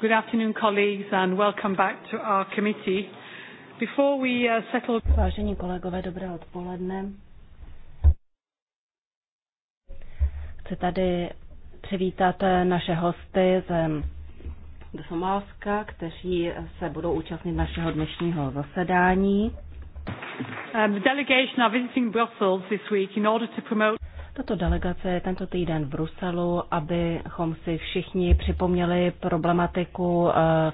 Good afternoon, colleagues, and welcome back to our committee. Before we uh, settle... Vážení kolegové, dobré odpoledne. Chci tady přivítat eh, naše hosty z Somálska, kteří se budou účastnit našeho dnešního zasedání. Um, the delegation are visiting Brussels this week in order to promote tato delegace je tento týden v Bruselu, abychom si všichni připomněli problematiku eh,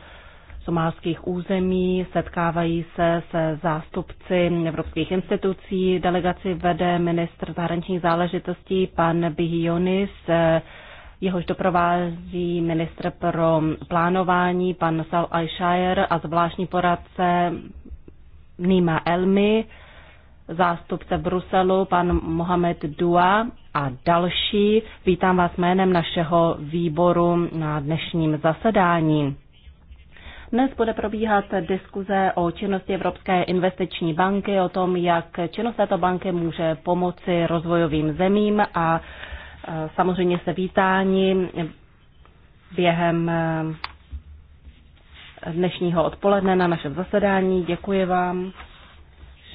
somálských území, setkávají se se zástupci evropských institucí. Delegaci vede ministr zahraničních záležitostí pan Bihionis, eh, jehož doprovází ministr pro plánování pan Sal Aishire a zvláštní poradce Nima Elmi zástupce Bruselu, pan Mohamed Dua a další. Vítám vás jménem našeho výboru na dnešním zasedání. Dnes bude probíhat diskuze o činnosti Evropské investiční banky, o tom, jak činnost této banky může pomoci rozvojovým zemím a e, samozřejmě se vítání během e, dnešního odpoledne na našem zasedání. Děkuji vám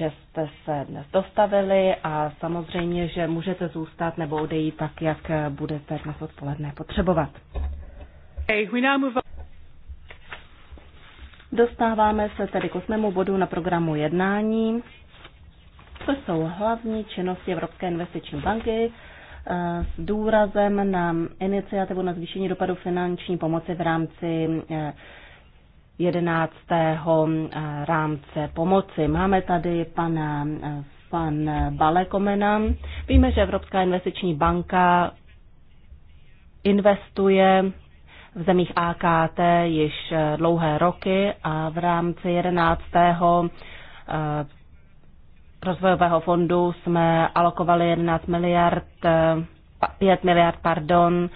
že jste se dnes dostavili a samozřejmě, že můžete zůstat nebo odejít tak, jak budete dnes odpoledne potřebovat. Dostáváme se tedy k osmému bodu na programu jednání. To jsou hlavní činnosti Evropské investiční banky eh, s důrazem na iniciativu na zvýšení dopadu finanční pomoci v rámci eh, 11. Eh, rámce pomoci. Máme tady pana eh, pan Balekomena. Víme, že Evropská investiční banka investuje v zemích AKT již eh, dlouhé roky a v rámci 11. rozvojového fondu jsme alokovali 11 miliard, 5 miliard, pardon,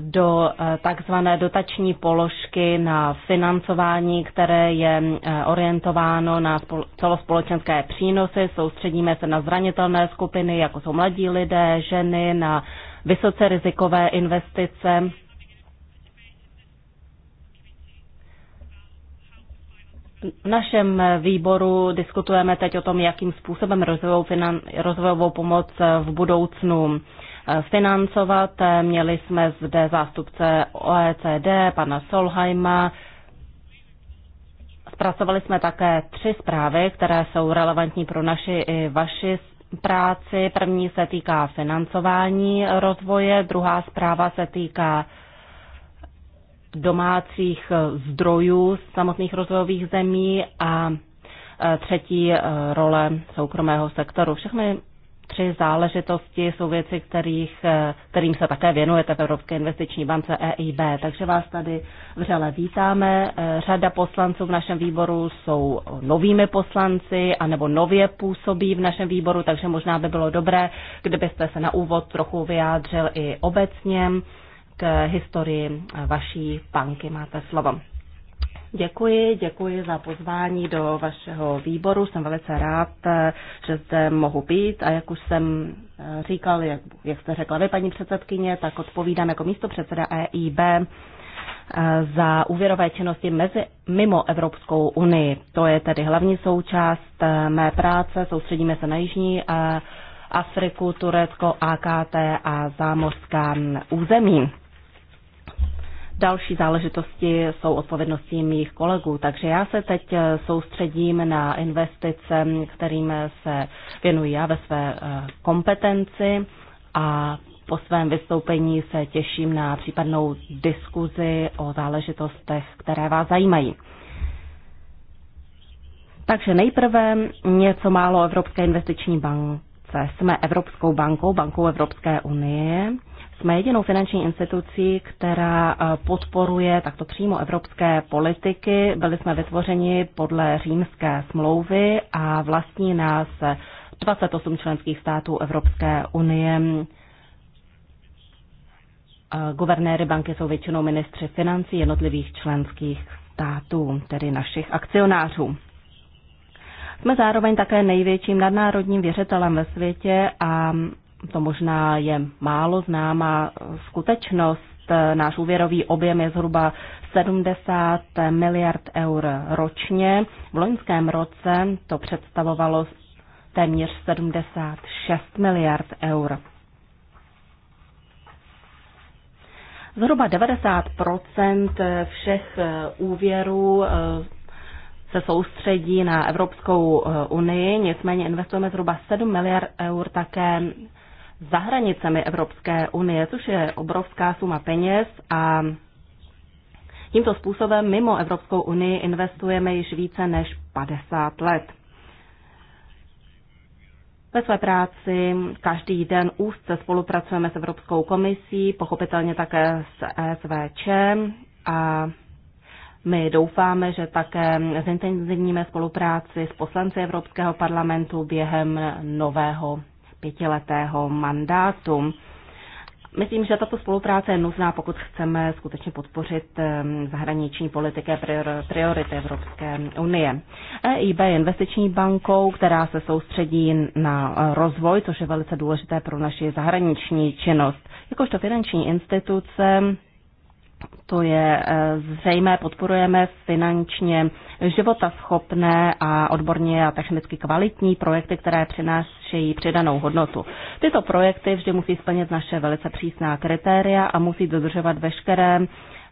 do eh, takzvané dotační položky na financování, které je eh, orientováno na celospolečenské přínosy. Soustředíme se na zranitelné skupiny, jako jsou mladí lidé, ženy, na vysoce rizikové investice. V našem výboru diskutujeme teď o tom, jakým způsobem rozvojovou, finan- rozvojovou pomoc v budoucnu financovat. Měli jsme zde zástupce OECD, pana Solheima. Zpracovali jsme také tři zprávy, které jsou relevantní pro naši i vaši práci. První se týká financování rozvoje, druhá zpráva se týká domácích zdrojů samotných rozvojových zemí a třetí role soukromého sektoru. Všechny tři záležitosti jsou věci, kterých, eh, kterým se také věnujete v Evropské investiční bance EIB. Takže vás tady vřele vítáme. Eh, řada poslanců v našem výboru jsou novými poslanci anebo nově působí v našem výboru, takže možná by bylo dobré, kdybyste se na úvod trochu vyjádřil i obecně k historii vaší banky. Máte slovo. Děkuji, děkuji za pozvání do vašeho výboru. Jsem velice rád, že zde mohu být a jak už jsem eh, říkal, jak, jak jste řekla vy, paní předsedkyně, tak odpovídám jako místo předseda EIB eh, za úvěrové činnosti mezi, mimo Evropskou unii. To je tedy hlavní součást eh, mé práce. Soustředíme se na Jižní Afriku, Turecko, AKT a zámořská území. Další záležitosti jsou odpovědností mých kolegů, takže já se teď soustředím na investice, kterým se věnuji já ve své eh, kompetenci a po svém vystoupení se těším na případnou diskuzi o záležitostech, které vás zajímají. Takže nejprve něco málo Evropské investiční bank. Jsme Evropskou bankou, bankou Evropské unie jsme jedinou finanční institucí, která eh, podporuje takto přímo evropské politiky. Byli jsme vytvořeni podle římské smlouvy a vlastní nás 28 členských států Evropské unie. Eh, guvernéry banky jsou většinou ministři financí jednotlivých členských států, tedy našich akcionářů. Jsme zároveň také největším nadnárodním věřitelem ve světě a to možná je málo známá skutečnost, náš úvěrový objem je zhruba 70 miliard eur ročně. V loňském roce to představovalo téměř 76 miliard eur. Zhruba 90 všech úvěrů eh, se soustředí na Evropskou eh, unii, nicméně investujeme zhruba 7 miliard eur také za hranicemi Evropské unie, což je obrovská suma peněz a tímto způsobem mimo Evropskou unii investujeme již více než 50 let. Ve své práci každý den úzce spolupracujeme s Evropskou komisí, pochopitelně také s ESVČ a my doufáme, že také zintenzivníme spolupráci s poslanci Evropského parlamentu během nového pětiletého mandátu. Myslím, že tato spolupráce je nutná, pokud chceme skutečně podpořit ehm, zahraniční politiky a priority Evropské unie. EIB je investiční bankou, která se soustředí na e, rozvoj, což je velice důležité pro naši zahraniční činnost. Jakožto finanční instituce to je eh, zřejmé, podporujeme finančně životaschopné a odborně a technicky kvalitní projekty, které přinášejí přidanou hodnotu. Tyto projekty vždy musí splnit naše velice přísná kritéria a musí dodržovat veškeré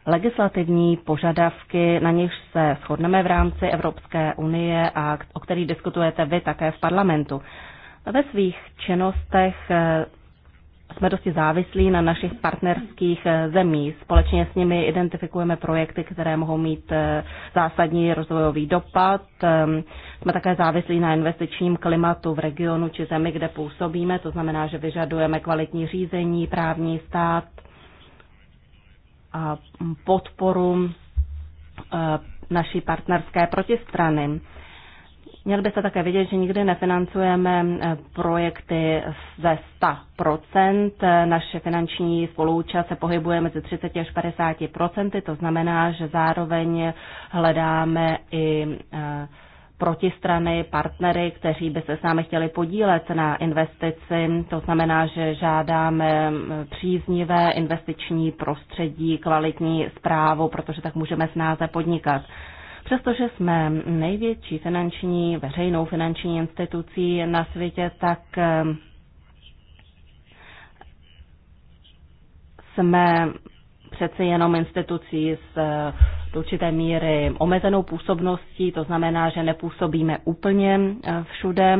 legislativní požadavky, na něž se shodneme v rámci Evropské unie a o kterých diskutujete vy také v parlamentu. Ve svých činnostech eh, jsme dosti závislí na našich partnerských eh, zemích. Společně s nimi identifikujeme projekty, které mohou mít eh, zásadní rozvojový dopad. Ehm, jsme také závislí na investičním klimatu v regionu či zemi, kde působíme. To znamená, že vyžadujeme kvalitní řízení, právní stát a podporu eh, naší partnerské protistrany. Měli byste také vědět, že nikdy nefinancujeme eh, projekty ze 100%. Naše finanční spolúčast se pohybuje mezi 30 až 50%, to znamená, že zároveň hledáme i eh, protistrany, partnery, kteří by se s námi chtěli podílet na investici. To znamená, že žádáme eh, příznivé investiční prostředí, kvalitní zprávu, protože tak můžeme snáze podnikat. Přestože jsme největší finanční, veřejnou finanční institucí na světě, tak ehm, jsme přece jenom institucí s eh, do určité míry omezenou působností, to znamená, že nepůsobíme úplně eh, všude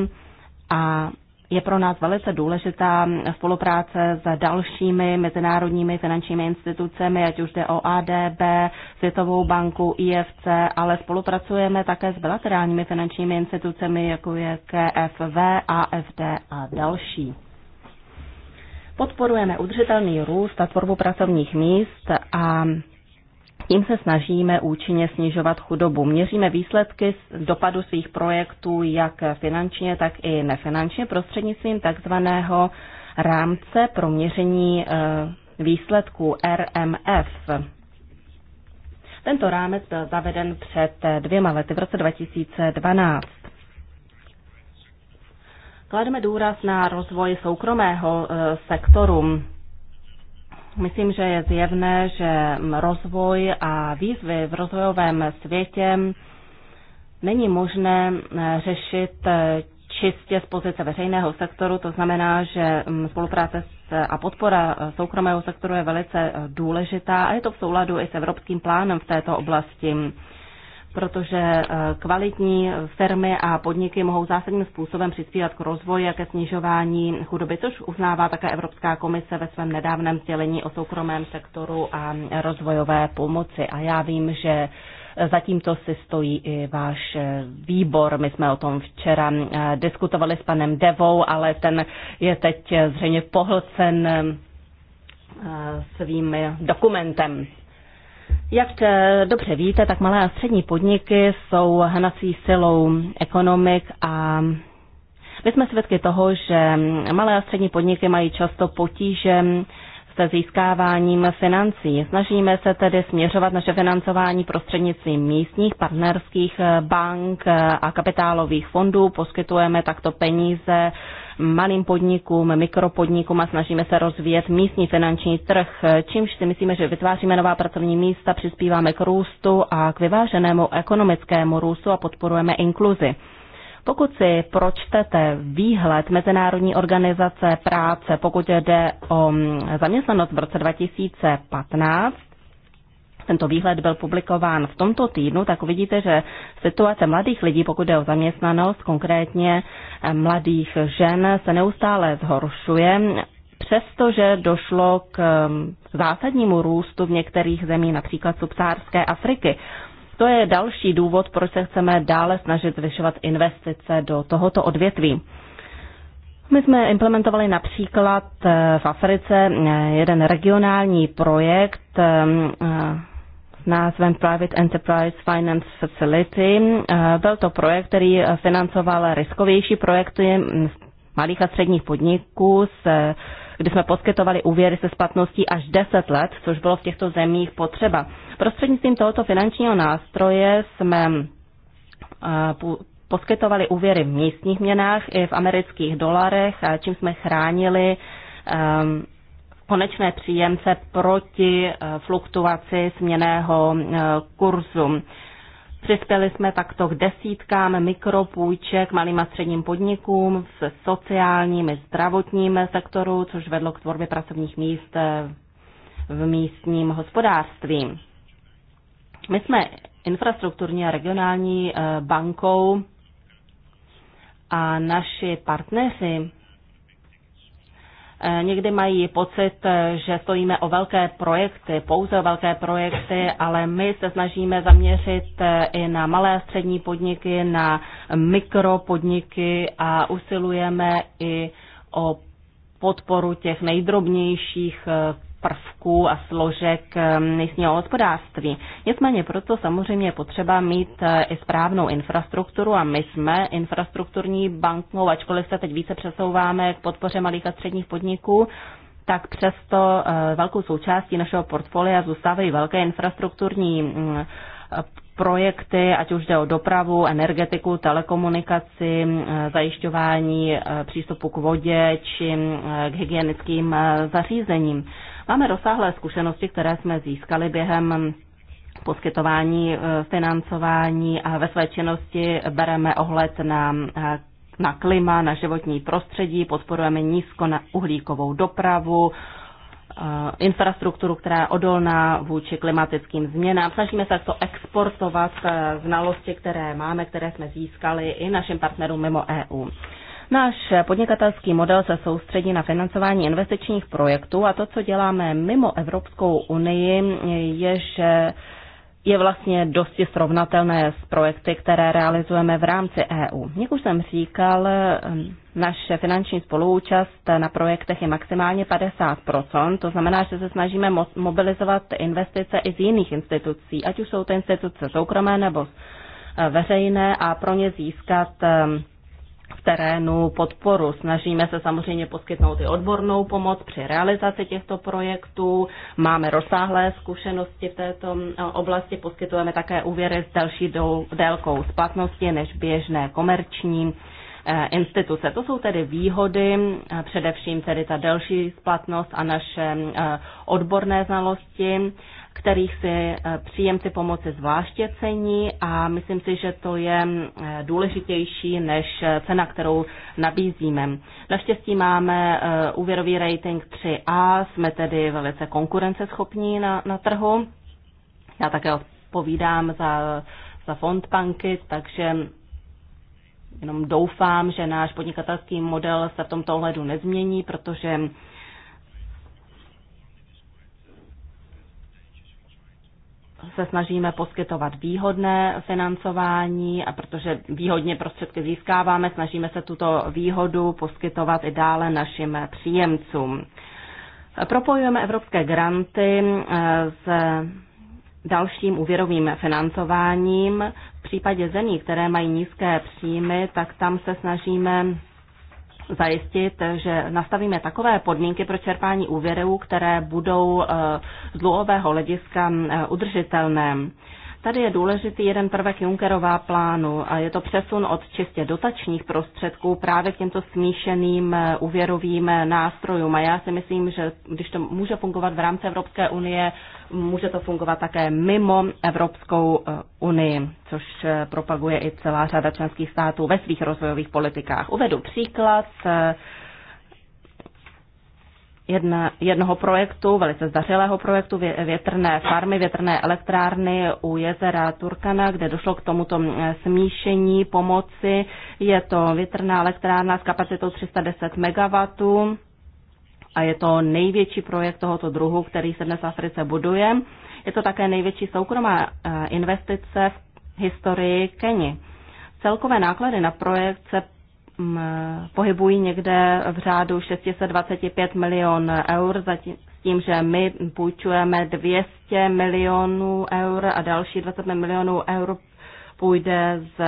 a je pro nás velice důležitá spolupráce s dalšími mezinárodními finančními institucemi, ať už jde o ADB, Světovou banku, IFC, ale spolupracujeme také s bilaterálními finančními institucemi, jako je KFV, AFD a další. Podporujeme udržitelný růst a tvorbu pracovních míst a tím se snažíme účinně snižovat chudobu. Měříme výsledky z dopadu svých projektů jak finančně, tak i nefinančně prostřednictvím takzvaného rámce pro měření eh, výsledků RMF. Tento rámec byl zaveden před eh, dvěma lety v roce 2012. Klademe důraz na rozvoj soukromého eh, sektoru Myslím, že je zjevné, že rozvoj a výzvy v rozvojovém světě není možné eh, řešit eh, čistě z pozice veřejného sektoru. To znamená, že mm, spolupráce a podpora soukromého sektoru je velice eh, důležitá a je to v souladu i s evropským plánem v této oblasti protože eh, kvalitní firmy a podniky mohou zásadním způsobem přispívat k rozvoji a ke snižování chudoby, což uznává také Evropská komise ve svém nedávném sdělení o soukromém sektoru a rozvojové pomoci. A já vím, že eh, zatím to si stojí i váš eh, výbor. My jsme o tom včera diskutovali s panem Devou, ale ten je teď zřejmě pohlcen svým dokumentem. Jak eh, dobře víte, tak malé a střední podniky jsou hnací silou ekonomik a my jsme svědky toho, že malé a střední podniky mají často potíže se získáváním financí. Snažíme se tedy směřovat naše financování prostřednictvím místních partnerských eh, bank eh, a kapitálových fondů. Poskytujeme takto peníze malým podnikům, mikropodnikům a snažíme se rozvíjet místní finanční trh, čímž si myslíme, že vytváříme nová pracovní místa, přispíváme k růstu a k vyváženému ekonomickému růstu a podporujeme inkluzi. Pokud si pročtete výhled Mezinárodní organizace práce, pokud jde o mm, zaměstnanost v roce 2015, tento výhled byl publikován v tomto týdnu, tak uvidíte, že situace mladých lidí, pokud jde o zaměstnanost, konkrétně eh, mladých žen, se neustále zhoršuje, přestože došlo k mm, zásadnímu růstu v některých zemí, například subsárské Afriky. To je další důvod, proč se chceme dále snažit zvyšovat investice do tohoto odvětví. My jsme implementovali například eh, v Africe eh, jeden regionální projekt názvem Private Enterprise Finance Facility. Eh, byl to projekt, který eh, financoval riskovější projekty mm, malých a středních podniků, eh, kdy jsme poskytovali úvěry se splatností až 10 let, což bylo v těchto zemích potřeba. Prostřednictvím tohoto finančního nástroje jsme poskytovali úvěry v místních měnách i v amerických dolarech, čím jsme chránili konečné příjemce proti eh, fluktuaci směného eh, kurzu. Přispěli jsme takto k desítkám mikropůjček malým a středním podnikům v sociálním i zdravotním sektoru, což vedlo k tvorbě pracovních míst eh, v místním hospodářství. My jsme infrastrukturní a regionální bankou a naši partneři Eh, někdy mají pocit, eh, že stojíme o velké projekty, pouze o velké projekty, ale my se snažíme zaměřit eh, i na malé a střední podniky, na mikropodniky a usilujeme i o podporu těch nejdrobnějších prvků a složek ehm, místního hospodářství. Nicméně proto samozřejmě je potřeba mít eh, i správnou infrastrukturu a my jsme infrastrukturní bankou, ačkoliv se teď více přesouváme k podpoře malých a středních podniků, tak přesto eh, velkou součástí našeho portfolia zůstávají velké infrastrukturní mm, projekty, ať už jde o dopravu, energetiku, telekomunikaci, eh, zajišťování přístupu k vodě či mm, k hygienickým zařízením. Máme rozsáhlé zkušenosti, které jsme získali během poskytování eh, financování a ve své činnosti bereme ohled na eh, na klima, na životní prostředí, podporujeme nízko na uhlíkovou dopravu, eh, infrastrukturu, která je odolná vůči klimatickým změnám. Snažíme se to exportovat znalosti, které máme, které jsme získali i našim partnerům mimo EU. Náš podnikatelský model se soustředí na financování investičních projektů a to, co děláme mimo Evropskou unii, je, že je vlastně dosti srovnatelné s projekty, které realizujeme v rámci EU. Jak už jsem říkal, naše finanční spoluúčast na projektech je maximálně 50%, to znamená, že se snažíme mobilizovat investice i z jiných institucí, ať už jsou to instituce soukromé nebo eh, veřejné a pro ně získat eh, terénu podporu. Snažíme se samozřejmě poskytnout i odbornou pomoc při realizaci těchto projektů. Máme rozsáhlé zkušenosti v této eh, oblasti. Poskytujeme také úvěry s další délkou splatnosti než běžné komerční eh, instituce. To jsou tedy výhody, eh, především tedy ta delší splatnost a naše odborné znalosti kterých si eh, příjemci pomoci zvláště cení a myslím si, že to je eh, důležitější než eh, cena, kterou nabízíme. Naštěstí máme úvěrový rating 3A, jsme tedy velice konkurenceschopní na, na trhu. Já také odpovídám za, za fond banky, takže jenom doufám, že náš podnikatelský model se v tomto ohledu nezmění, protože se snažíme poskytovat výhodné financování a protože výhodně prostředky získáváme, snažíme se tuto výhodu poskytovat i dále našim příjemcům. Propojujeme evropské granty eh, s dalším úvěrovým financováním. V případě zemí, které mají nízké příjmy, tak tam se snažíme zajistit, že nastavíme takové podmínky pro čerpání úvěrů, které budou eh, z dluhového hlediska eh, udržitelné. Tady je důležitý jeden prvek Junckerová plánu a je to přesun od čistě dotačních prostředků právě k těmto smíšeným eh, úvěrovým eh, nástrojům. A já si myslím, že když to může fungovat v rámci Evropské unie, může to fungovat také mimo Evropskou eh, unii, což propaguje i celá řada členských států ve svých rozvojových politikách. Uvedu příklad jedna, jednoho projektu, velice zdařilého projektu větrné farmy, větrné elektrárny u jezera Turkana, kde došlo k tomuto mm, smíšení pomoci. Je to větrná elektrárna s kapacitou 310 MW a je to největší projekt tohoto druhu, který se dnes v Africe buduje. Je to také největší soukromá e, investice v historii Keni. Celkové náklady na projekt se pohybují někde v řádu 625 milion eur, zatím, s tím, že my půjčujeme 200 milionů eur a další 20 milionů eur půjde z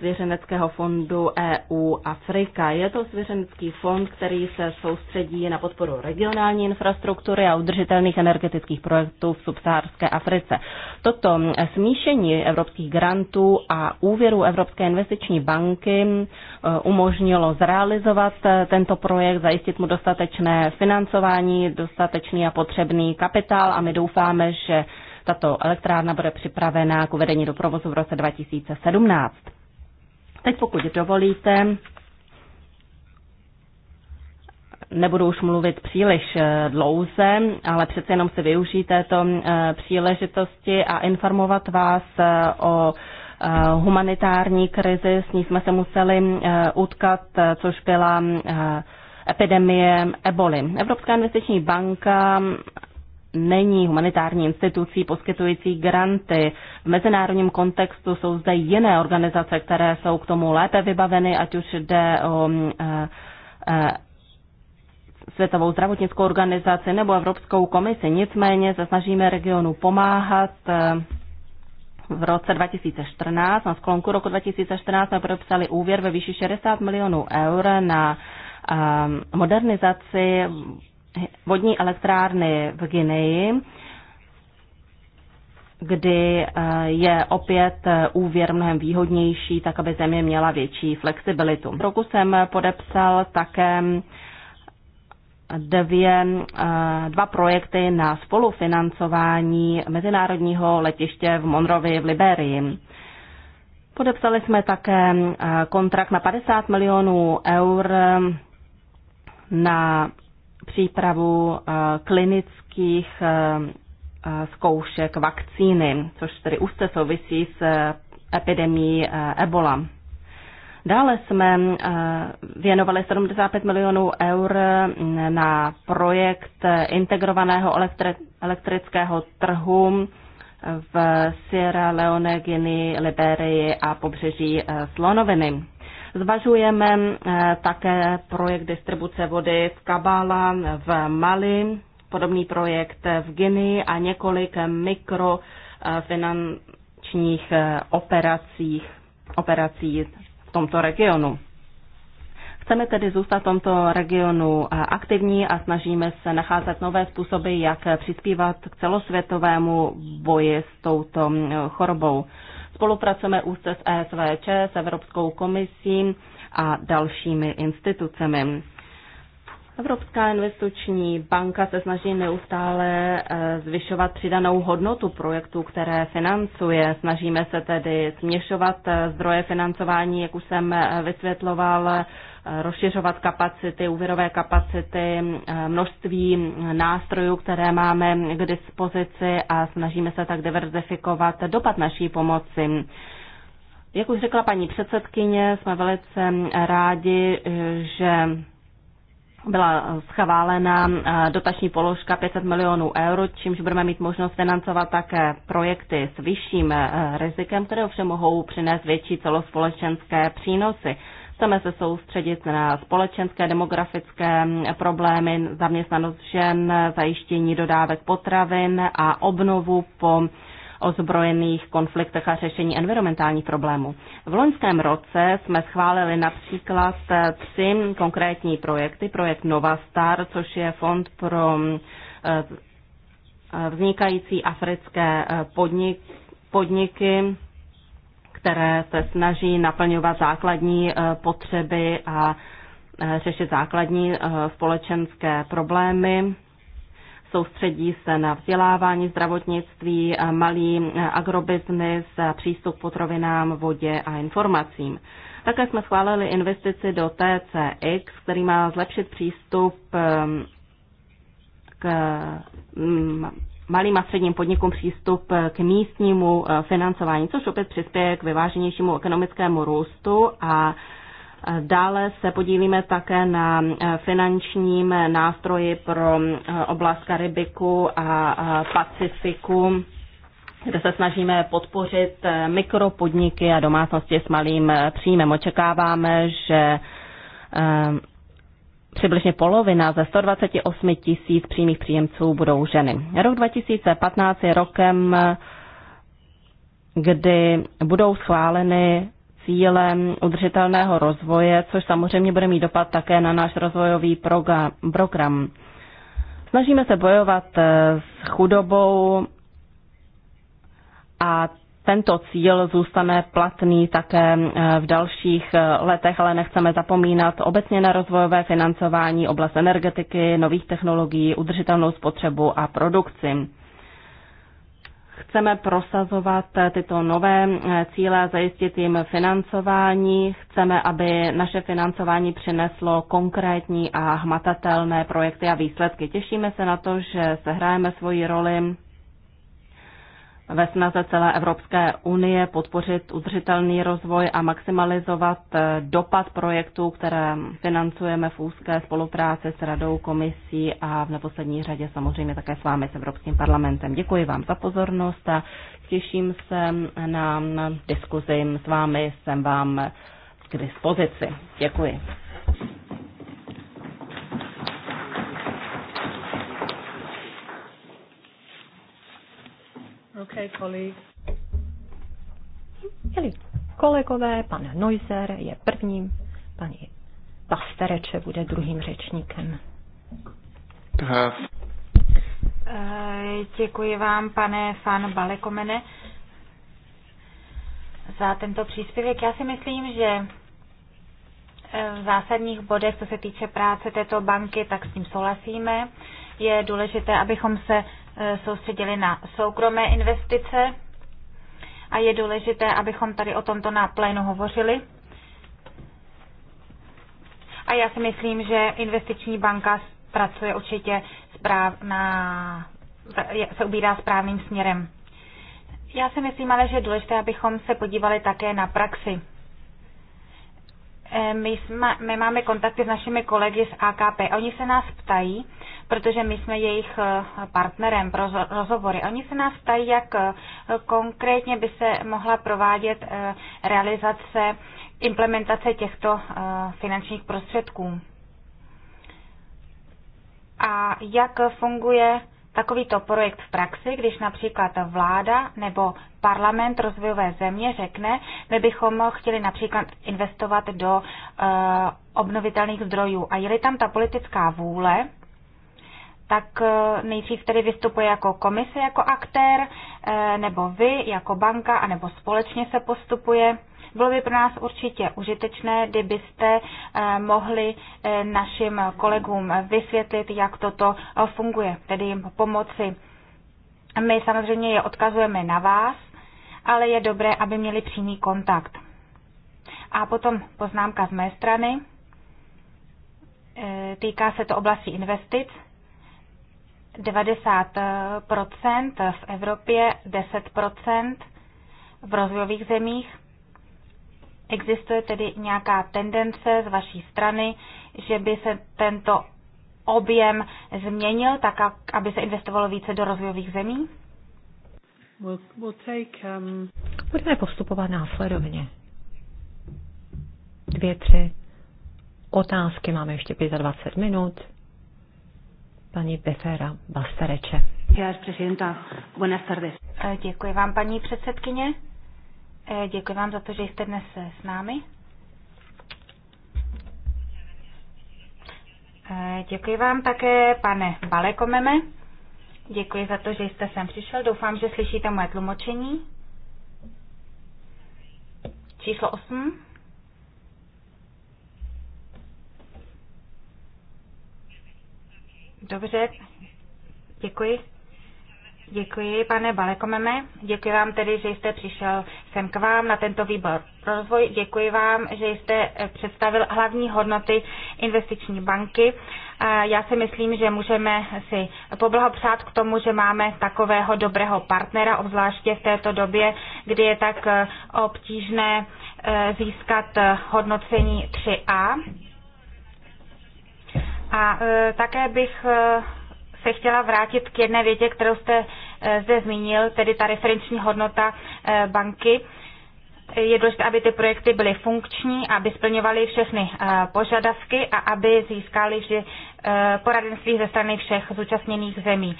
svěřeneckého fondu EU Afrika. Je to svěřenecký fond, který se soustředí na podporu regionální infrastruktury a udržitelných energetických projektů v subsaharské Africe. Toto smíšení evropských grantů a úvěrů Evropské investiční banky eh, umožnilo zrealizovat eh, tento projekt, zajistit mu dostatečné financování, dostatečný a potřebný kapitál a my doufáme, že tato elektrárna bude připravená k uvedení do provozu v roce 2017. Teď pokud dovolíte, nebudu už mluvit příliš eh, dlouze, ale přece jenom si využít této eh, příležitosti a informovat vás eh, o humanitární krizi, s ní jsme se museli utkat, což byla epidemie eboli. Evropská investiční banka není humanitární institucí poskytující granty. V mezinárodním kontextu jsou zde jiné organizace, které jsou k tomu lépe vybaveny, ať už jde o mm, eh, eh, Světovou zdravotnickou organizaci nebo Evropskou komisi. Nicméně se snažíme regionu pomáhat. Eh, v roce 2014, na sklonku roku 2014, jsme podepsali úvěr ve výši 60 milionů eur na modernizaci vodní elektrárny v Gineji, kdy eh, je opět eh, úvěr mnohem výhodnější, tak aby země měla větší flexibilitu. V roku jsem podepsal také dvě, eh, dva projekty na spolufinancování mezinárodního letiště v Monrovi v Liberii. Podepsali jsme také kontrakt na 50 milionů eur na přípravu eh, klinických eh, eh, zkoušek vakcíny, což tedy úzce souvisí s epidemí Ebola. Dále jsme věnovali 75 milionů eur mm, na projekt integrovaného elektrického trhu v Sierra Leone, Guinea, Liberii a pobřeží Slonoviny. Zvažujeme eh, také projekt distribuce vody v Kabala v Mali, podobný projekt v Gini a několik mikrofinančních eh, operací v tomto regionu. Chceme tedy zůstat v tomto regionu eh, aktivní a snažíme se nacházet nové způsoby, jak přispívat k celosvětovému boji s touto chorobou. Spolupracujeme úzce s ESVČ, s Evropskou komisí a dalšími institucemi. Evropská investiční banka se snaží neustále e, zvyšovat přidanou hodnotu projektů, které financuje. Snažíme se tedy směšovat e, zdroje financování, jak už jsem e, vysvětloval, rozšiřovat kapacity, úvěrové kapacity, množství nástrojů, které máme k dispozici a snažíme se tak diverzifikovat dopad naší pomoci. Jak už řekla paní předsedkyně, jsme velice rádi, že byla schválena dotační položka 500 milionů eur, čímž budeme mít možnost financovat také projekty s vyšším rizikem, které ovšem mohou přinést větší celospolečenské přínosy. Chceme se soustředit na společenské, demografické problémy, zaměstnanost žen, zajištění dodávek potravin a obnovu po ozbrojených konfliktech a řešení environmentálních problémů. V loňském roce jsme schválili například tři konkrétní projekty. Projekt Nova Star, což je fond pro eh, vznikající africké eh, podnik, podniky které se snaží naplňovat základní eh, potřeby a eh, řešit základní eh, společenské problémy. Soustředí se na vzdělávání, zdravotnictví, malý agrobiznis, přístup k potravinám, vodě a informacím. Také jsme schválili investici do TCX, který má zlepšit přístup k mm, malým a středním podnikům přístup eh, k místnímu eh, financování, což opět přispěje k vyváženějšímu ekonomickému růstu a eh, Dále se podílíme také na finančním nástroji pro oblast Karibiku a Pacifiku, kde se snažíme podpořit mikropodniky a domácnosti s malým příjmem. Očekáváme, že Přibližně polovina ze 128 tisíc přímých příjemců budou ženy. Rok 2015 je rokem, kdy budou schváleny cílem udržitelného rozvoje, což samozřejmě bude mít dopad také na náš rozvojový program. Snažíme se bojovat s chudobou a tento cíl zůstane platný také eh, v dalších eh, letech, ale nechceme zapomínat obecně na rozvojové financování, oblast energetiky, nových technologií, udržitelnou spotřebu a produkci. Chceme prosazovat eh, tyto nové cíle a zajistit jim financování. Chceme, aby naše financování přineslo konkrétní a hmatatelné projekty a výsledky. Těšíme se na to, že sehrájeme svoji roli ve snaze celé Evropské unie podpořit udržitelný rozvoj a maximalizovat eh, dopad projektů, které financujeme v úzké spolupráci s Radou, komisí a v neposlední řadě samozřejmě také s vámi, s Evropským parlamentem. Děkuji vám za pozornost a těším se na diskuzi s vámi, jsem vám k dispozici. Děkuji. Okay, colleague. Milí kolegové, pan Neuser je prvním, paní Pastereče bude druhým řečníkem. Eh, děkuji vám, pane Fan Balekomene, za tento příspěvek. Já si myslím, že eh, v zásadních bodech, co se týče práce této banky, tak s tím souhlasíme. Je důležité, abychom se Eh, soustředili na soukromé investice a je důležité, abychom tady o tomto na plénu hovořili. A já si myslím, že investiční banka pracuje určitě na se ubírá správným směrem. Já si myslím ale, že je důležité, abychom se podívali také na praxi. Eh, my, jsme, my máme kontakty s našimi kolegy z AKP. Oni se nás ptají, protože my jsme jejich eh, partnerem pro rozhovory. Oni se nás ptají, jak eh, konkrétně by se mohla provádět eh, realizace implementace těchto finančních prostředků. A jak funguje takovýto projekt v praxi, když například vláda nebo parlament rozvojové země řekne, my bychom chtěli například investovat do obnovitelných zdrojů. A je-li tam ta politická vůle, tak e, nejdřív tedy vystupuje jako komise, jako aktér, e, nebo vy jako banka, anebo společně se postupuje. Bylo by pro nás určitě užitečné, kdybyste e, mohli našim kolegům vysvětlit, jak toto funguje, tedy jim pomoci. My samozřejmě je odkazujeme na vás, ale je dobré, aby měli přímý kontakt. A potom poznámka z mé strany. Týká se to oblasti investic 90% v Evropě, 10% v rozvojových zemích. Existuje tedy nějaká tendence z vaší strany, že by se tento objem změnil tak, aby se investovalo více do rozvojových zemí? Budeme um, postupovat následovně. Dvě, tři otázky. Máme ještě 25 minut paní Befera Bastareče. Eh, děkuji vám, paní předsedkyně. Eh, děkuji vám za to, že jste dnes eh, s námi. Děkuji vám také, pane Balekomeme. Děkuji za to, že jste sem přišel. Doufám, že slyšíte moje tlumočení. Číslo 8. Dobře, děkuji. Děkuji, pane Balekomeme. Děkuji vám tedy, že jste přišel sem k vám na tento výbor pro rozvoj. Děkuji vám, že jste eh, představil hlavní hodnoty investiční banky. Já si myslím, že můžeme si poblahopřát k tomu, že máme takového dobrého partnera, obzvláště v této době, kdy je tak eh, obtížné eh, získat hodnocení 3A a e, také bych e, se chtěla vrátit k jedné větě, kterou jste e, zde zmínil, tedy ta referenční hodnota banky. Je důležité, aby ty projekty byly funkční, aby splňovaly všechny požadavky a aby získali vždy poradenství ze strany všech zúčastněných zemí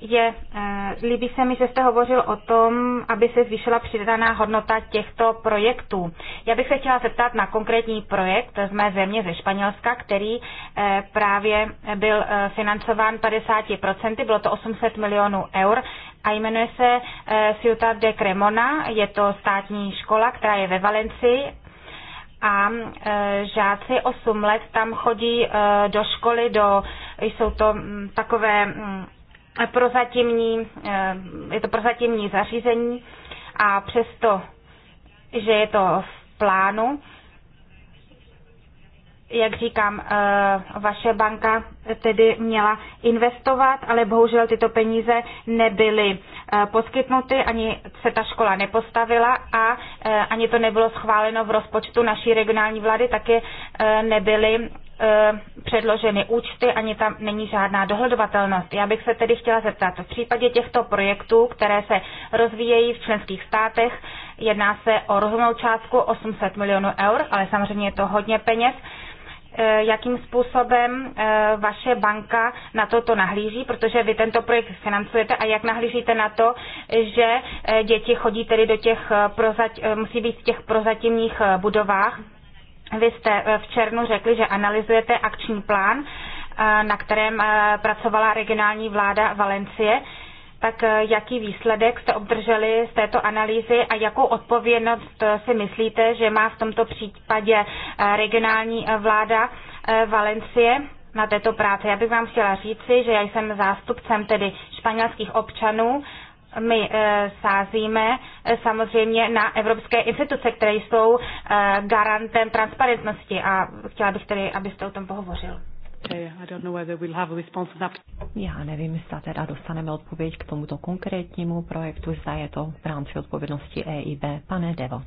je, eh, líbí se mi, že jste hovořil o tom, aby se zvýšila přidaná hodnota těchto projektů. Já bych se chtěla zeptat na konkrétní projekt z mé země, ze Španělska, který eh, právě byl eh, financován 50%, bylo to 800 milionů eur a jmenuje se Ciutat de Cremona, je to státní škola, která je ve Valencii a žáci 8 let tam chodí do školy, do, jsou to mm, takové mm, prozatímní, eh, je to prozatímní zařízení a přesto, že je to v plánu, jak říkám, eh, vaše banka tedy měla investovat, ale bohužel tyto peníze nebyly eh, poskytnuty, ani se ta škola nepostavila a ani to nebylo schváleno v rozpočtu naší regionální vlády, také nebyly E, předloženy účty, ani tam není žádná dohledovatelnost. Já bych se tedy chtěla zeptat, v případě těchto projektů, které se rozvíjejí v členských státech, jedná se o rozumnou částku 800 milionů eur, ale samozřejmě je to hodně peněz. E, jakým způsobem e, vaše banka na toto nahlíží, protože vy tento projekt financujete a jak nahlížíte na to, že děti chodí tedy do těch, musí být v těch prozatímních budovách, vy jste eh, v červnu řekli, že analyzujete akční plán, eh, na kterém eh, pracovala regionální vláda Valencie. Tak jaký výsledek jste obdrželi z této analýzy a jakou odpovědnost si myslíte, že má v tomto případě regionální vláda Valencie? na této práci. Já bych vám chtěla říci, že já jsem zástupcem tedy španělských občanů my eh, sázíme eh, samozřejmě na evropské instituce, které jsou eh, garantem transparentnosti a chtěla bych tedy, abyste o tom pohovořil. Já nevím, zda teda dostaneme odpověď k tomuto konkrétnímu projektu, zda je to v rámci odpovědnosti EIB. Pane Devo.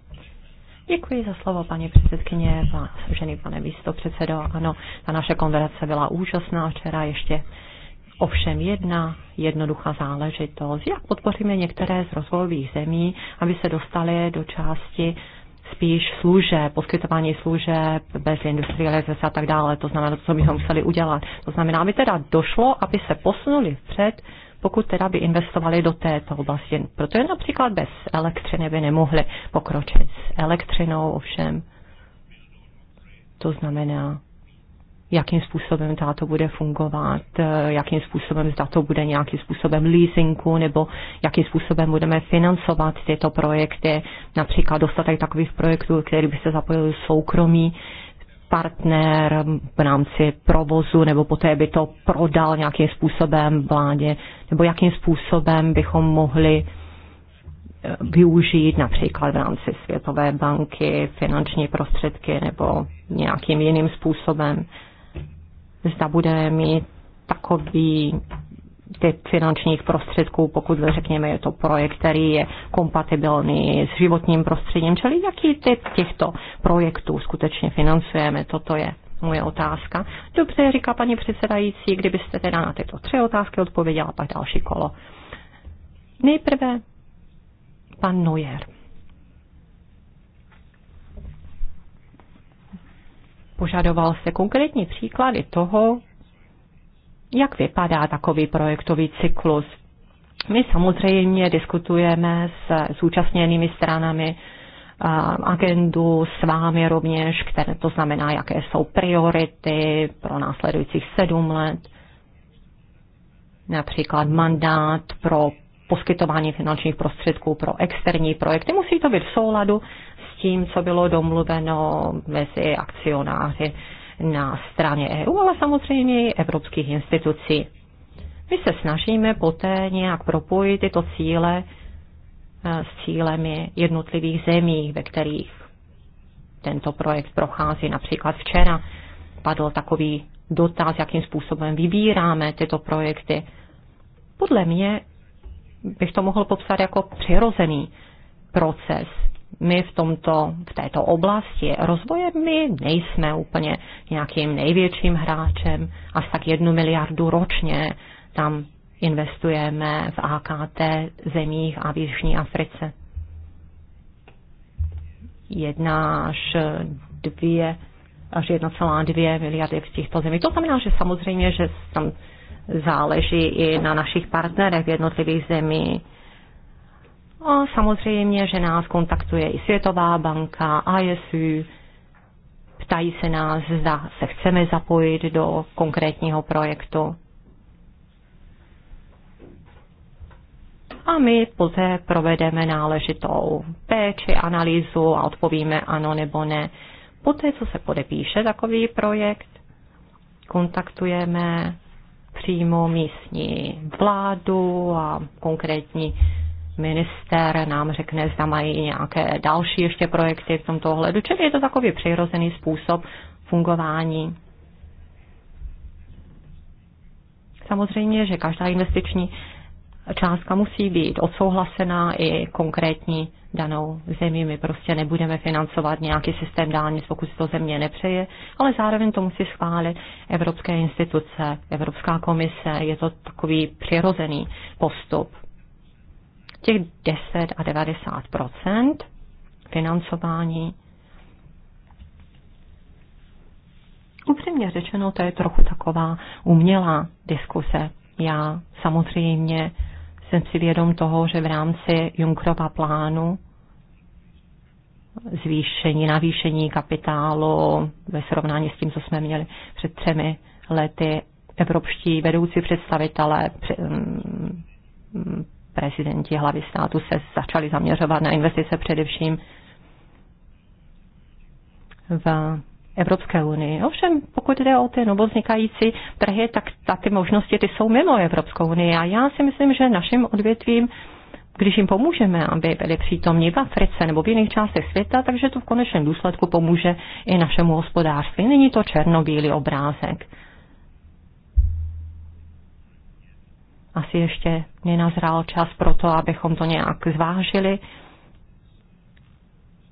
Děkuji za slovo, paní předsedkyně, ženy pane předsedo. Ano, ta naše konverzace byla úžasná včera ještě ovšem jedna jednoduchá záležitost, jak podpoříme některé z rozvojových zemí, aby se dostaly do části spíš služeb, poskytování služeb bez industrializace a tak dále. To znamená, co bychom museli udělat. To znamená, aby teda došlo, aby se posunuli vpřed, pokud teda by investovali do této oblasti. Protože například bez elektřiny by nemohli pokročit s elektřinou ovšem. To znamená, jakým způsobem tato bude fungovat, eh, jakým způsobem zda to bude nějakým způsobem leasingu, nebo jakým způsobem budeme financovat tyto projekty, například dostatek takových projektů, který by se zapojil soukromí partner v rámci provozu, nebo poté by to prodal nějakým způsobem vládě, nebo jakým způsobem bychom mohli eh, využít například v rámci Světové banky finanční prostředky nebo nějakým jiným způsobem zda bude mít takový typ finančních prostředků, pokud řekněme je to projekt, který je kompatibilní s životním prostředím, čili jaký typ těchto projektů skutečně financujeme, toto je moje otázka. Dobře, říká paní předsedající, kdybyste teda na tyto tři otázky odpověděla, pak další kolo. Nejprve pan Neuer. Požadoval se konkrétní příklady toho, jak vypadá takový projektový cyklus. My samozřejmě diskutujeme s zúčastněnými stranami agendu s vámi rovněž, které to znamená, jaké jsou priority pro následujících sedm let, například mandát pro poskytování finančních prostředků pro externí projekty. Musí to být v souladu tím, co bylo domluveno mezi akcionáři na straně EU, ale samozřejmě i evropských institucí. My se snažíme poté nějak propojit tyto cíle eh, s cílemi jednotlivých zemí, ve kterých tento projekt prochází. Například včera padl takový dotaz, jakým způsobem vybíráme tyto projekty. Podle mě bych to mohl popsat jako přirozený proces my v, tomto, v této oblasti rozvoje my nejsme úplně nějakým největším hráčem. Až tak jednu miliardu ročně tam investujeme v AKT zemích a v Jižní Africe. Jedna až dvě až 1,2 miliardy v těchto zemích. To znamená, že samozřejmě, že tam záleží i na našich partnerech v jednotlivých zemích a samozřejmě, že nás kontaktuje i Světová banka, ISU, ptají se nás, zda se chceme zapojit do konkrétního projektu. A my poté provedeme náležitou péči, analýzu a odpovíme ano nebo ne. Poté, co se podepíše takový projekt, kontaktujeme přímo místní vládu a konkrétní minister nám řekne, zda mají nějaké další ještě projekty v tomto ohledu. Čili je to takový přirozený způsob fungování. Samozřejmě, že každá investiční částka musí být odsouhlasená i konkrétní danou zemí. My prostě nebudeme financovat nějaký systém dálnic, pokud to země nepřeje, ale zároveň to musí schválit evropské instituce, Evropská komise. Je to takový přirozený postup těch 10 a 90 financování. Upřímně řečeno, to je trochu taková umělá diskuse. Já samozřejmě jsem si vědom toho, že v rámci Junkrova plánu zvýšení, navýšení kapitálu ve srovnání s tím, co jsme měli před třemi lety, evropští vedoucí představitelé mm, prezidenti hlavy státu se začali zaměřovat na investice především v Evropské unii. Ovšem, pokud jde o ty novoznikající trhy, tak ta, ty možnosti ty jsou mimo Evropskou unii. A já si myslím, že našim odvětvím, když jim pomůžeme, aby byli přítomní v Africe nebo v jiných částech světa, takže to v konečném důsledku pomůže i našemu hospodářství. Není to černobílý obrázek. asi ještě nenazrál čas pro to, abychom to nějak zvážili.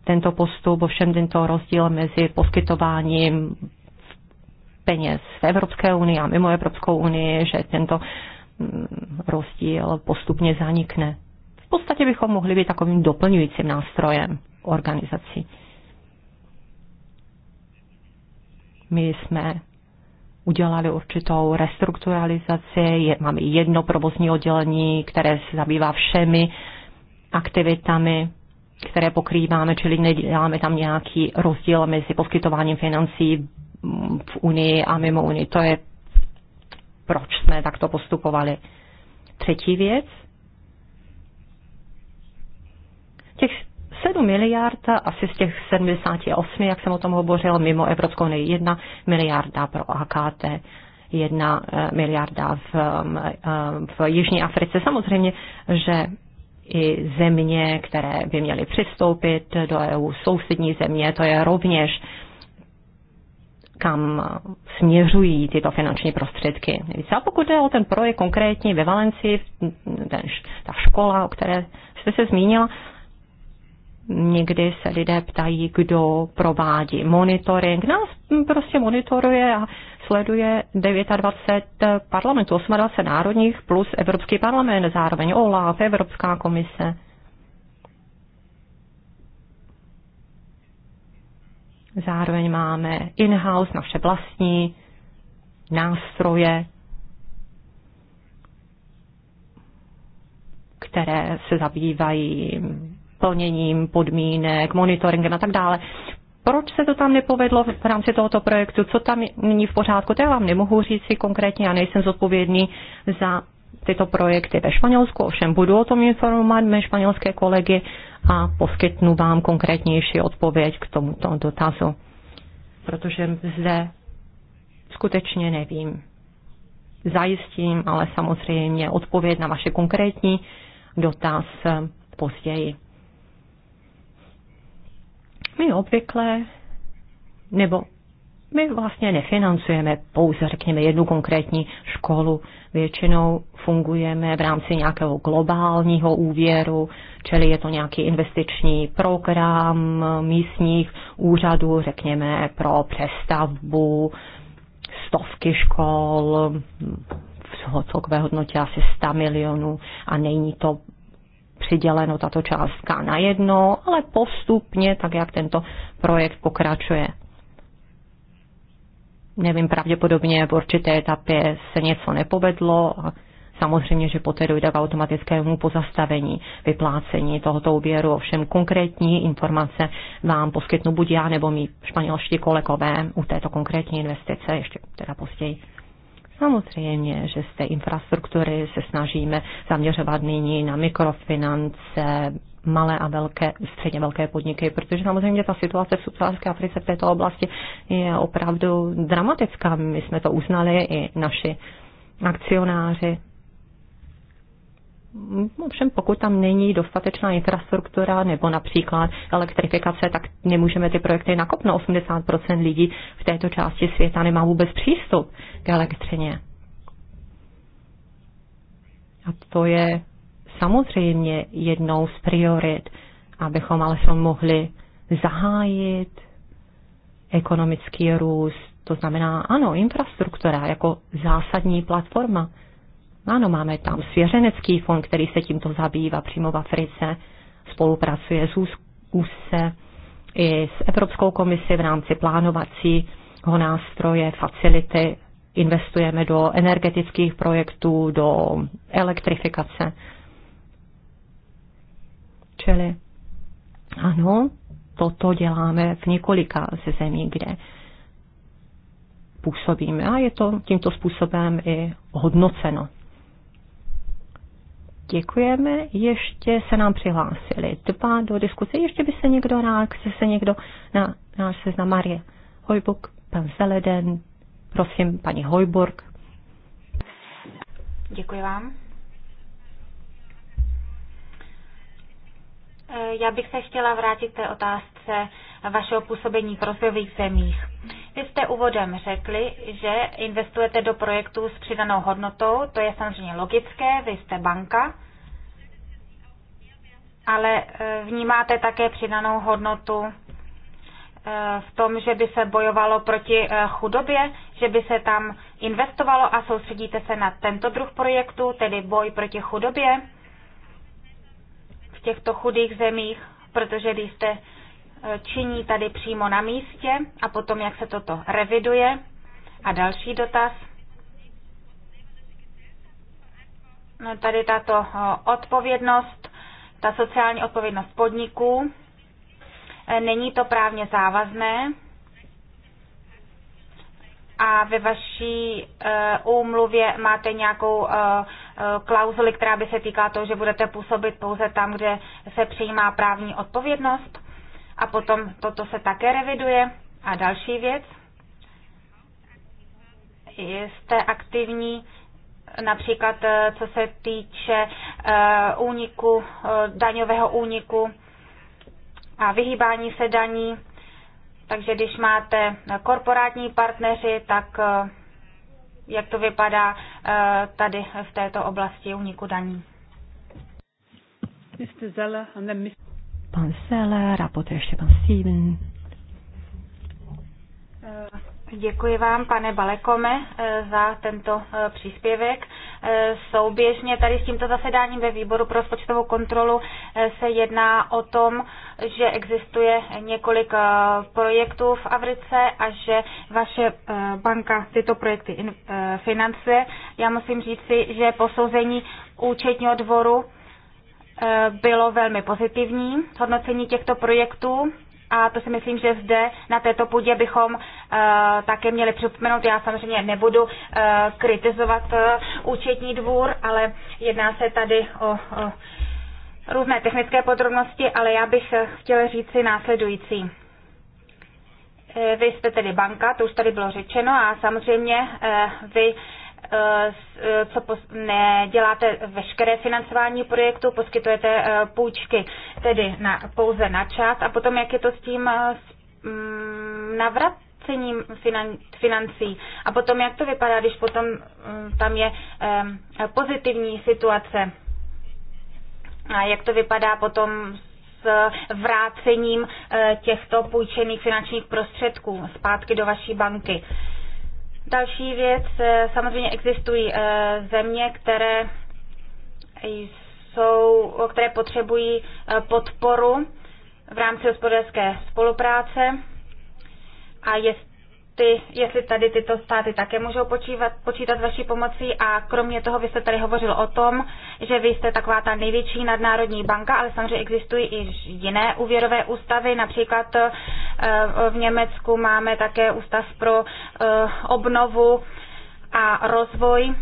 Tento postup, ovšem tento rozdíl mezi poskytováním peněz v Evropské unii a mimo Evropskou unii, že tento mm, rozdíl postupně zanikne. V podstatě bychom mohli být takovým doplňujícím nástrojem organizací. My jsme udělali určitou restrukturalizaci, je, máme jedno provozní oddělení, které se zabývá všemi aktivitami, které pokrýváme, čili neděláme tam nějaký rozdíl mezi poskytováním financí v Unii a mimo Unii. To je, proč jsme takto postupovali. Třetí věc. Těch 7 miliard, asi z těch 78, jak jsem o tom hovořil, mimo Evropskou unii 1 miliarda pro AKT. 1 eh, miliarda v, mm, eh, v Jižní Africe. Samozřejmě, že i země, které by měly přistoupit do EU, sousední země, to je rovněž kam směřují tyto finanční prostředky. A pokud jde o ten projekt konkrétně ve Valencii, ten, ta škola, o které jste se zmínila, Někdy se lidé ptají, kdo provádí monitoring. Nás prostě monitoruje a sleduje 29 parlamentů, 28 národních plus Evropský parlament, zároveň OLAF, Evropská komise. Zároveň máme in-house naše vlastní nástroje, které se zabývají plněním podmínek, monitoringem a tak dále. Proč se to tam nepovedlo v rámci tohoto projektu? Co tam není v pořádku? To já vám nemohu říct si konkrétně, já nejsem zodpovědný za tyto projekty ve Španělsku, ovšem budu o tom informovat mé španělské kolegy a poskytnu vám konkrétnější odpověď k tomuto dotazu, protože zde skutečně nevím. Zajistím ale samozřejmě odpověď na vaše konkrétní dotaz později. My obvykle, nebo my vlastně nefinancujeme pouze, řekněme, jednu konkrétní školu. Většinou fungujeme v rámci nějakého globálního úvěru, čili je to nějaký investiční program místních úřadů, řekněme, pro přestavbu stovky škol, v celkové hodnotě asi 100 milionů a není to přiděleno tato částka na jedno, ale postupně, tak jak tento projekt pokračuje. Nevím, pravděpodobně v určité etapě se něco nepovedlo a Samozřejmě, že poté dojde k automatickému pozastavení vyplácení tohoto úvěru. Ovšem konkrétní informace vám poskytnu buď já nebo mý španělští kolegové u této konkrétní investice, ještě teda později. Samozřejmě, že z té infrastruktury se snažíme zaměřovat nyní na mikrofinance, malé a velké, středně velké podniky, protože samozřejmě ta situace v subsaharské Africe v této oblasti je opravdu dramatická. My jsme to uznali i naši akcionáři Ovšem, pokud tam není dostatečná infrastruktura nebo například elektrifikace, tak nemůžeme ty projekty nakopnout. 80% lidí v této části světa nemá vůbec přístup k elektřině. A to je samozřejmě jednou z priorit, abychom alespoň mohli zahájit ekonomický růst. To znamená, ano, infrastruktura jako zásadní platforma ano, máme tam svěřenecký fond, který se tímto zabývá přímo v Africe, spolupracuje s úse i s Evropskou komisi v rámci plánovacího nástroje, facility. Investujeme do energetických projektů, do elektrifikace. Čili ano, toto děláme v několika ze zemí, kde působíme a je to tímto způsobem i hodnoceno. Děkujeme. Ještě se nám přihlásili dva do diskuse. Ještě by se někdo rád, chce se někdo na náš seznam Marie Hojbuk, pan Zeleden, prosím, paní Hojburg. Děkuji vám. Eh, já bych se chtěla vrátit k té otázce vašeho působení v rozvojových zemích. Vy jste úvodem řekli, že investujete do projektů s přidanou hodnotou, to je samozřejmě logické, vy jste banka, ale eh, vnímáte také přidanou hodnotu eh, v tom, že by se bojovalo proti eh, chudobě, že by se tam investovalo a soustředíte se na tento druh projektu, tedy boj proti chudobě v těchto chudých zemích, protože když jste činí tady přímo na místě a potom, jak se toto reviduje. A další dotaz. No, tady tato odpovědnost, ta sociální odpovědnost podniků, e, není to právně závazné a ve vaší e, úmluvě máte nějakou e, klauzuli, která by se týkala toho, že budete působit pouze tam, kde se přijímá právní odpovědnost? a potom toto se také reviduje. A další věc, jste aktivní například eh, co se týče eh, úniku, eh, daňového úniku a vyhýbání se daní. Takže když máte korporátní partneři, tak jak to vypadá tady v této oblasti úniku daní? Mr. Zella and then Mr pan Seller a poté ještě pan Steven. Eh, děkuji vám, pane Balekome, eh, za tento eh, příspěvek. Souběžně tady s tímto zasedáním ve výboru pro rozpočtovou kontrolu se jedná o tom, že existuje několik projektů v Africe a že vaše banka tyto projekty financuje. Já musím říci, že posouzení účetního dvoru Eh, bylo velmi pozitivní hodnocení těchto projektů a to si myslím, že zde na této půdě bychom eh, také měli připomenout. Já samozřejmě nebudu eh, kritizovat účetní dvůr, ale jedná se tady o různé technické podrobnosti, ale já bych chtěla říci následující. Vy jste tedy banka, to už tady bylo řečeno, a samozřejmě vy Eh, eh, co ne, děláte veškeré financování projektu, poskytujete eh, půjčky tedy na, pouze na část a potom jak je to s tím mm, navrat, ztracením finan, financí. A potom, jak to vypadá, když potom mm, tam je pozitivní situace? A jak to vypadá potom s vrácením těchto půjčených finančních prostředků zpátky do vaší banky? Další věc, eh, samozřejmě existují eh, země, které jsou, které potřebují eh, podporu v rámci hospodářské spolupráce a je ty, jestli tady tyto státy také můžou počívat, počítat vaší pomocí a kromě toho vy jste tady hovořil o tom, že vy jste taková ta největší nadnárodní banka, ale samozřejmě existují i jiné úvěrové ústavy, například eh, v Německu máme také ústav pro eh, obnovu a rozvoj.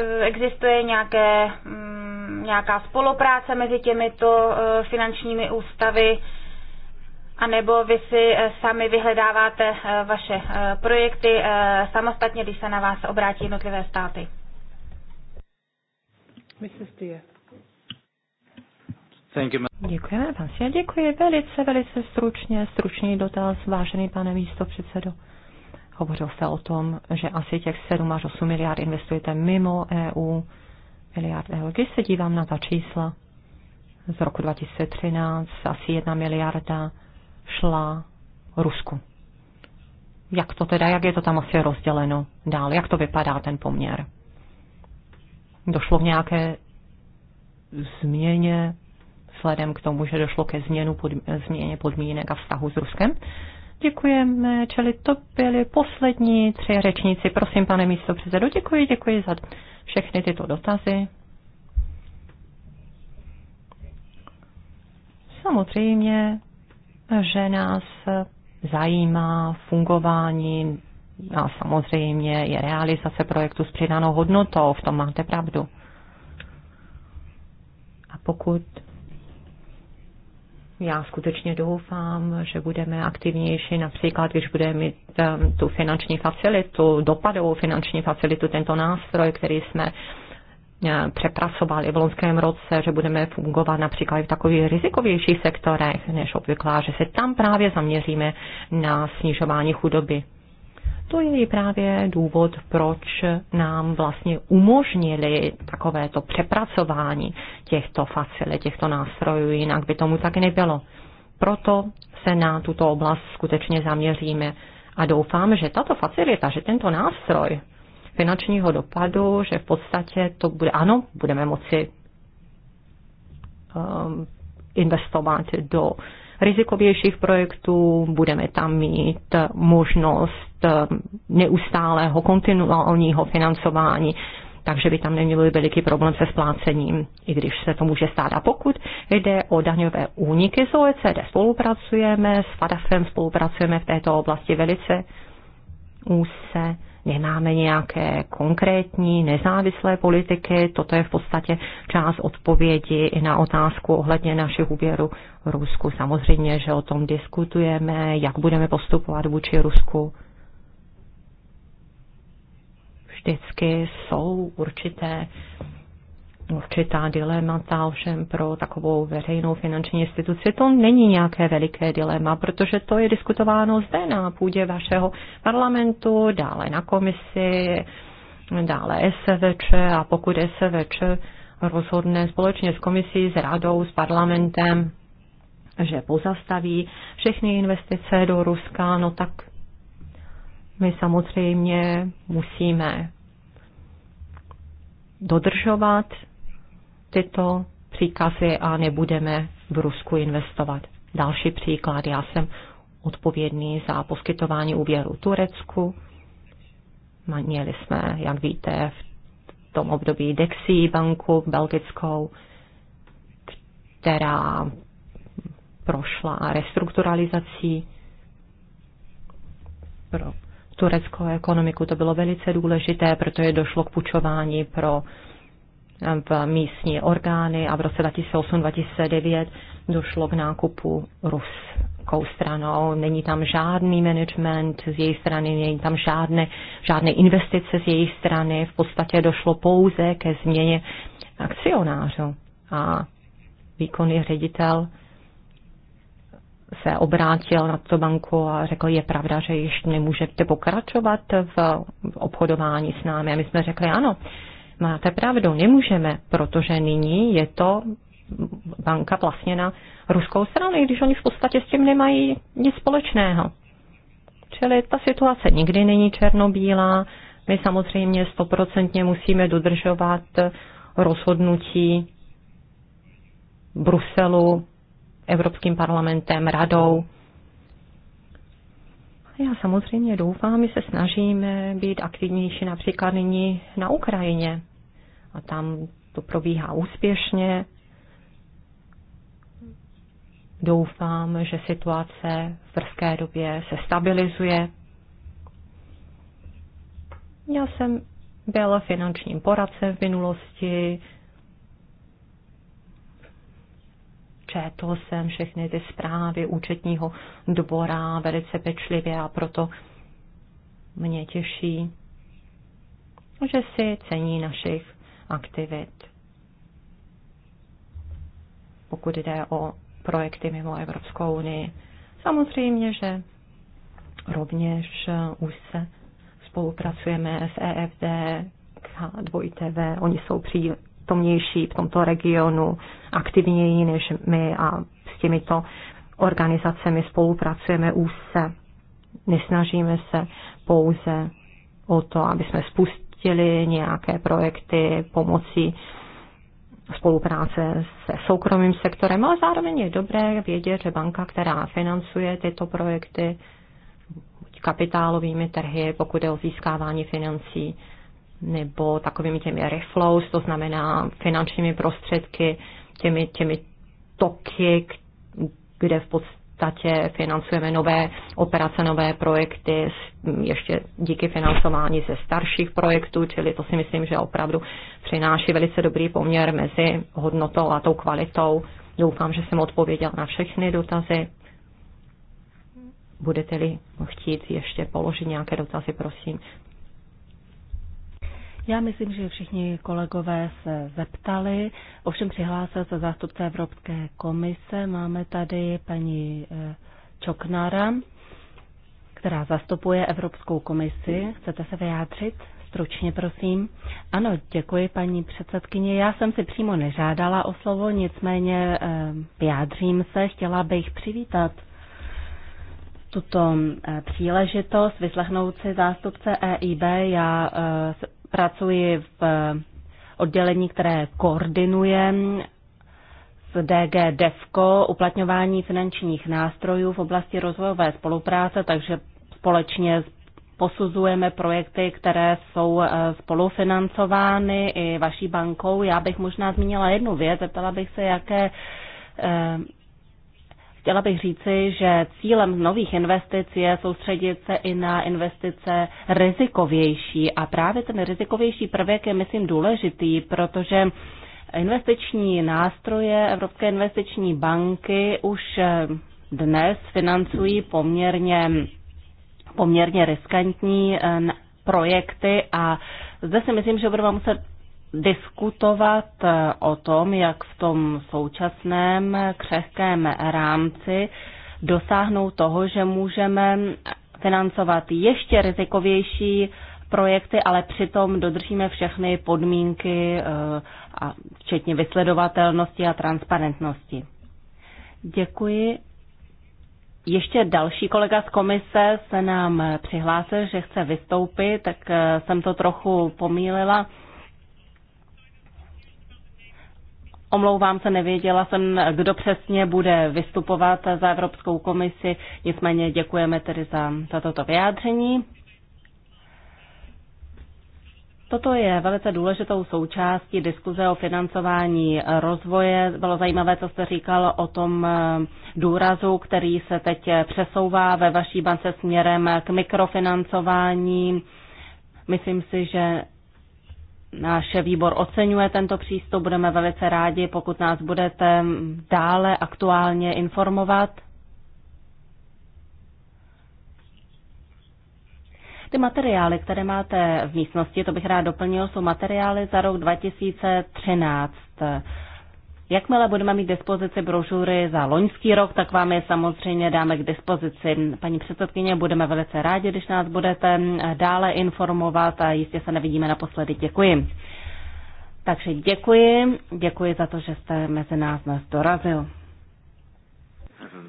Eh, existuje nějaké, mm, nějaká spolupráce mezi těmito finančními ústavy? anebo vy si eh, sami vyhledáváte eh, vaše eh, projekty samostatně, když se na vás obrátí jednotlivé státy. Děkujeme, pan Sia, děkuji velice, velice stručně, stručný dotaz, vážený pane místo předsedo. Hovořil jste o tom, že asi těch 7 až 8 miliard investujete mimo EU, miliard EU. Když se dívám na ta čísla z roku 2013, asi 1 miliarda šla Rusku. Jak to teda, jak je to tam asi rozděleno dál, jak to vypadá ten poměr? Došlo k nějaké změně, vzhledem k tomu, že došlo ke změnu pod, změně podmínek a vztahu s Ruskem? Děkujeme, čili to byly poslední tři řečníci. Prosím, pane místo předsedo, děkuji, děkuji za všechny tyto dotazy. Samozřejmě že nás zajímá fungování a samozřejmě je realizace projektu s přidanou hodnotou, v tom máte pravdu. A pokud já skutečně doufám, že budeme aktivnější, například když budeme mít um, tu finanční facilitu, dopadovou finanční facilitu, tento nástroj, který jsme Eh, přepracovali v loňském roce, že budeme fungovat například v takových rizikovějších sektorech než obvyklá, že se tam právě zaměříme na snižování chudoby. To je i právě důvod, proč nám vlastně umožnili takovéto přepracování těchto facile, těchto nástrojů, jinak by tomu tak nebylo. Proto se na tuto oblast skutečně zaměříme a doufám, že tato facilita, že tento nástroj finančního dopadu, že v podstatě to bude, ano, budeme moci um, investovat do rizikovějších projektů, budeme tam mít možnost um, neustálého kontinuálního financování, takže by tam neměl veliký problém se splácením, i když se to může stát. A pokud jde o daňové úniky z OECD, spolupracujeme s FADAFem, spolupracujeme v této oblasti velice úzce nemáme nějaké konkrétní nezávislé politiky. Toto je v podstatě část odpovědi i na otázku ohledně našich úvěrů Rusku. Samozřejmě, že o tom diskutujeme, jak budeme postupovat vůči Rusku. Vždycky jsou určité určitá dilemata ovšem pro takovou veřejnou finanční instituci. To není nějaké veliké dilema, protože to je diskutováno zde na půdě vašeho parlamentu, dále na komisi, dále SVČ a pokud SVČ rozhodne společně s komisí, s radou, s parlamentem, že pozastaví všechny investice do Ruska, no tak my samozřejmě musíme dodržovat tyto příkazy a nebudeme v Rusku investovat. Další příklad, já jsem odpovědný za poskytování úvěru Turecku. Měli jsme, jak víte, v tom období Dexi banku belgickou, která prošla restrukturalizací pro tureckou ekonomiku. To bylo velice důležité, protože došlo k pučování pro v místní orgány a v roce 2008-2009 došlo k nákupu ruskou stranou. Není tam žádný management z její strany, není tam žádné, žádné investice z její strany. V podstatě došlo pouze ke změně akcionářů. A výkonný ředitel se obrátil na to banku a řekl, je pravda, že ještě nemůžete pokračovat v obchodování s námi. A my jsme řekli, ano, Máte pravdu, nemůžeme, protože nyní je to banka vlastněna ruskou stranou, i když oni v podstatě s tím nemají nic společného. Čili ta situace nikdy není černobílá. My samozřejmě stoprocentně musíme dodržovat rozhodnutí Bruselu, Evropským parlamentem, radou. Já samozřejmě doufám, my se snažíme být aktivnější například nyní na Ukrajině a tam to probíhá úspěšně. Doufám, že situace v brzké době se stabilizuje. Já jsem byl finančním poradcem v minulosti, četl jsem všechny ty zprávy účetního dvora velice pečlivě a proto mě těší, že si cení našich aktivit, pokud jde o projekty mimo Evropskou unii. Samozřejmě, že rovněž už se spolupracujeme s EFD, K2TV, oni jsou přítomnější v tomto regionu, aktivněji než my a s těmito organizacemi spolupracujeme úzce. Nesnažíme se pouze o to, aby jsme spustili spustili nějaké projekty pomocí spolupráce se soukromým sektorem, ale zároveň je dobré vědět, že banka, která financuje tyto projekty, buď kapitálovými trhy, pokud je o získávání financí, nebo takovými těmi reflows, to znamená finančními prostředky, těmi, těmi toky, kde v podstatě podstatě financujeme nové operace, nové projekty, ještě díky financování ze starších projektů, čili to si myslím, že opravdu přináší velice dobrý poměr mezi hodnotou a tou kvalitou. Doufám, že jsem odpověděl na všechny dotazy. Budete-li chtít ještě položit nějaké dotazy, prosím, já myslím, že všichni kolegové se zeptali, ovšem přihlásil se zástupce Evropské komise. Máme tady paní eh, Čoknára, která zastupuje Evropskou komisi. Chcete se vyjádřit? Stručně, prosím. Ano, děkuji, paní předsedkyně. Já jsem si přímo nežádala o slovo, nicméně eh, vyjádřím se. Chtěla bych přivítat tuto eh, příležitost vyslechnout si zástupce EIB. Já Pracuji v eh, oddělení, které koordinuje s DG DEFCO uplatňování finančních nástrojů v oblasti rozvojové spolupráce, takže společně posuzujeme projekty, které jsou eh, spolufinancovány i vaší bankou. Já bych možná zmínila jednu věc, zeptala bych se, jaké eh, Chtěla bych říci, že cílem nových investic je soustředit se i na investice rizikovější a právě ten rizikovější prvek je, myslím, důležitý, protože investiční nástroje Evropské investiční banky už eh, dnes financují poměrně, poměrně riskantní eh, projekty a zde si myslím, že budeme muset diskutovat eh, o tom, jak v tom současném křehkém rámci dosáhnout toho, že můžeme financovat ještě rizikovější projekty, ale přitom dodržíme všechny podmínky, eh, a včetně vysledovatelnosti a transparentnosti. Děkuji. Ještě další kolega z komise se nám přihlásil, že chce vystoupit, tak eh, jsem to trochu pomílila. Omlouvám se, nevěděla jsem, kdo přesně bude vystupovat za Evropskou komisi, nicméně děkujeme tedy za, za toto vyjádření. Toto je velice důležitou součástí diskuze o financování rozvoje. Bylo zajímavé, co jste říkal o tom eh, důrazu, který se teď přesouvá ve vaší bance směrem k mikrofinancování. Myslím si, že Náš výbor oceňuje tento přístup, budeme velice rádi, pokud nás budete dále aktuálně informovat. Ty materiály, které máte v místnosti, to bych rád doplnil, jsou materiály za rok 2013. Jakmile budeme mít dispozici brožury za loňský rok, tak vám je samozřejmě dáme k dispozici. Paní předsedkyně, budeme velice rádi, když nás budete dále informovat a jistě se nevidíme naposledy. Děkuji. Takže děkuji, děkuji za to, že jste mezi nás dnes dorazil. Uh,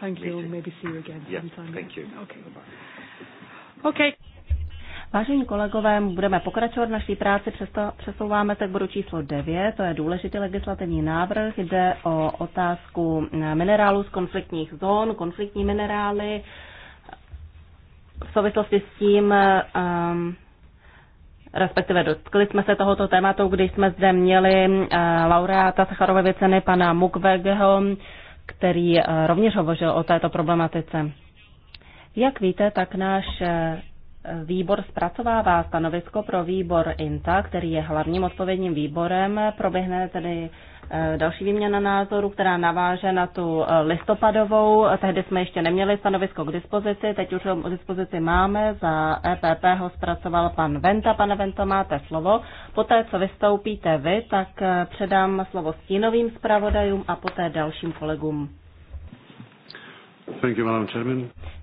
Thank you. Maybe see you again sometime. sometime. Thank you. Okay. Bye-bye. Okay. Vážení kolegové, budeme pokračovat v naší práci, přesouváme se k bodu číslo 9, to je důležitý legislativní návrh, jde o otázku minerálů z konfliktních zón, konfliktní minerály, v souvislosti s tím, um, respektive dotkli jsme se tohoto tématu, když jsme zde měli uh, laureáta Sacharovovy ceny pana Mukwegeho, který uh, rovněž hovořil o této problematice. Jak víte, tak náš eh, Výbor zpracovává stanovisko pro výbor INTA, který je hlavním odpovědním výborem. Proběhne tedy eh, další výměna názoru, která naváže na tu eh, listopadovou. Tehdy jsme ještě neměli stanovisko k dispozici, teď už ho k dispozici máme. Za EPP ho zpracoval pan Venta. Pane Vento, máte slovo. Poté, co vystoupíte vy, tak eh, předám slovo stínovým zpravodajům a poté dalším kolegům.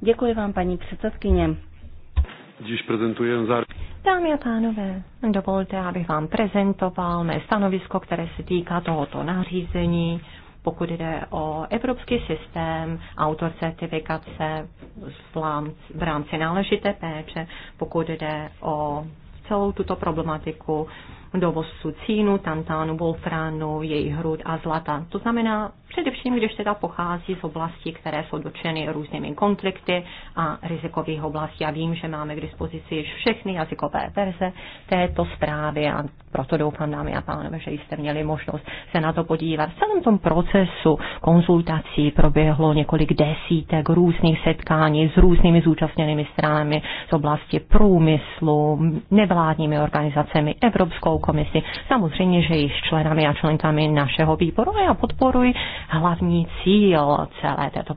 Děkuji vám, paní předsedkyně. Dziś prezentuję zar... Dámy a pánové, dovolte, abych vám prezentoval mé stanovisko, které se týká tohoto nařízení, pokud jde o evropský systém autocertifikace v rámci náležité péče, pokud jde o celou tuto problematiku dovozců cínu, tantánu, wolfránu, jejich hrud a zlata. To znamená především, když teda pochází z oblastí, které jsou dočeny různými konflikty a rizikových oblastí. Já vím, že máme k dispozici již všechny jazykové verze této zprávy a proto doufám, dámy a pánové, že jste měli možnost se na to podívat. V celém tom procesu konzultací proběhlo několik desítek různých setkání s různými zúčastněnými stranami z oblasti průmyslu, nevládními organizacemi, Evropskou Evropskou komisi. Samozřejmě, že již členami a členkami našeho výboru a já podporuji hlavní cíl celé této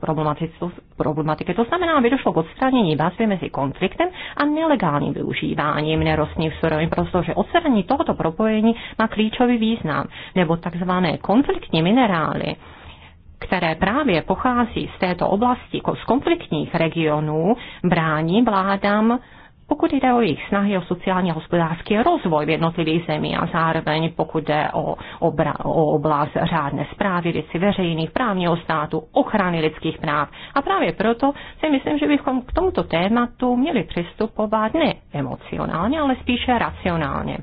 problematiky. To znamená, aby došlo k odstranění vazby mezi konfliktem a nelegálním využíváním nerostných surovin, protože odstranění tohoto propojení má klíčový význam, nebo takzvané konfliktní minerály které právě pochází z této oblasti, z konfliktních regionů, brání vládám pokud jde o jejich snahy o sociální a hospodářský rozvoj v jednotlivých zemí a zároveň pokud jde o, obra, o oblast řádné zprávy věci veřejných, právního státu, ochrany lidských práv. A právě proto si myslím, že bychom k tomuto tématu měli přistupovat ne emocionálně, ale spíše racionálně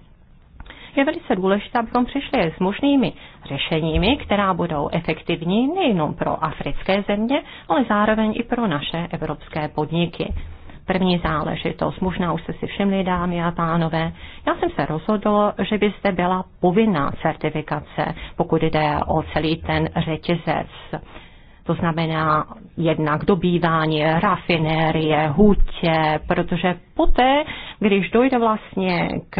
je velice důležité, abychom přišli s možnými řešeními, která budou efektivní nejenom pro africké země, ale zároveň i pro naše evropské podniky první záležitost. Možná už jste si všimli, dámy a pánové. Já jsem se rozhodla, že byste byla povinná certifikace, pokud jde o celý ten řetězec. To znamená jednak dobývání rafinérie, hutě, protože poté, když dojde vlastně k,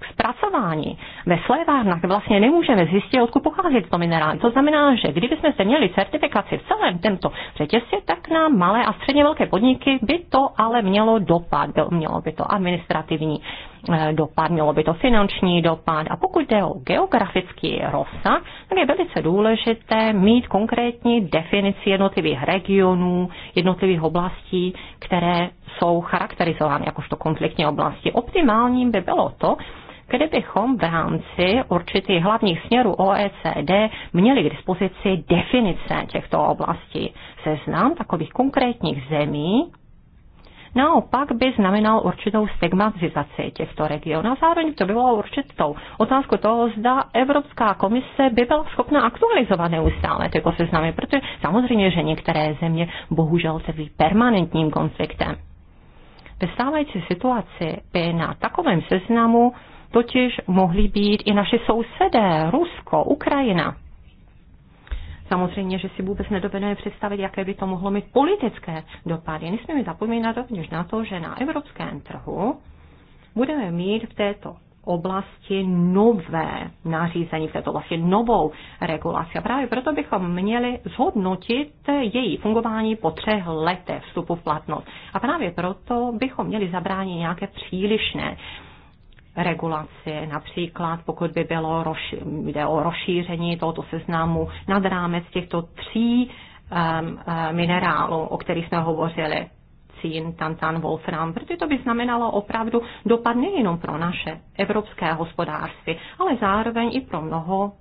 k zpracování ve slévárnách, vlastně nemůžeme zjistit, odkud pochází to minerál. To znamená, že kdybychom se měli certifikaci v celém tento řetězci, tak na malé a středně velké podniky by to ale mělo dopad, mělo by to administrativní eh, dopad, mělo by to finanční dopad. A pokud jde o geografický rozsah, tak je velice důležité mít konkrétní definici jednotlivých regionů, jednotlivých oblastí, které jsou charakterizovány jakožto konfliktní oblasti. Optimálním by bylo to, kdybychom v rámci určitých hlavních směrů OECD měli k dispozici definice těchto oblastí. Seznam takových konkrétních zemí naopak by znamenal určitou stigmatizaci těchto regionů. A zároveň to bylo určitou otázku toho, zda Evropská komise by byla schopna aktualizovat neustále tyto seznamy, protože samozřejmě, že některé země bohužel se permanentním konfliktem. Ve stávající situaci by na takovém seznamu totiž mohli být i naši sousedé, Rusko, Ukrajina. Samozřejmě, že si vůbec nedovedeme představit, jaké by to mohlo mít politické dopady. Nesmíme zapomínat rovněž na to, že na evropském trhu budeme mít v této oblasti nové nařízení, v této oblasti novou regulaci. A právě proto bychom měli zhodnotit její fungování po třech letech vstupu v platnost. A právě proto bychom měli zabránit nějaké přílišné regulaci, například pokud by bylo roši, jde o rozšíření tohoto seznamu nad rámec těchto tří um, uh, minerálů, o kterých jsme hovořili vakcín tantan, wolfram, protože to by znamenalo opravdu dopad nejenom pro naše evropské hospodářství, ale zároveň i pro mnoho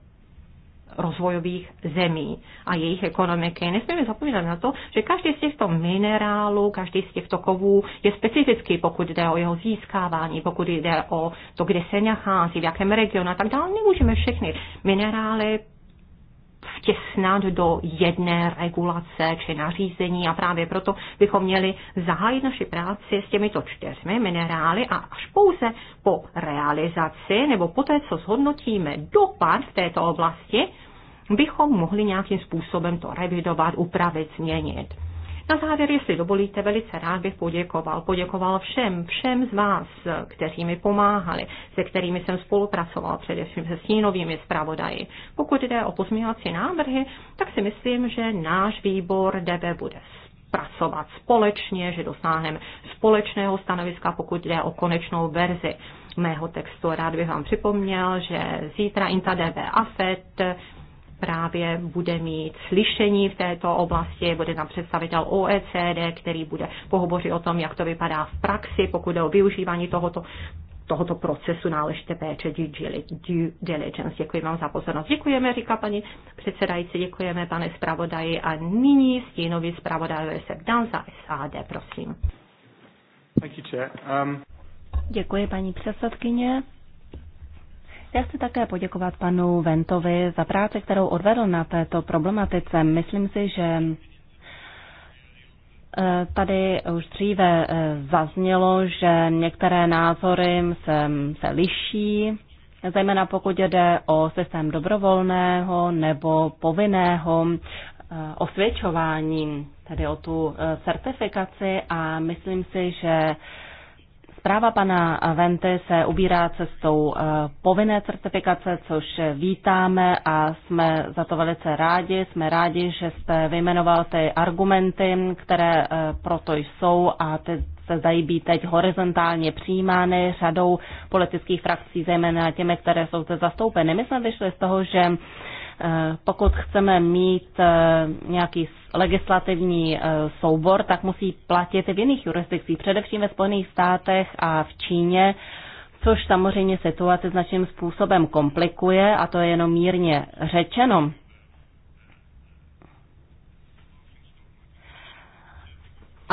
rozvojových zemí a jejich ekonomiky. Nesmíme zapomínat na to, že každý z těchto minerálů, každý z těchto kovů je specifický, pokud jde o jeho získávání, pokud jde o to, kde se nachází, v jakém regionu a tak dále. Nemůžeme všechny minerály vtěsnat do jedné regulace či nařízení a právě proto bychom měli zahájit naši práci s těmito čtyřmi minerály a až pouze po realizaci nebo po té, co zhodnotíme dopad v této oblasti, bychom mohli nějakým způsobem to revidovat, upravit, změnit. Na závěr, jestli dovolíte, velice rád bych poděkoval. Poděkoval všem, všem z vás, kteří mi pomáhali, se kterými jsem spolupracoval, především se stínovými zpravodaji. Pokud jde o pozměňovací návrhy, tak si myslím, že náš výbor DB bude pracovat společně, že dosáhneme společného stanoviska, pokud jde o konečnou verzi mého textu. Rád bych vám připomněl, že zítra Inta DB AFET právě bude mít slyšení v této oblasti, bude tam představitel OECD, který bude pohovořit o tom, jak to vypadá v praxi, pokud je o využívání tohoto tohoto procesu náležité péče due diligence. Děkuji vám za pozornost. Děkujeme, říká paní předsedající, děkujeme, pane zpravodaji. A nyní stínový zpravodaj se Dan za SAD, prosím. Thank you, chair. Um... Děkuji, paní předsedkyně. Já chci také poděkovat panu Ventovi za práci, kterou odvedl na této problematice. Myslím si, že eh, Tady už dříve eh, zaznělo, že některé názory se, se liší, zejména pokud jde o systém dobrovolného nebo povinného eh, osvědčování, tedy o tu certifikaci a myslím si, že Zpráva pana Venty se ubírá cestou eh, povinné certifikace, což vítáme a jsme za to velice rádi. Jsme rádi, že jste vyjmenoval ty argumenty, které eh, proto jsou a ty se zdají být teď horizontálně přijímány řadou politických frakcí, zejména těmi, které jsou zde zastoupeny. My jsme vyšli z toho, že Eh, pokud chceme mít eh, nějaký legislativní eh, soubor, tak musí platit i v jiných jurisdikcích, především ve Spojených státech a v Číně, což samozřejmě situaci značným způsobem komplikuje a to je jenom mírně řečeno.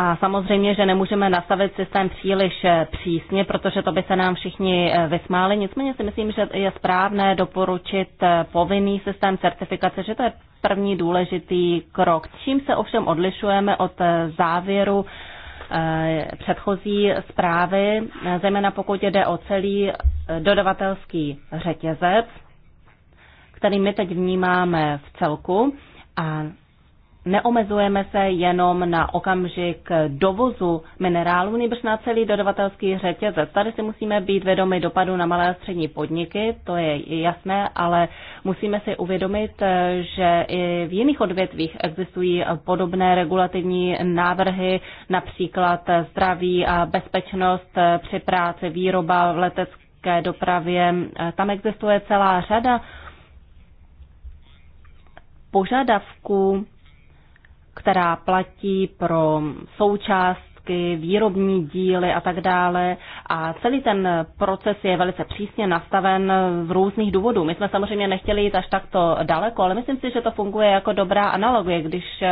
A samozřejmě, že nemůžeme nastavit systém příliš eh, přísně, protože to by se nám všichni eh, vysmáli. Nicméně si myslím, že je správné doporučit eh, povinný systém certifikace, že to je první důležitý krok. Čím se ovšem odlišujeme od závěru předchozí zprávy, zejména pokud jde o celý dodavatelský řetězec, který my teď vnímáme v celku. A neomezujeme se jenom na okamžik dovozu minerálů, nebož na celý dodavatelský řetězec. Tady si musíme být vědomi dopadu na malé a střední podniky, to je jasné, ale musíme si uvědomit, že i v jiných odvětvích existují podobné regulativní návrhy, například zdraví a bezpečnost při práci, výroba v letecké dopravě. Tam existuje celá řada požadavků která platí pro součást výrobní díly a tak dále. A celý ten proces je velice přísně nastaven z různých důvodů. My jsme samozřejmě nechtěli jít až takto daleko, ale myslím si, že to funguje jako dobrá analogie, když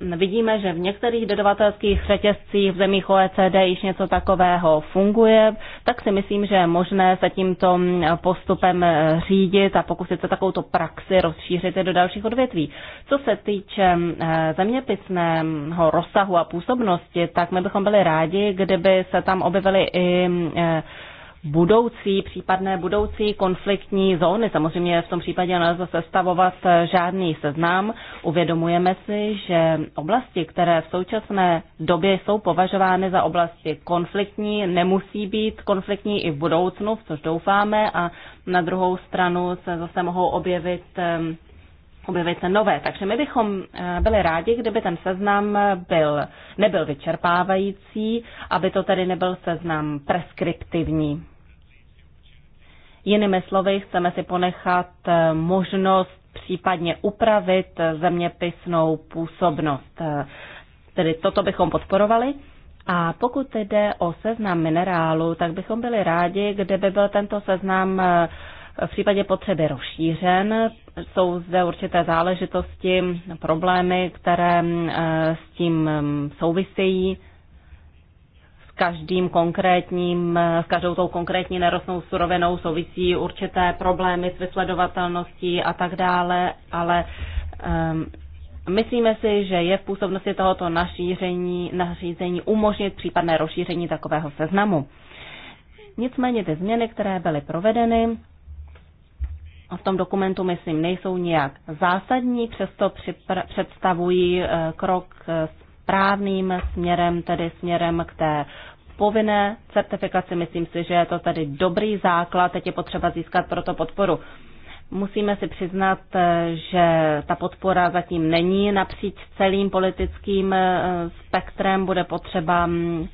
Vidíme, že v některých dodavatelských řetězcích v zemích OECD již něco takového funguje, tak si myslím, že je možné se tímto postupem řídit a pokusit se takovouto praxi rozšířit do dalších odvětví. Co se týče eh, zeměpisného rozsahu a působnosti, tak my bychom byli rádi, kdyby se tam objevily i eh, budoucí, případné budoucí konfliktní zóny. Samozřejmě v tom případě nelze sestavovat eh, žádný seznam. Uvědomujeme si, že oblasti, které v současné době jsou považovány za oblasti konfliktní, nemusí být konfliktní i v budoucnu, v což doufáme, a na druhou stranu se zase mohou objevit eh, objevit nové. Takže my bychom eh, byli rádi, kdyby ten seznam byl, nebyl vyčerpávající, aby to tedy nebyl seznam preskriptivní. Jinými slovy, chceme si ponechat eh, možnost případně upravit eh, zeměpisnou působnost. Tedy toto bychom podporovali. A pokud jde o seznam minerálu, tak bychom byli rádi, kdyby byl tento seznam v případě potřeby rozšířen. Jsou zde určité záležitosti, problémy, které eh, s tím mm, souvisejí s každým konkrétním, eh, s každou tou konkrétní nerostnou surovinou souvisí určité problémy s vysledovatelností a tak dále, ale um, Myslíme si, že je v působnosti tohoto nařízení, nařízení umožnit případné rozšíření takového seznamu. Nicméně ty změny, které byly provedeny, v tom dokumentu, myslím, nejsou nijak zásadní, přesto představují eh, krok eh, správným směrem, tedy směrem k té povinné certifikaci. Myslím si, že je to tady dobrý základ, teď je potřeba získat proto podporu. Musíme si přiznat, eh, že ta podpora zatím není napříč celým politickým spektrem. Bude potřeba mm,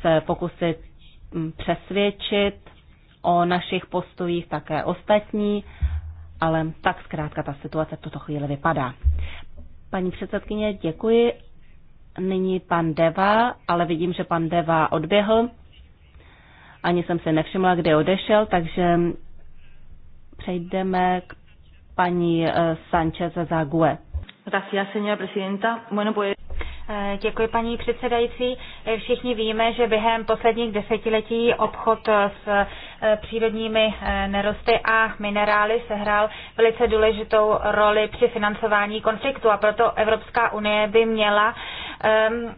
se pokusit mm, přesvědčit o našich postojích také ostatní ale tak zkrátka ta situace v tuto chvíli vypadá. Paní předsedkyně, děkuji. Nyní pan Deva, ale vidím, že pan Deva odběhl. Ani jsem se nevšimla, kde odešel, takže přejdeme k paní eh, Sanchez Zague. Gracias, señora presidenta. Bueno, pues... Eh, děkuji, paní předsedající. Eh, všichni víme, že během posledních desetiletí obchod s eh, přírodními nerosty a minerály sehrál velice důležitou roli při financování konfliktu a proto Evropská unie by měla ehm,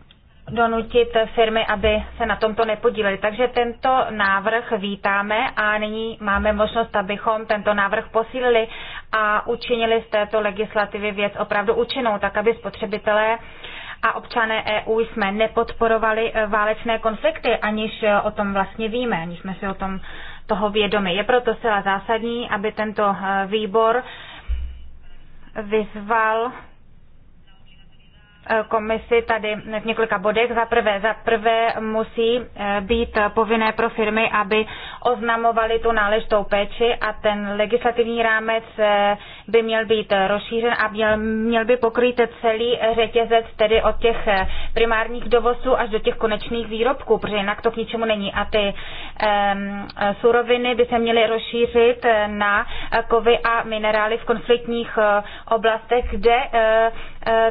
donutit firmy, aby se na tomto nepodílely. Takže tento návrh vítáme a nyní máme možnost, abychom tento návrh posílili a učinili z této legislativy věc opravdu účinnou, tak aby spotřebitelé a občané EU jsme nepodporovali e, válečné konflikty, aniž e, o tom vlastně víme, aniž jsme si o tom toho vědomi. Je proto zcela zásadní, aby tento e, výbor vyzval komisi tady v několika bodech. Za prvé, za prvé musí eh, být povinné pro firmy, aby oznamovali tu náležitou péči a ten legislativní rámec eh, by měl být rozšířen a měl, měl by pokrýt celý řetězec, tedy od těch eh, primárních dovozů až do těch konečných výrobků, protože jinak to k ničemu není. A ty suroviny by se měly rozšířit eh, na eh, kovy a minerály v konfliktních eh, oblastech, kde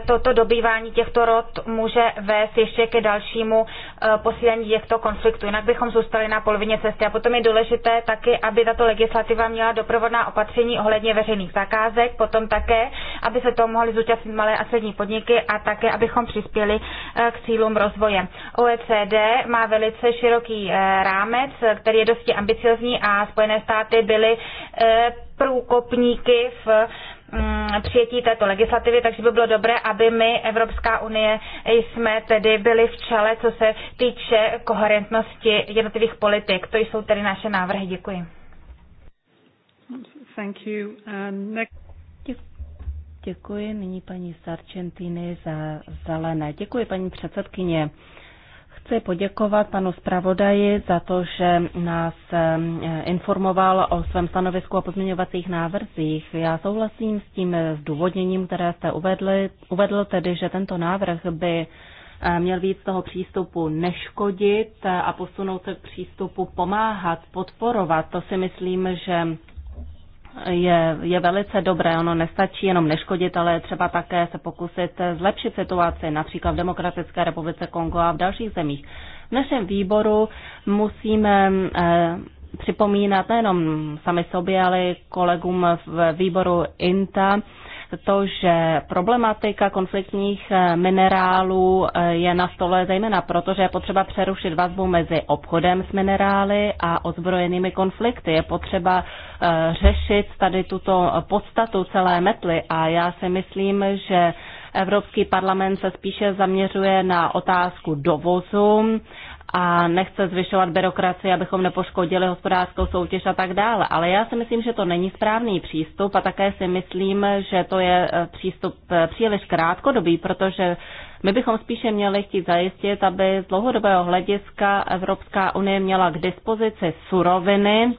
toto dobývání těchto rod může vést ještě ke dalšímu posílení těchto konfliktů. Jinak bychom zůstali na polovině cesty. A potom je důležité taky, aby tato legislativa měla doprovodná opatření ohledně veřejných zakázek, potom také, aby se to mohly zúčastnit malé a střední podniky a také, abychom přispěli k cílům rozvoje. OECD má velice široký rámec Eh, který je dosti ambiciozní a Spojené státy byly eh, průkopníky v mm, přijetí této legislativy, takže by bylo dobré, aby my, Evropská unie, jsme tedy byli v čele, co se týče koherentnosti jednotlivých politik. To jsou tedy naše návrhy. Děkuji. Thank you. And uh, next... Děkuji nyní paní Sarčentýny za zelené. Děkuji paní předsedkyně. Chci poděkovat panu zpravodaji za to, že nás informoval o svém stanovisku a pozměňovacích návrzích. Já souhlasím s tím zdůvodněním, které jste uvedli, uvedl, tedy, že tento návrh by eh, měl víc toho přístupu neškodit a posunout se k přístupu pomáhat, podporovat. To si myslím, že je, je velice dobré. Ono nestačí jenom neškodit, ale třeba také se pokusit zlepšit situaci, například v Demokratické republice Kongo a v dalších zemích. V našem výboru musíme eh, připomínat nejenom sami sobě, ale kolegům v výboru INTA, to, že problematika konfliktních eh, minerálů eh, je na stole zejména proto, že je potřeba přerušit vazbu mezi obchodem s minerály a ozbrojenými konflikty. Je potřeba eh, řešit tady tuto podstatu celé metly a já si myslím, že Evropský parlament se spíše zaměřuje na otázku dovozu a nechce zvyšovat byrokracii, abychom nepoškodili hospodářskou soutěž a tak dále. Ale já si myslím, že to není správný přístup a také si myslím, že to je eh, přístup eh, příliš krátkodobý, protože my bychom spíše měli chtít zajistit, aby z dlouhodobého hlediska Evropská unie měla k dispozici suroviny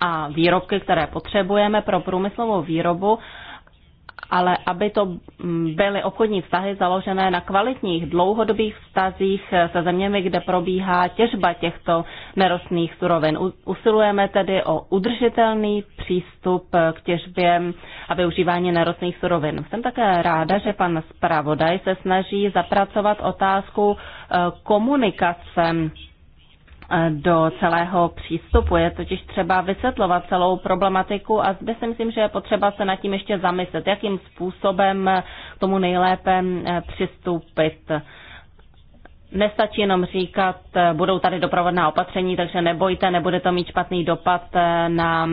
a výrobky, které potřebujeme pro průmyslovou výrobu ale aby to mm, byly obchodní vztahy založené na kvalitních dlouhodobých vztazích se zeměmi, kde probíhá těžba těchto nerostných surovin. Usilujeme tedy o udržitelný přístup k těžbě a využívání nerostných surovin. Jsem také ráda, že pan zpravodaj se snaží zapracovat otázku eh, komunikace Eh, do celého přístupu. Je totiž třeba vysvětlovat celou problematiku a zde si myslím, že je potřeba se nad tím ještě zamyslet, jakým způsobem k tomu nejlépe eh, přistoupit. Nestačí jenom říkat, eh, budou tady doprovodná opatření, takže nebojte, nebude to mít špatný dopad na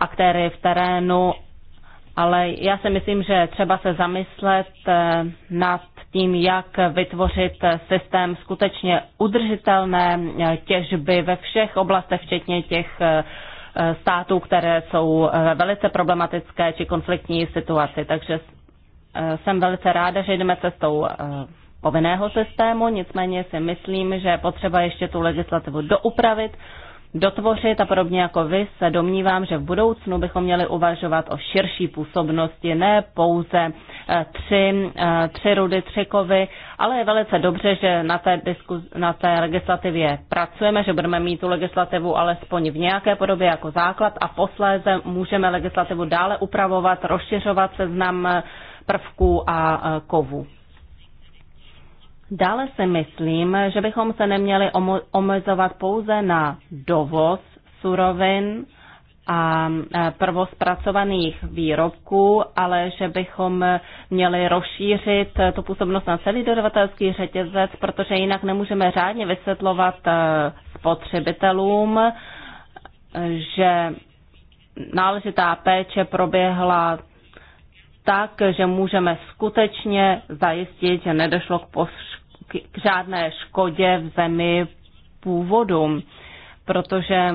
aktéry v terénu, ale já si myslím, že třeba se zamyslet nad tím, jak vytvořit systém skutečně udržitelné těžby ve všech oblastech, včetně těch eh, států, které jsou eh, velice problematické či konfliktní situaci. Takže eh, jsem velice ráda, že jdeme cestou povinného systému, nicméně si myslím, že potřeba ještě tu legislativu doupravit dotvořit a podobně jako vy se domnívám, že v budoucnu bychom měli uvažovat o širší působnosti, ne pouze eh, tři, eh, tři rudy, tři kovy, ale je velice dobře, že na té, diskuz, na té legislativě pracujeme, že budeme mít tu legislativu alespoň v nějaké podobě jako základ a posléze můžeme legislativu dále upravovat, rozšiřovat seznam eh, prvků a kovů. Dále si myslím, že bychom se neměli omezovat pouze na dovoz surovin a e, prvospracovaných výrobků, ale že bychom měli rozšířit tu působnost na celý dodavatelský řetězec, protože jinak nemůžeme řádně vysvětlovat e, spotřebitelům, e, že náležitá péče proběhla tak, že můžeme skutečně zajistit, že nedošlo k k žádné škodě v zemi původu, protože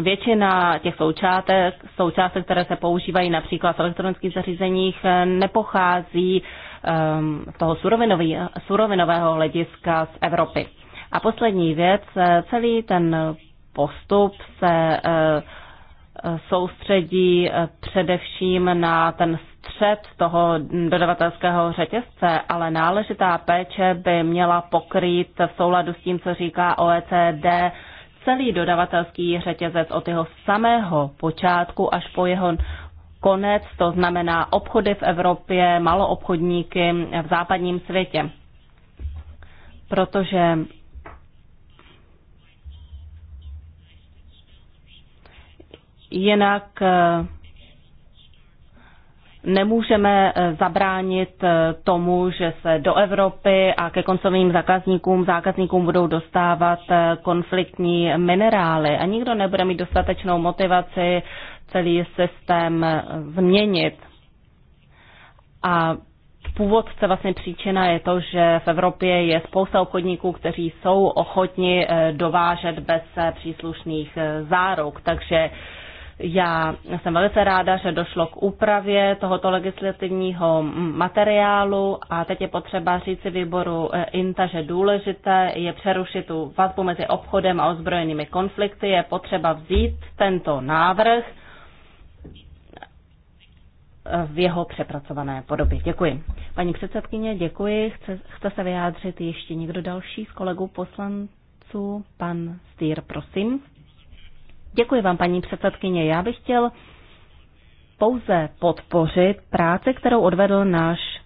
Většina těch součátek, součástek, které se používají například v elektronických zařízeních, eh, nepochází um, z toho surovinový, surovinového hlediska z Evropy. A poslední věc, eh, celý ten postup se uh, soustředí především na ten střed toho dodavatelského řetězce, ale náležitá péče by měla pokrýt v souladu s tím, co říká OECD, celý dodavatelský řetězec od jeho samého počátku až po jeho konec, to znamená obchody v Evropě, maloobchodníky v západním světě. Protože jinak eh, nemůžeme eh, zabránit eh, tomu, že se do Evropy a ke koncovým zákazníkům, zákazníkům budou dostávat eh, konfliktní minerály a nikdo nebude mít dostatečnou motivaci celý systém změnit. A původce vlastně příčina je to, že v Evropě je spousta obchodníků, kteří jsou ochotni dovážet bez příslušných záruk. Takže já jsem velice ráda, že došlo k úpravě tohoto legislativního materiálu a teď je potřeba říci výboru eh, INTA, že důležité je přerušit tu vazbu mezi obchodem a ozbrojenými konflikty. Je potřeba vzít tento návrh v jeho přepracované podobě. Děkuji. Paní předsedkyně, děkuji. Chce, chce se vyjádřit ještě někdo další z kolegů poslanců? Pan Stýr, prosím. Děkuji vám, paní předsedkyně. Já bych chtěl pouze podpořit práci, kterou odvedl náš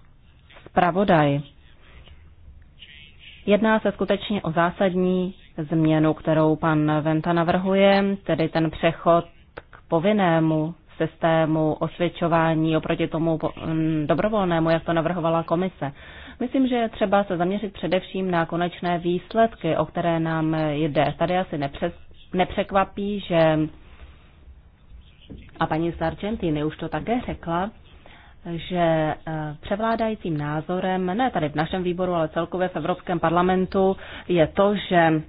zpravodaj. Jedná se skutečně o zásadní změnu, kterou pan Venta navrhuje, tedy ten přechod k povinnému systému osvědčování oproti tomu mm, dobrovolnému, jak to navrhovala komise. Myslím, že je třeba se zaměřit především na konečné výsledky, o které nám jde. Tady asi nepřes, nepřekvapí, že a paní z Argentiny už to také řekla, že eh, převládajícím názorem, ne tady v našem výboru, ale celkově v Evropském parlamentu, je to, že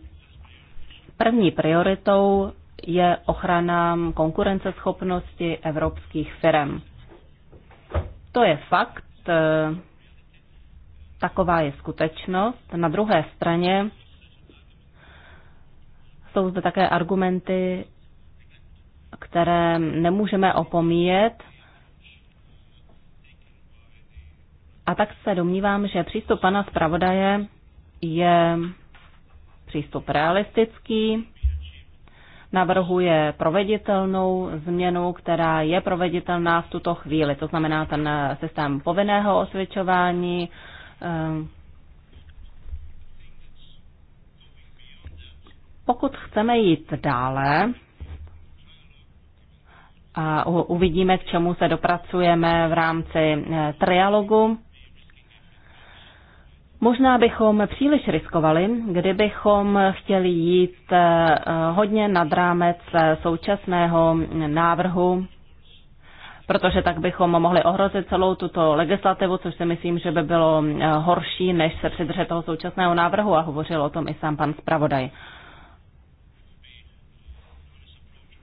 první prioritou je ochrana konkurenceschopnosti evropských firm. To je fakt, eh, taková je skutečnost. Na druhé straně jsou zde také argumenty, které nemůžeme opomíjet. A tak se domnívám, že přístup pana zpravodaje je přístup realistický, navrhuje proveditelnou změnu, která je proveditelná v tuto chvíli. To znamená ten systém povinného osvědčování, eh, Pokud chceme jít dále, a uvidíme, k čemu se dopracujeme v rámci e, trialogu. Možná bychom příliš riskovali, kdybychom chtěli jít e, hodně nad rámec e, současného návrhu, protože tak bychom mohli ohrozit celou tuto legislativu, což si myslím, že by bylo horší, než se přidržet toho současného návrhu a hovořil o tom i sám pan zpravodaj.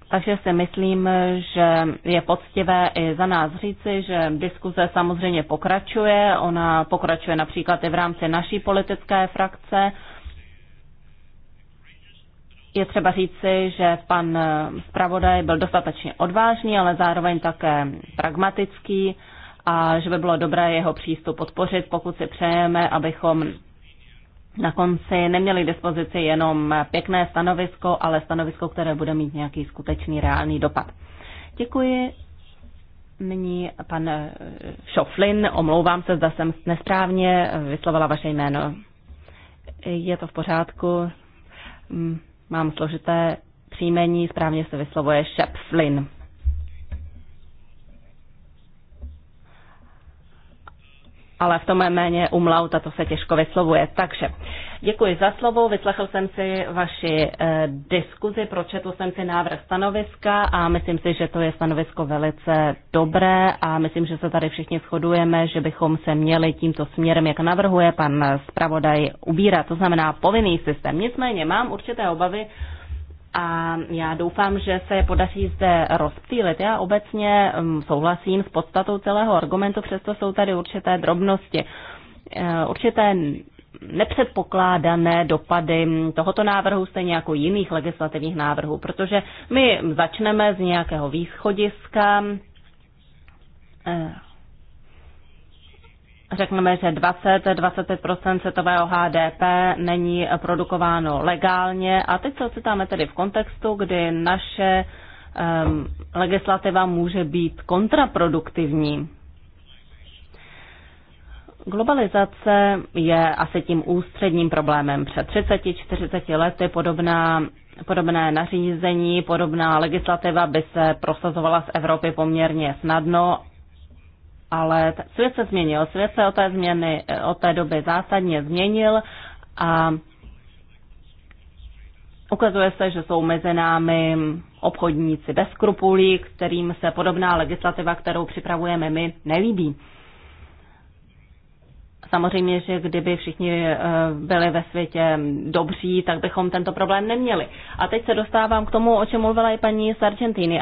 Takže si myslím, že je poctivé i za nás říci, že diskuze samozřejmě pokračuje. Ona pokračuje například i v rámci naší politické frakce. Je třeba říci, že pan zpravodaj byl dostatečně odvážný, ale zároveň také pragmatický a že by bylo dobré jeho přístup podpořit, pokud si přejeme, abychom na konci neměli dispozici jenom pěkné stanovisko, ale stanovisko, které bude mít nějaký skutečný reálný dopad. Děkuji. Nyní pan eh, Šoflin, omlouvám se, zda jsem nesprávně vyslovila vaše jméno. Je to v pořádku. Mm, mám složité příjmení, správně se vyslovuje Šepflin. ale v tom je méně umlaut a to se těžko vyslovuje. Takže děkuji za slovo, vyslechl jsem si vaši e, diskuzi, pročetl jsem si návrh stanoviska a myslím si, že to je stanovisko velice dobré a myslím, že se tady všichni shodujeme, že bychom se měli tímto směrem, jak navrhuje pan zpravodaj, ubírat, to znamená povinný systém. Nicméně mám určité obavy a já doufám, že se podaří zde rozptýlit. Já obecně mm, souhlasím s podstatou celého argumentu, přesto jsou tady určité drobnosti, eh, určité nepředpokládané dopady mm, tohoto návrhu, stejně jako jiných legislativních návrhů, protože my začneme z nějakého východiska, eh, řekneme, že 20-25 světového HDP není produkováno legálně. A teď se ocitáme tedy v kontextu, kdy naše um, legislativa může být kontraproduktivní. Globalizace je asi tím ústředním problémem. Před 30-40 lety podobná, podobné nařízení, podobná legislativa by se prosazovala z Evropy poměrně snadno ale svět se změnil, svět se od té, změny, eh, od té doby zásadně změnil a ukazuje se, že jsou mezi námi obchodníci bez skrupulí, kterým se podobná legislativa, kterou připravujeme my, nelíbí. Samozřejmě, že kdyby všichni eh, byli ve světě dobří, tak bychom tento problém neměli. A teď se dostávám k tomu, o čem mluvila i paní z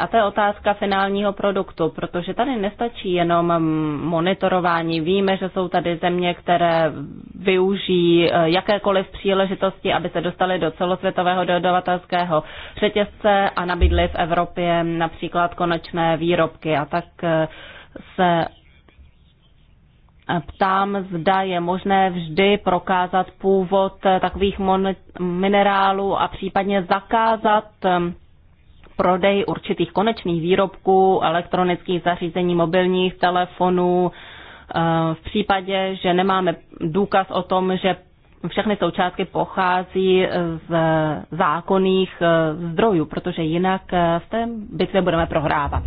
a to je otázka finálního produktu, protože tady nestačí jenom mm, monitorování. Víme, že jsou tady země, které využijí eh, jakékoliv příležitosti, aby se dostali do celosvětového dodavatelského řetězce a nabídli v Evropě například konečné výrobky. A tak eh, se ptám, zda je možné vždy prokázat původ eh, takových minerálů a případně zakázat ehm, prodej určitých konečných výrobků, elektronických zařízení, mobilních telefonů, eh, v případě, že nemáme důkaz o tom, že všechny součástky pochází z zákonných eh, zdrojů, protože jinak v té bitvě budeme prohrávat.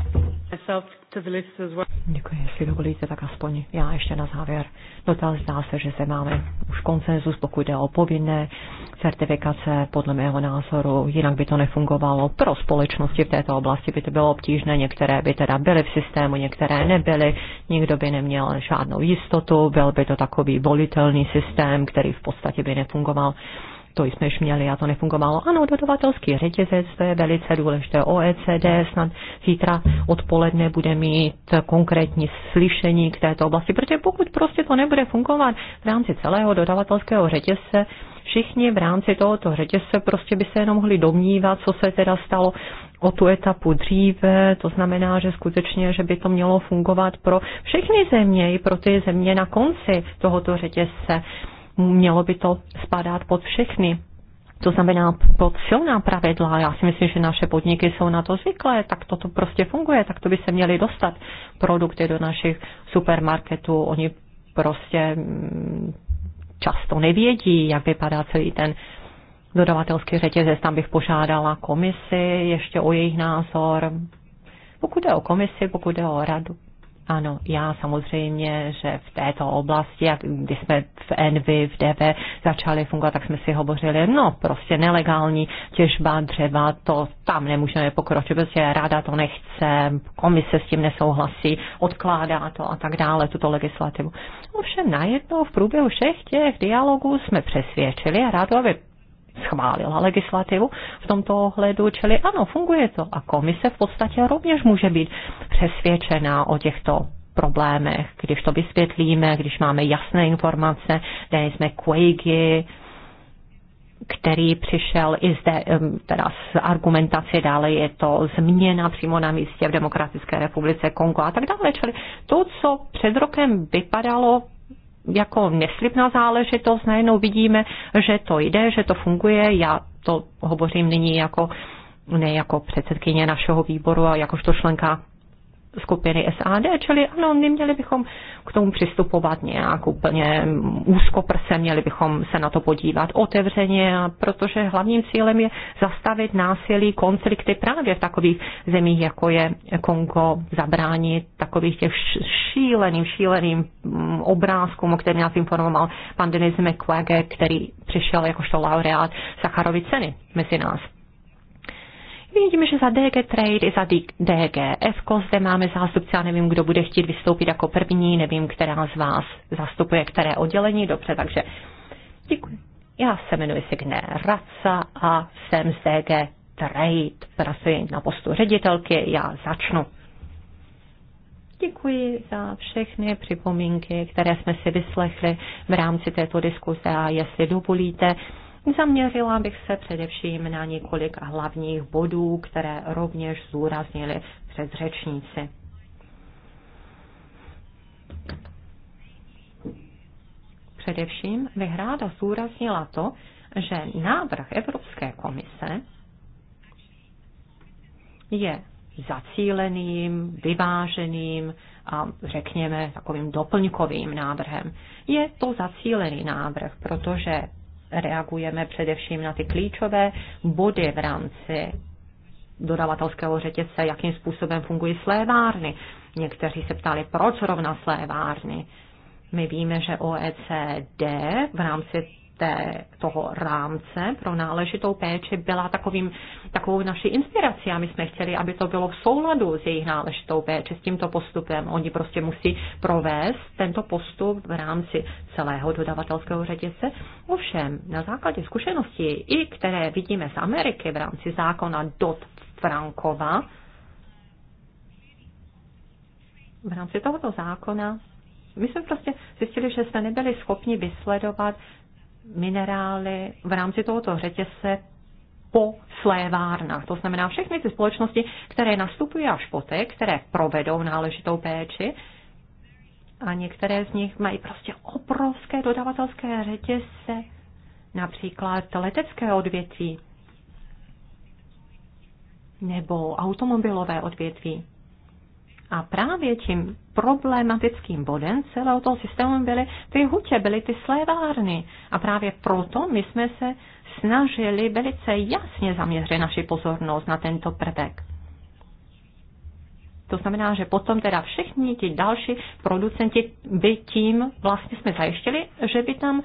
Děkuji, jestli dovolíte, tak aspoň já ještě na závěr. No, Dotaz zdá se, že se máme už konsenzus, pokud jde o povinné certifikace, podle mého názoru, jinak by to nefungovalo. Pro společnosti v této oblasti by to bylo obtížné, některé by teda byly v systému, některé nebyly, nikdo by neměl žádnou jistotu, byl by to takový volitelný systém, který v podstatě by nefungoval to jsme už měli a to nefungovalo. Ano, dodavatelský řetězec, to je velice důležité. OECD snad zítra odpoledne bude mít konkrétní slyšení k této oblasti, protože pokud prostě to nebude fungovat v rámci celého dodavatelského řetězce, všichni v rámci tohoto řetězce prostě by se jenom mohli domnívat, co se teda stalo o tu etapu dříve, to znamená, že skutečně, že by to mělo fungovat pro všechny země, i pro ty země na konci tohoto řetězce mělo by to spadat pod všechny. To znamená pod silná pravidla. Já si myslím, že naše podniky jsou na to zvyklé, tak to, to prostě funguje, tak to by se měly dostat produkty do našich supermarketů. Oni prostě mm, často nevědí, jak vypadá celý ten dodavatelský řetězec. Tam bych požádala komisi ještě o jejich názor. Pokud jde o komisi, pokud jde o radu, ano, já samozřejmě, že v této oblasti, jak kdy jsme v Envy, v DV začali fungovat, tak jsme si hovořili, no prostě nelegální těžba dřeva, to tam nemůžeme pokročit, protože ráda to nechce, komise s tím nesouhlasí, odkládá to a tak dále, tuto legislativu. Ovšem najednou v průběhu všech těch dialogů jsme přesvědčili a rádo, aby schválila legislativu v tomto ohledu, čili ano, funguje to. A komise v podstatě rovněž může být přesvědčená o těchto problémech, když to vysvětlíme, když máme jasné informace, kde jsme Quagy, který přišel i zde teda s argumentací, dále je to změna přímo na místě v Demokratické republice Kongo a tak dále. Čili to, co před rokem vypadalo jako neslibná záležitost, najednou vidíme, že to jde, že to funguje. Já to hovořím nyní jako ne jako předsedkyně našeho výboru a jakožto členka skupiny SAD, čili ano, neměli bychom k tomu přistupovat nějak úplně úzkoprse, měli bychom se na to podívat otevřeně, protože hlavním cílem je zastavit násilí, konflikty právě v takových zemích, jako je Kongo, zabránit takových těch šíleným, šíleným mm, obrázkům, o kterém nás informoval pan Denis McQuagge, který přišel jakožto laureát Sacharovy ceny mezi nás. Vidíme, že za DG Trade i za DG EFCO zde máme zástupce, já nevím, kdo bude chtít vystoupit jako první, nevím, která z vás zastupuje které oddělení, dobře, takže děkuji. Já se jmenuji Signe Raca a jsem z DG Trade, pracuji na postu ředitelky, já začnu. Děkuji za všechny připomínky, které jsme si vyslechli v rámci této diskuze a jestli dovolíte, Zaměřila bych se především na několik hlavních bodů, které rovněž zúraznili předřečníci. Především bych ráda zúraznila to, že návrh Evropské komise je zacíleným, vyváženým a řekněme takovým doplňkovým návrhem. Je to zacílený návrh, protože reagujeme především na ty klíčové body v rámci dodavatelského řetězce, jakým způsobem fungují slévárny. Někteří se ptali, proč rovna slévárny. My víme, že OECD v rámci té, toho rámce pro náležitou péči byla takovým, takovou naší inspirací a my jsme chtěli, aby to bylo v souladu s jejich náležitou péči, s tímto postupem. Oni prostě musí provést tento postup v rámci celého dodavatelského řetězce. Ovšem, na základě zkušeností, i které vidíme z Ameriky v rámci zákona Dot Frankova, v rámci tohoto zákona my jsme prostě zjistili, že jsme nebyli schopni vysledovat minerály v rámci tohoto řetězce po slévárnách. To znamená všechny ty společnosti, které nastupují až poté, které provedou náležitou péči, a některé z nich mají prostě obrovské dodavatelské řetězce, například letecké odvětví nebo automobilové odvětví. A právě tím problematickým bodem celého toho systému byly ty hutě, byly ty slévárny. A právě proto my jsme se snažili velice jasně zaměřit naši pozornost na tento prvek. To znamená, že potom teda všichni ti další producenti by tím vlastně jsme zajištili, že by tam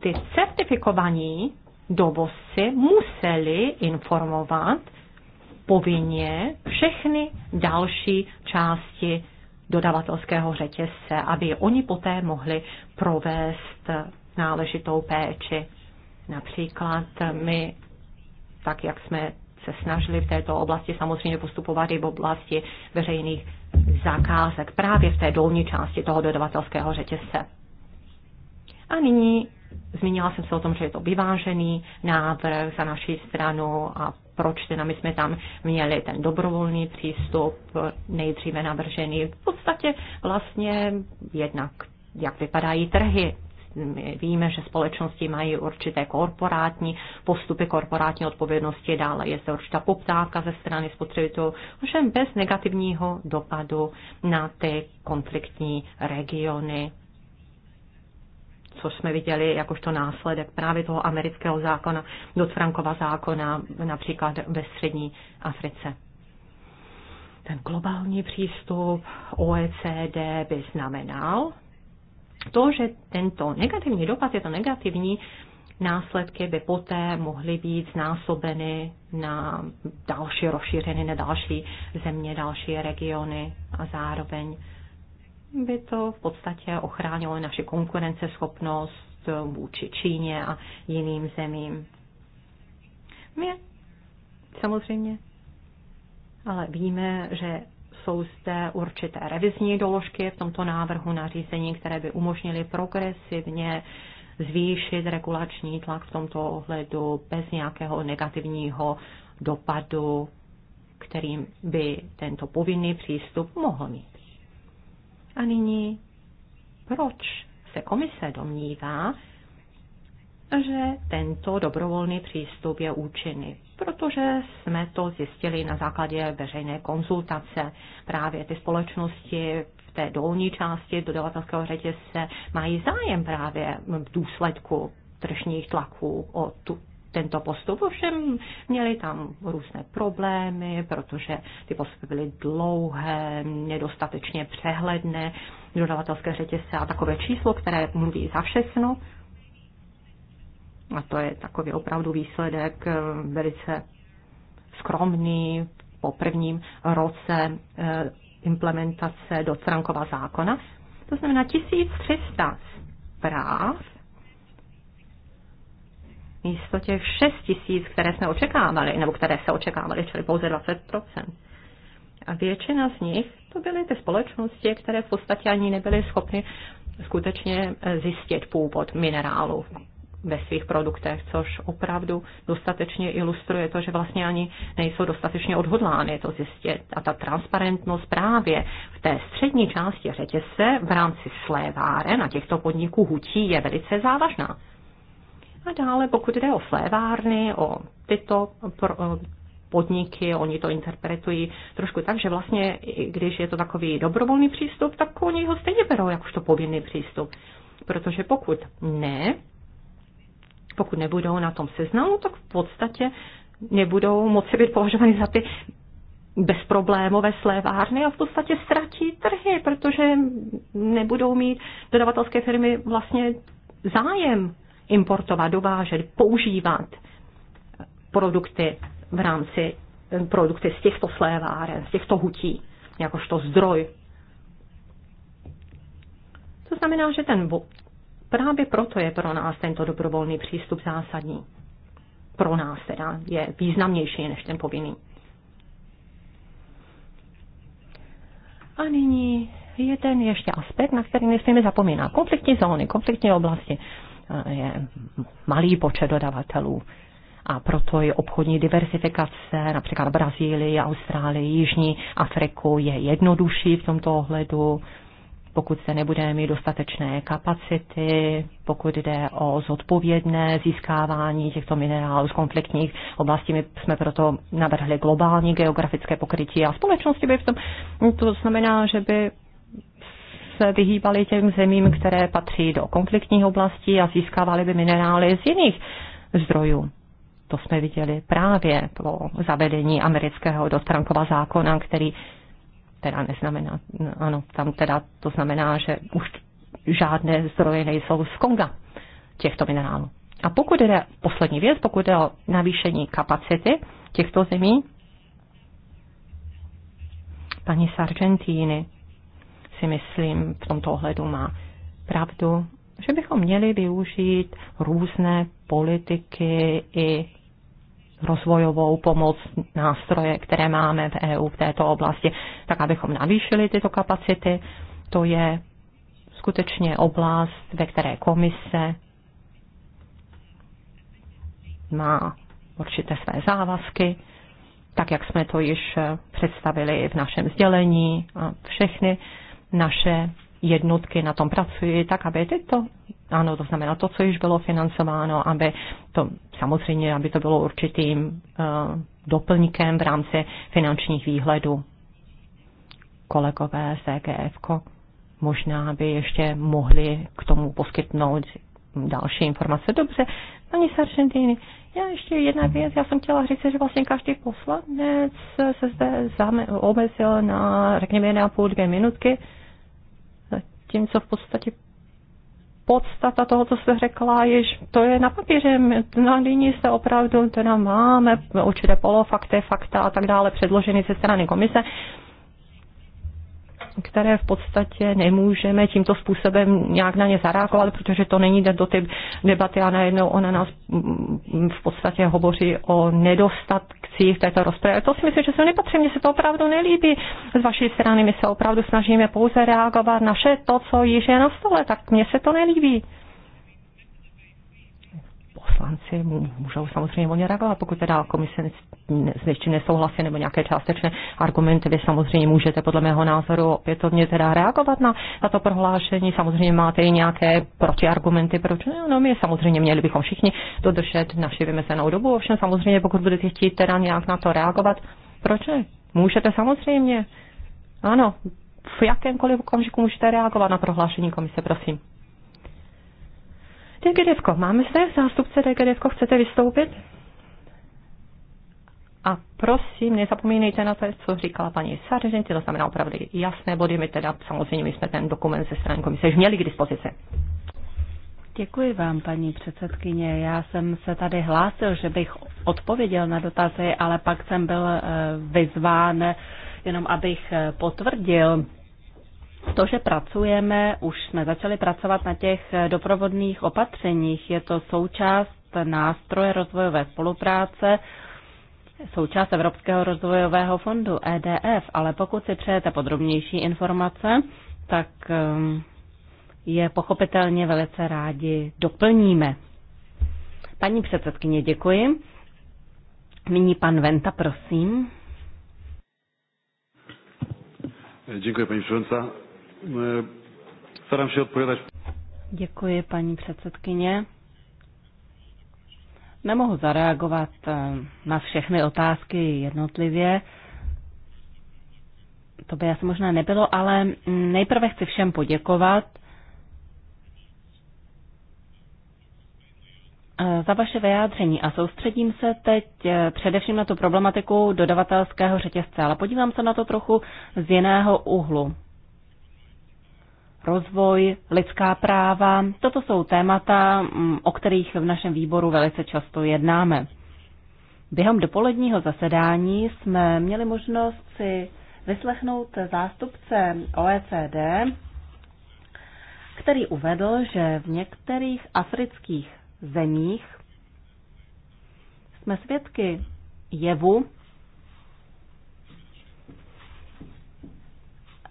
ty certifikovaní dovozci museli informovat povinně všechny další části dodavatelského řetězce, aby oni poté mohli provést náležitou péči. Například my, tak jak jsme se snažili v této oblasti samozřejmě postupovat i v oblasti veřejných zakázek právě v té dolní části toho dodavatelského řetězce. A nyní zmínila jsem se o tom, že je to vyvážený návrh za naší stranu a proč teda my jsme tam měli ten dobrovolný přístup, nejdříve navržený. V podstatě vlastně jednak, jak vypadají trhy, my víme, že společnosti mají určité korporátní postupy korporátní odpovědnosti, dále je se určitá poptávka ze strany spotřebitelů, ovšem bez negativního dopadu na ty konfliktní regiony což jsme viděli jakožto následek právě toho amerického zákona, Dodd-Frankova zákona, například ve střední Africe. Ten globální přístup OECD by znamenal to, že tento negativní dopad, je to negativní, následky by poté mohly být znásobeny na další rozšířeny, na další země, další regiony a zároveň by to v podstatě ochránilo naši konkurenceschopnost vůči Číně a jiným zemím. My samozřejmě, ale víme, že jsou zde určité revizní doložky v tomto návrhu nařízení, které by umožnily progresivně zvýšit regulační tlak v tomto ohledu bez nějakého negativního dopadu, kterým by tento povinný přístup mohl mít. A nyní, proč se komise domnívá, že tento dobrovolný přístup je účinný, protože jsme to zjistili na základě veřejné konzultace. Právě ty společnosti v té dolní části dodavatelského řetězce mají zájem právě v důsledku tržních tlaků o tu, tento postup. Ovšem měli tam různé problémy, protože ty postupy byly dlouhé, nedostatečně přehledné, dodavatelské řetězce a takové číslo, které mluví za všechno. A to je takový opravdu výsledek eh, velice skromný po prvním roce eh, implementace do Frankova zákona. To znamená 1300 práv místo těch 6 tisíc, které jsme očekávali, nebo které se očekávaly, čili pouze 20%. A většina z nich to byly ty společnosti, které v podstatě ani nebyly schopny skutečně eh, zjistit původ minerálu ve svých produktech, což opravdu dostatečně ilustruje to, že vlastně ani nejsou dostatečně odhodlány to zjistit. A ta transparentnost právě v té střední části řetězce v rámci sléváren na těchto podniků hutí je velice závažná. A dále, pokud jde o flévárny, o tyto podniky, oni to interpretují trošku tak, že vlastně, když je to takový dobrovolný přístup, tak oni ho stejně berou jakožto povinný přístup. Protože pokud ne, pokud nebudou na tom seznamu, tak v podstatě nebudou moci být považovány za ty bezproblémové slévárny a v podstatě ztratí trhy, protože nebudou mít dodavatelské firmy vlastně zájem importovat, dovážet, používat produkty v rámci produkty z těchto sléváren, z těchto hutí, jakožto zdroj. To znamená, že ten právě proto je pro nás tento dobrovolný přístup zásadní. Pro nás teda je významnější než ten povinný. A nyní ten ještě aspekt, na který nesmíme zapomínat. Konfliktní zóny, konfliktní oblasti. Eh, je malý počet dodavatelů. A proto je obchodní diversifikace, například Brazílii, Austrálii, Jižní Afriku, je jednodušší v tomto ohledu pokud se nebudeme mít dostatečné kapacity, pokud jde o zodpovědné získávání těchto minerálů z konfliktních oblastí, my jsme proto navrhli globální geografické pokrytí a společnosti by v tom, to znamená, že by se vyhýbali těm zemím, které patří do konfliktních oblastí a získávali by minerály z jiných zdrojů. To jsme viděli právě po zavedení amerického dostrankova zákona, který teda neznamená, ano, tam teda to znamená, že už žádné zdroje nejsou z Konga těchto minerálů. A pokud jde poslední věc, pokud jde o navýšení kapacity těchto zemí, paní Sargentíny, si myslím v tomto ohledu má pravdu, že bychom měli využít různé politiky i rozvojovou pomoc, nástroje, které máme v EU v této oblasti, tak abychom navýšili tyto kapacity. To je skutečně oblast, ve které komise má určité své závazky, tak jak jsme to již představili v našem sdělení a všechny naše jednotky na tom pracují, tak aby tyto, ano, to znamená to, co již bylo financováno, aby to samozřejmě, aby to bylo určitým uh, eh, doplníkem v rámci finančních výhledů. Kolegové z EGF -ko možná by ještě mohli k tomu poskytnout další informace. Dobře, paní z já ještě jedna věc, já jsem chtěla říct, že vlastně každý poslanec se zde omezil na, řekněme, půl dvě minutky tím co v podstatě podstata toho, co jste řekla, je, že to je na papíře. Na linii se opravdu teda máme určité polofakty, fakta a tak dále předloženy ze strany komise které v podstatě nemůžeme tímto způsobem nějak na ně zareagovat, protože to není do typ debaty a najednou ona nás mm, v podstatě hovoří o nedostatku reakcí v této rozpravě. To si myslím, že se nepatří, mně se to opravdu nelíbí. Z vaší strany my se opravdu snažíme pouze reagovat na vše to, co již je na stole, tak mně se to nelíbí poslanci můžou samozřejmě volně reagovat, pokud teda komise s něčím nesouhlasí nebo nějaké částečné argumenty, vy samozřejmě můžete podle mého názoru opětovně teda reagovat na, na to prohlášení. Samozřejmě máte i nějaké protiargumenty, proč ne, no my samozřejmě měli bychom všichni dodržet naši vymezenou dobu, ovšem samozřejmě pokud budete chtít teda nějak na to reagovat, proč ne? Můžete samozřejmě. Ano, v jakémkoliv okamžiku můžete reagovat na prohlášení komise, prosím. DGDFko, máme zde zástupce DGDFko, chcete vystoupit? A prosím, nezapomínejte na to, co říkala paní Saržinci, to znamená opravdu jasné body, my teda samozřejmě my jsme ten dokument ze strany komise už měli k dispozici. Děkuji vám, paní předsedkyně. Já jsem se tady hlásil, že bych odpověděl na dotazy, ale pak jsem byl eh, vyzván jenom abych eh, potvrdil to, že pracujeme, už jsme začali pracovat na těch doprovodných opatřeních. Je to součást nástroje rozvojové spolupráce, součást Evropského rozvojového fondu EDF, ale pokud si přejete podrobnější informace, tak um, je pochopitelně velice rádi doplníme. Paní předsedkyně, děkuji. Nyní pan Venta, prosím. Děkuji, paní předsedkyně starám se odpovědět. Děkuji, paní předsedkyně. Nemohu zareagovat eh, na všechny otázky jednotlivě. To by asi možná nebylo, ale mm, nejprve chci všem poděkovat eh, za vaše vyjádření a soustředím se teď eh, především na tu problematiku dodavatelského řetězce, ale podívám se na to trochu z jiného úhlu rozvoj, lidská práva. Toto jsou témata, mm, o kterých v našem výboru velice často jednáme. Během dopoledního zasedání jsme měli možnost si vyslechnout zástupce OECD, který uvedl, že v některých afrických zemích jsme svědky jevu,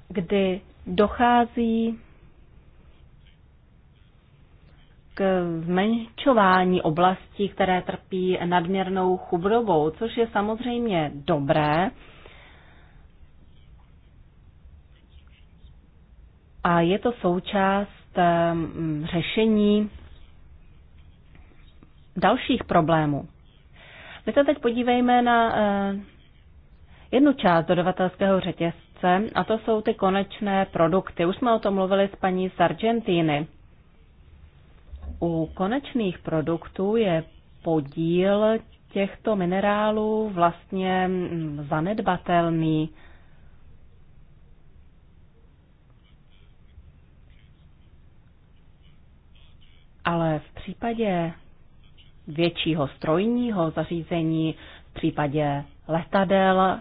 kdy dochází k zmenšování oblastí, které trpí nadměrnou chudobou, což je samozřejmě dobré. A je to součást ehm, řešení dalších problémů. My se teď podívejme na ehm, jednu část dodavatelského řetězce produkce, a to jsou ty konečné produkty. Už jsme o tom mluvili s paní z U konečných produktů je podíl těchto minerálů vlastně zanedbatelný. Ale v případě většího strojního zařízení, v případě letadel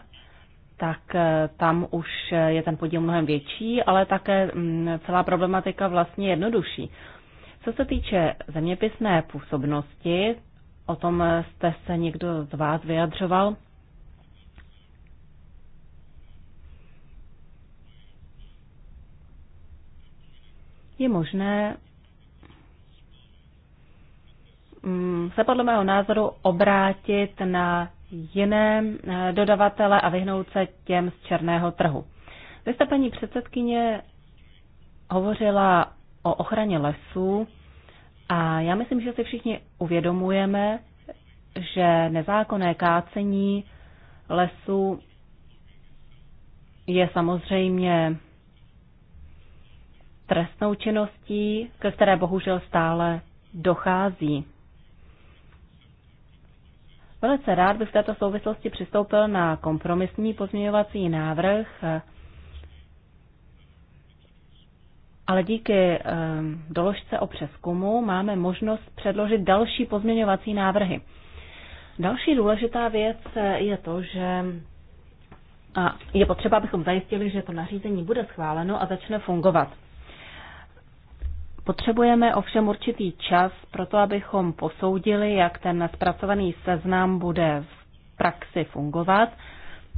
tak eh, tam už eh, je ten podíl mnohem větší, ale také mm, celá problematika vlastně jednodušší. Co se týče zeměpisné působnosti, o tom jste se někdo z vás vyjadřoval, je možné mm, se podle mého názoru obrátit na jiné eh, dodavatele a vyhnout se těm z černého trhu. Vy jste, paní předsedkyně, hovořila o ochraně lesů a já myslím, že si všichni uvědomujeme, že nezákonné kácení lesů je samozřejmě trestnou činností, ke které bohužel stále dochází. Velice rád bych v této souvislosti přistoupil na kompromisní pozměňovací návrh, eh, ale díky eh, doložce o přeskumu máme možnost předložit další pozměňovací návrhy. Další důležitá věc eh, je to, že je potřeba, abychom zajistili, že to nařízení bude schváleno a začne fungovat. Potřebujeme ovšem určitý čas pro to, abychom posoudili, jak ten zpracovaný seznam bude v praxi fungovat,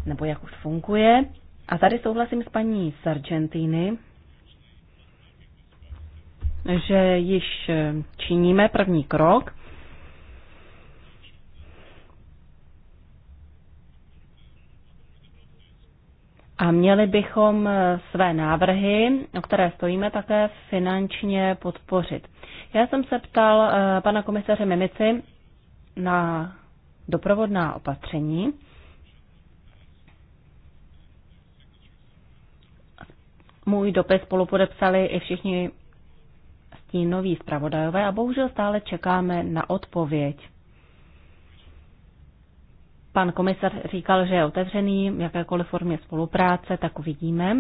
nebo jak už funguje. A tady souhlasím s paní Sargentiny, že již činíme první krok, A měli bychom eh, své návrhy, o které stojíme, také finančně podpořit. Já jsem se ptal eh, pana komisaře Mimici na doprovodná opatření. Můj dopis spolupodepsali i všichni stínoví zpravodajové a bohužel stále čekáme na odpověď. Pan komisař říkal, že je otevřený jakékoliv formě spolupráce, tak uvidíme.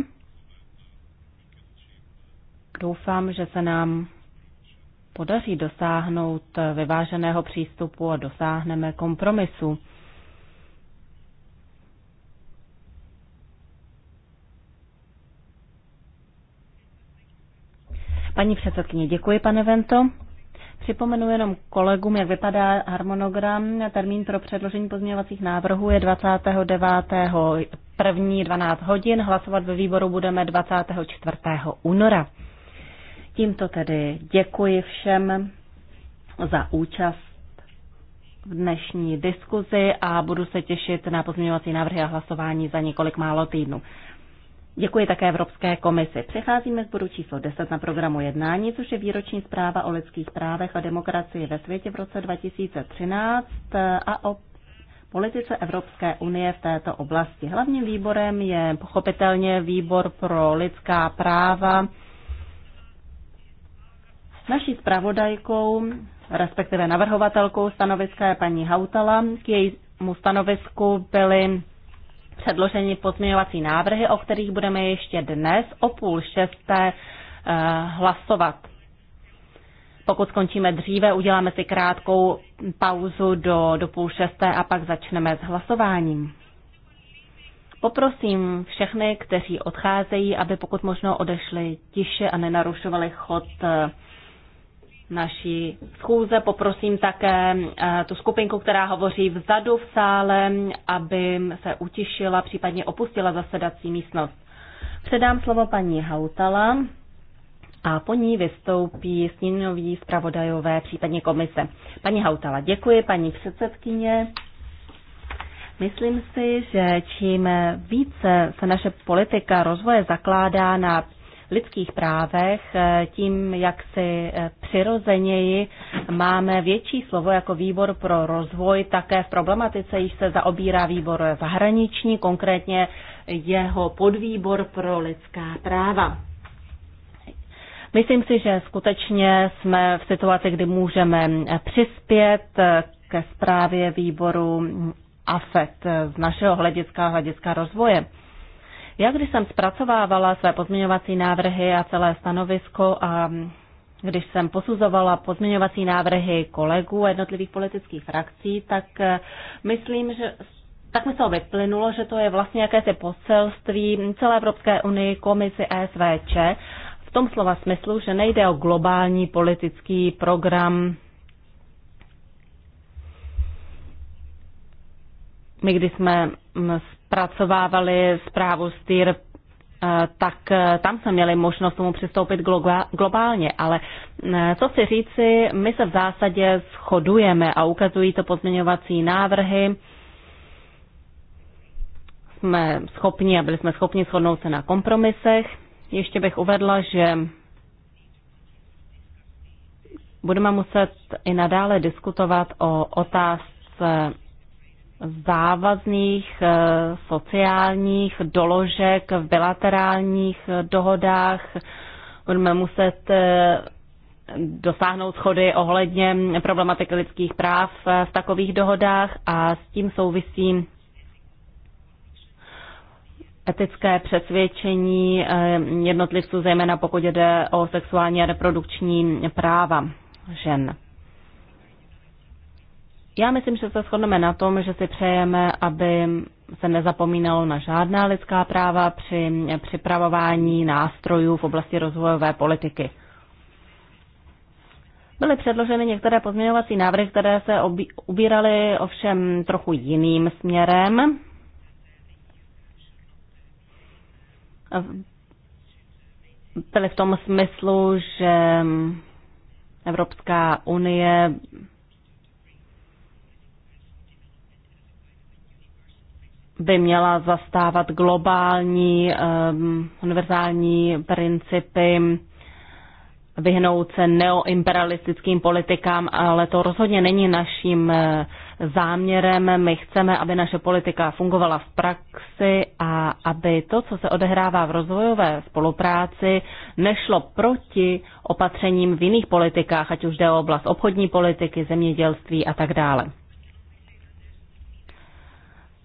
Doufám, že se nám podaří dosáhnout vyváženého přístupu a dosáhneme kompromisu. Paní předsedkyně, děkuji, pane Vento. Připomenu jenom kolegům, jak vypadá harmonogram. Termín pro předložení pozměňovacích návrhů je 29. první 12 hodin. Hlasovat ve výboru budeme 24. února. Tímto tedy děkuji všem za účast v dnešní diskuzi a budu se těšit na pozměňovací návrhy a hlasování za několik málo týdnů. Děkuji také Evropské komisi. Přecházíme k bodu číslo 10 na programu jednání, což je výroční zpráva o lidských právech a demokracii ve světě v roce 2013 eh, a o politice Evropské unie v této oblasti. Hlavním výborem je pochopitelně výbor pro lidská práva. Naší zpravodajkou, respektive navrhovatelkou stanoviska je paní Hautala. K jejímu stanovisku byly předložení pozměňovací návrhy, o kterých budeme ještě dnes o půl šesté eh, hlasovat. Pokud skončíme dříve, uděláme si krátkou pauzu do, do půl šesté a pak začneme s hlasováním. Poprosím všechny, kteří odcházejí, aby pokud možno odešli tiše a nenarušovali chod eh, naší schůze. Poprosím také eh, tu skupinku, která hovoří vzadu v sále, aby se utišila, případně opustila zasedací místnost. Předám slovo paní Hautala a po ní vystoupí stínoví zpravodajové, případně komise. Paní Hautala, děkuji, paní předsedkyně. Myslím si, že čím více se naše politika rozvoje zakládá na lidských právech, eh, tím, jak si eh, přirozeněji máme větší slovo jako výbor pro rozvoj, také v problematice již se zaobírá výbor zahraniční, konkrétně jeho podvýbor pro lidská práva. Myslím si, že skutečně jsme v situaci, kdy můžeme eh, přispět ke zprávě výboru mm, AFET z našeho hlediska hlediska rozvoje. Já když jsem zpracovávala své pozměňovací návrhy a celé stanovisko a když jsem posuzovala pozměňovací návrhy kolegů jednotlivých politických frakcí, tak eh, myslím, že tak mi to vyplynulo, že to je vlastně jakési poselství celé Evropské unii, komisi ESVČ, v tom slova smyslu, že nejde o globální politický program. My, když jsme zpracovávali zprávu STIR, eh, tak eh, tam jsme měli možnost tomu přistoupit globálně. Ale eh, co si říci, my se v zásadě shodujeme a ukazují to pozměňovací návrhy. Jsme schopni a byli jsme schopni shodnout se na kompromisech. Ještě bych uvedla, že budeme muset i nadále diskutovat o otázce závazných eh, sociálních doložek v bilaterálních eh, dohodách. Budeme muset eh, dosáhnout schody ohledně problematiky lidských práv v takových dohodách a s tím souvisí etické přesvědčení jednotlivců, zejména pokud jde o sexuální a reprodukční práva žen. Já myslím, že se shodneme na tom, že si přejeme, aby se nezapomínalo na žádná lidská práva při připravování nástrojů v oblasti rozvojové politiky. Byly předloženy některé pozměňovací návrhy, které se ubíraly ovšem trochu jiným směrem. Byly v tom smyslu, že Evropská unie by měla zastávat globální um, univerzální principy, vyhnout se neoimperialistickým politikám, ale to rozhodně není naším eh, záměrem. My chceme, aby naše politika fungovala v praxi a aby to, co se odehrává v rozvojové spolupráci, nešlo proti opatřením v jiných politikách, ať už jde o oblast obchodní politiky, zemědělství a tak dále.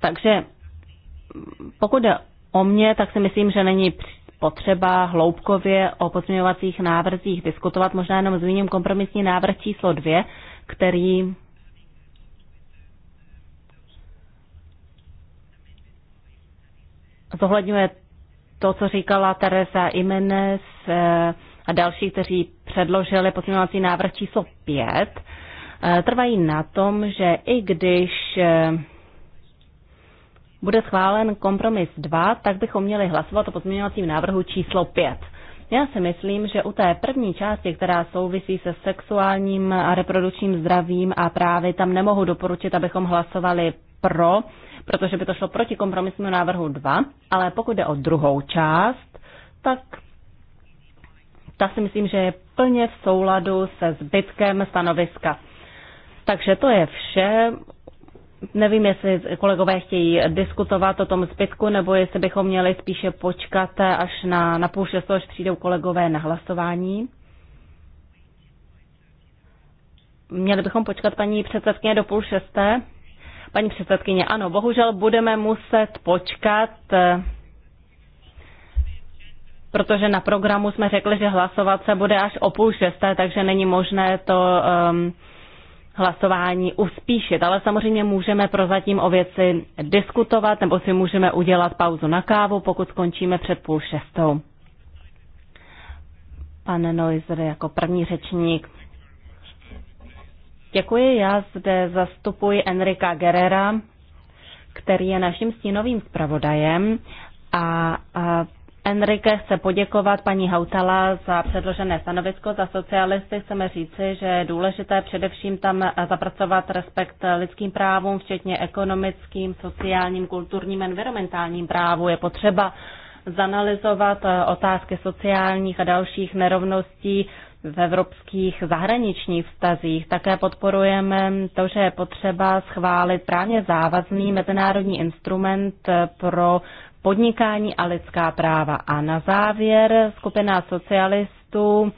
Takže pokud jde o mě, tak si myslím, že není potřeba hloubkově o pozměňovacích návrzích diskutovat. Možná jenom zmíním kompromisní návrh číslo dvě, který zohledňuje to, co říkala Teresa Imenes eh, a další, kteří předložili pozměňovací návrh číslo 5, eh, trvají na tom, že i když eh, bude schválen kompromis 2, tak bychom měli hlasovat o pozměňovacím návrhu číslo 5. Já si myslím, že u té první části, která souvisí se sexuálním a reprodukčním zdravím a právě tam nemohu doporučit, abychom hlasovali pro, protože by to šlo proti kompromisnímu návrhu 2, ale pokud jde o druhou část, tak ta si myslím, že je plně v souladu se zbytkem stanoviska. Takže to je vše. Nevím, jestli kolegové chtějí diskutovat o tom zbytku, nebo jestli bychom měli spíše počkat až na, na půl šestou, až přijdou kolegové na hlasování. Měli bychom počkat paní předsedkyně do půl šesté. Paní předsedkyně, ano, bohužel budeme muset počkat, protože na programu jsme řekli, že hlasovat se bude až o půl šesté, takže není možné to um, hlasování uspíšit, ale samozřejmě můžeme prozatím o věci diskutovat nebo si můžeme udělat pauzu na kávu, pokud skončíme před půl šestou. Pane Noizer jako první řečník. Děkuji, já zde zastupuji Enrika Gerera, který je naším stínovým zpravodajem a, a Enrique chce poděkovat paní Hautala za předložené stanovisko. Za socialisty chceme říci, že je důležité především tam zapracovat respekt lidským právům, včetně ekonomickým, sociálním, kulturním, environmentálním právu. Je potřeba zanalizovat eh, otázky sociálních a dalších nerovností v evropských zahraničních vztazích. Také podporujeme to, že je potřeba schválit právně závazný mezinárodní instrument eh, pro podnikání a lidská práva. A na závěr skupina socialistů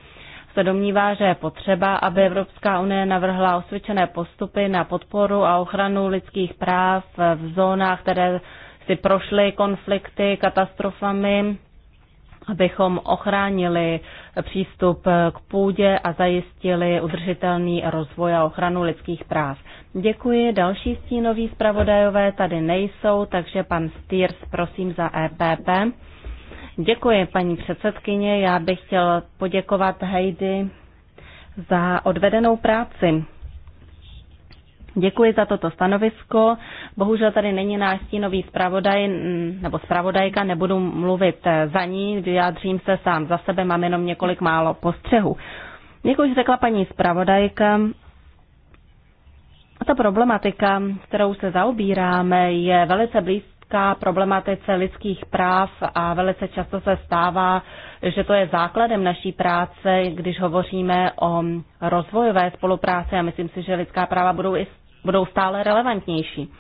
se domnívá, že je potřeba, aby Evropská unie navrhla osvědčené postupy na podporu a ochranu lidských práv v zónách, které si prošly konflikty, katastrofami abychom ochránili přístup k půdě a zajistili udržitelný rozvoj a ochranu lidských práv. Děkuji. Další stínoví zpravodajové tady nejsou, takže pan Stýrs, prosím za EPP. Děkuji, paní předsedkyně. Já bych chtěl poděkovat Heidi za odvedenou práci. Děkuji za toto stanovisko. Bohužel tady není náš stínový zpravodaj nebo zpravodajka, nebudu mluvit eh, za ní, vyjádřím se sám za sebe, mám jenom několik málo postřehů. Jak už řekla paní zpravodajka, ta problematika, kterou se zaobíráme, je velice blízká problematice lidských práv a velice často se stává, že to je základem naší práce, když hovoříme o rozvojové spolupráci a myslím si, že lidská práva budou i budou stále relevantnější.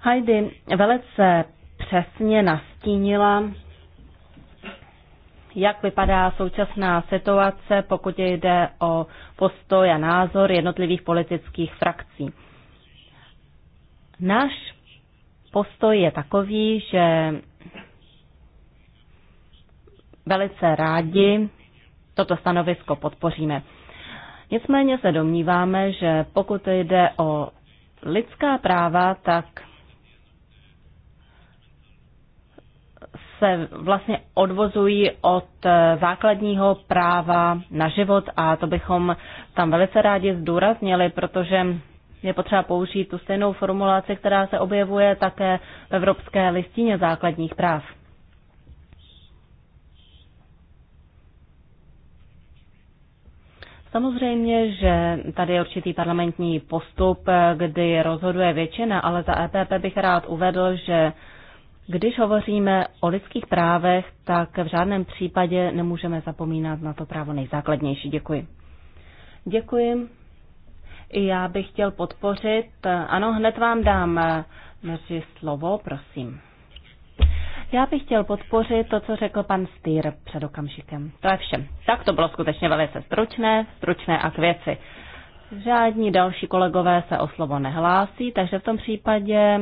Heidi velice přesně nastínila, jak vypadá současná situace, pokud jde o postoj a názor jednotlivých politických frakcí. Náš postoj je takový, že velice rádi toto stanovisko podpoříme. Nicméně se domníváme, že pokud jde o lidská práva, tak se vlastně odvozují od základního práva na život a to bychom tam velice rádi zdůraznili, protože je potřeba použít tu stejnou formulaci, která se objevuje také v Evropské listině základních práv. Samozřejmě, že tady je určitý parlamentní postup, kdy rozhoduje většina, ale za EPP bych rád uvedl, že když hovoříme o lidských právech, tak v žádném případě nemůžeme zapomínat na to právo nejzákladnější. Děkuji. Děkuji. Já bych chtěl podpořit. Ano, hned vám dám eh, slovo, prosím. Já bych chtěl podpořit to, co řekl pan Stýr před okamžikem. To je vše. Tak to bylo skutečně velice stručné, stručné a k věci. Žádní další kolegové se o slovo nehlásí, takže v tom případě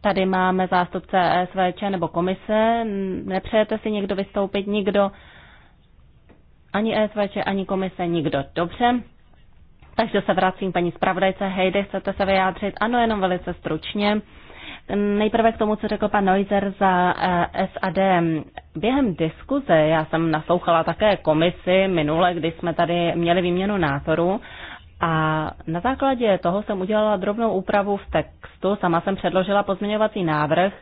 tady máme zástupce SVČ nebo komise. Nepřejete si někdo vystoupit? Nikdo? Ani SVČ, ani komise, nikdo. Dobře. Takže se vracím paní zpravodajce. Hejde, chcete se vyjádřit? Ano, jenom velice stručně. Nejprve k tomu, co řekl pan Neuser za eh, SAD. Během diskuze já jsem naslouchala také komisi minule, kdy jsme tady měli výměnu názorů a na základě toho jsem udělala drobnou úpravu v textu, sama jsem předložila pozměňovací návrh,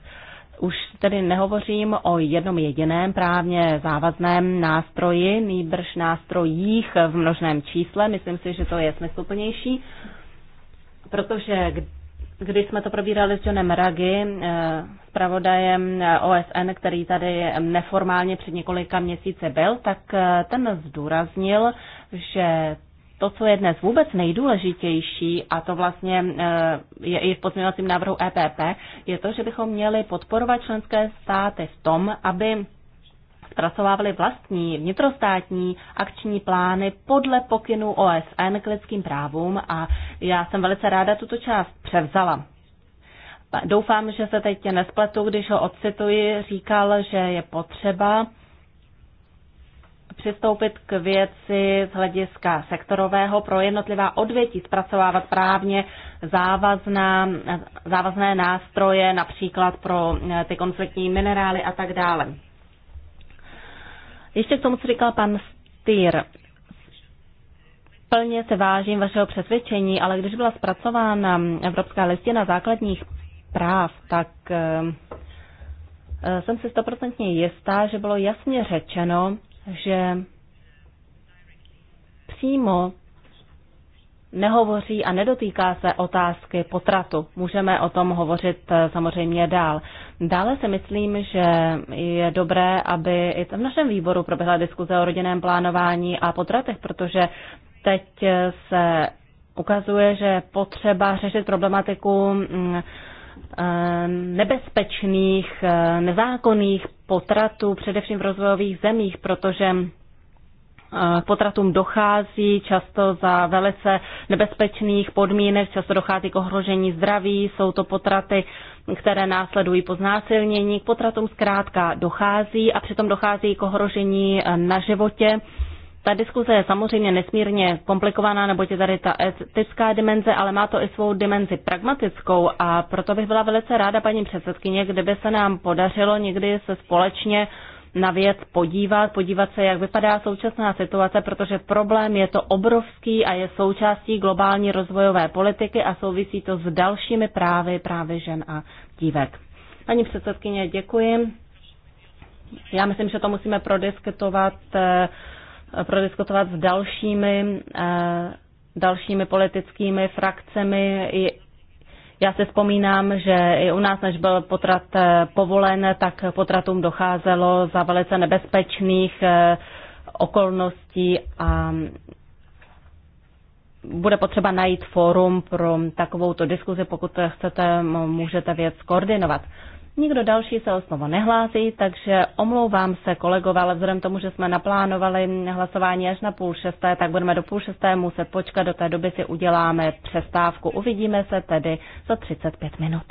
už tedy nehovořím o jednom jediném právně závazném nástroji, nýbrž nástrojích v množném čísle. Myslím si, že to je smysluplnější, protože když jsme to probírali s Johnem Ragy, eh, zpravodajem eh, OSN, který tady neformálně před několika měsíce byl, tak eh, ten zdůraznil, že to, co je dnes vůbec nejdůležitější, a to vlastně je i v pozměňovacím návrhu EPP, je to, že bychom měli podporovat členské státy v tom, aby zpracovávali vlastní vnitrostátní akční plány podle pokynů OSN k lidským právům a já jsem velice ráda tuto část převzala. Doufám, že se teď nespletu, když ho odcituji, říkal, že je potřeba přistoupit k věci z hlediska sektorového pro jednotlivá odvětí, zpracovávat právně závazná, závazné nástroje, například pro ty konfliktní minerály a tak dále. Ještě k tomu, co říkal pan Stýr. Plně se vážím vašeho přesvědčení, ale když byla zpracována Evropská listina základních práv, tak eh, jsem si stoprocentně jistá, že bylo jasně řečeno, že přímo nehovoří a nedotýká se otázky potratu. Můžeme o tom hovořit eh, samozřejmě dál. Dále si myslím, že je dobré, aby i v našem výboru proběhla diskuze o rodinném plánování a potratech, protože teď se ukazuje, že potřeba řešit problematiku mm, eh, nebezpečných, eh, nezákonných potratů, především v rozvojových zemích, protože eh, k potratům dochází často za velice nebezpečných podmínek, často dochází k ohrožení zdraví, jsou to potraty, které následují po znásilnění. K potratům zkrátka dochází a přitom dochází k ohrožení eh, na životě. Ta diskuze je samozřejmě nesmírně komplikovaná, neboť je tady ta etická dimenze, ale má to i svou dimenzi pragmatickou a proto bych byla velice ráda, paní předsedkyně, kdyby se nám podařilo někdy se společně na věc podívat, podívat se, jak vypadá současná situace, protože problém je to obrovský a je součástí globální rozvojové politiky a souvisí to s dalšími právy, právy žen a dívek. Paní předsedkyně, děkuji. Já myslím, že to musíme prodiskutovat, eh, prodiskutovat s dalšími, eh, dalšími politickými frakcemi já se vzpomínám, že i u nás, než byl potrat eh, povolen, tak potratům docházelo za velice nebezpečných eh, okolností a mm, bude potřeba najít fórum pro takovouto diskuzi. Pokud chcete, můžete věc koordinovat. Nikdo další se o slovo nehlásí, takže omlouvám se kolegové, ale vzhledem tomu, že jsme naplánovali hlasování až na půl šesté, tak budeme do půl šesté muset počkat, do té doby si uděláme přestávku. Uvidíme se tedy za 35 minut.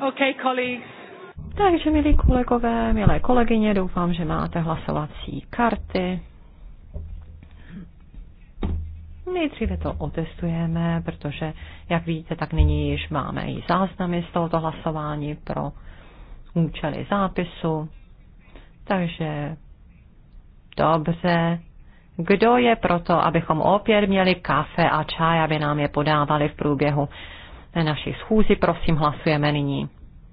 Okay, colleagues. Takže, milí kolegové, milé kolegyně, doufám, že máte hlasovací karty. Nejdříve to otestujeme, protože, jak víte, tak nyní již máme i záznamy z tohoto hlasování pro účely zápisu. Takže, dobře. Kdo je proto, abychom opět měli kafe a čaj, aby nám je podávali v průběhu na naší schůzi. Prosím, hlasujeme nyní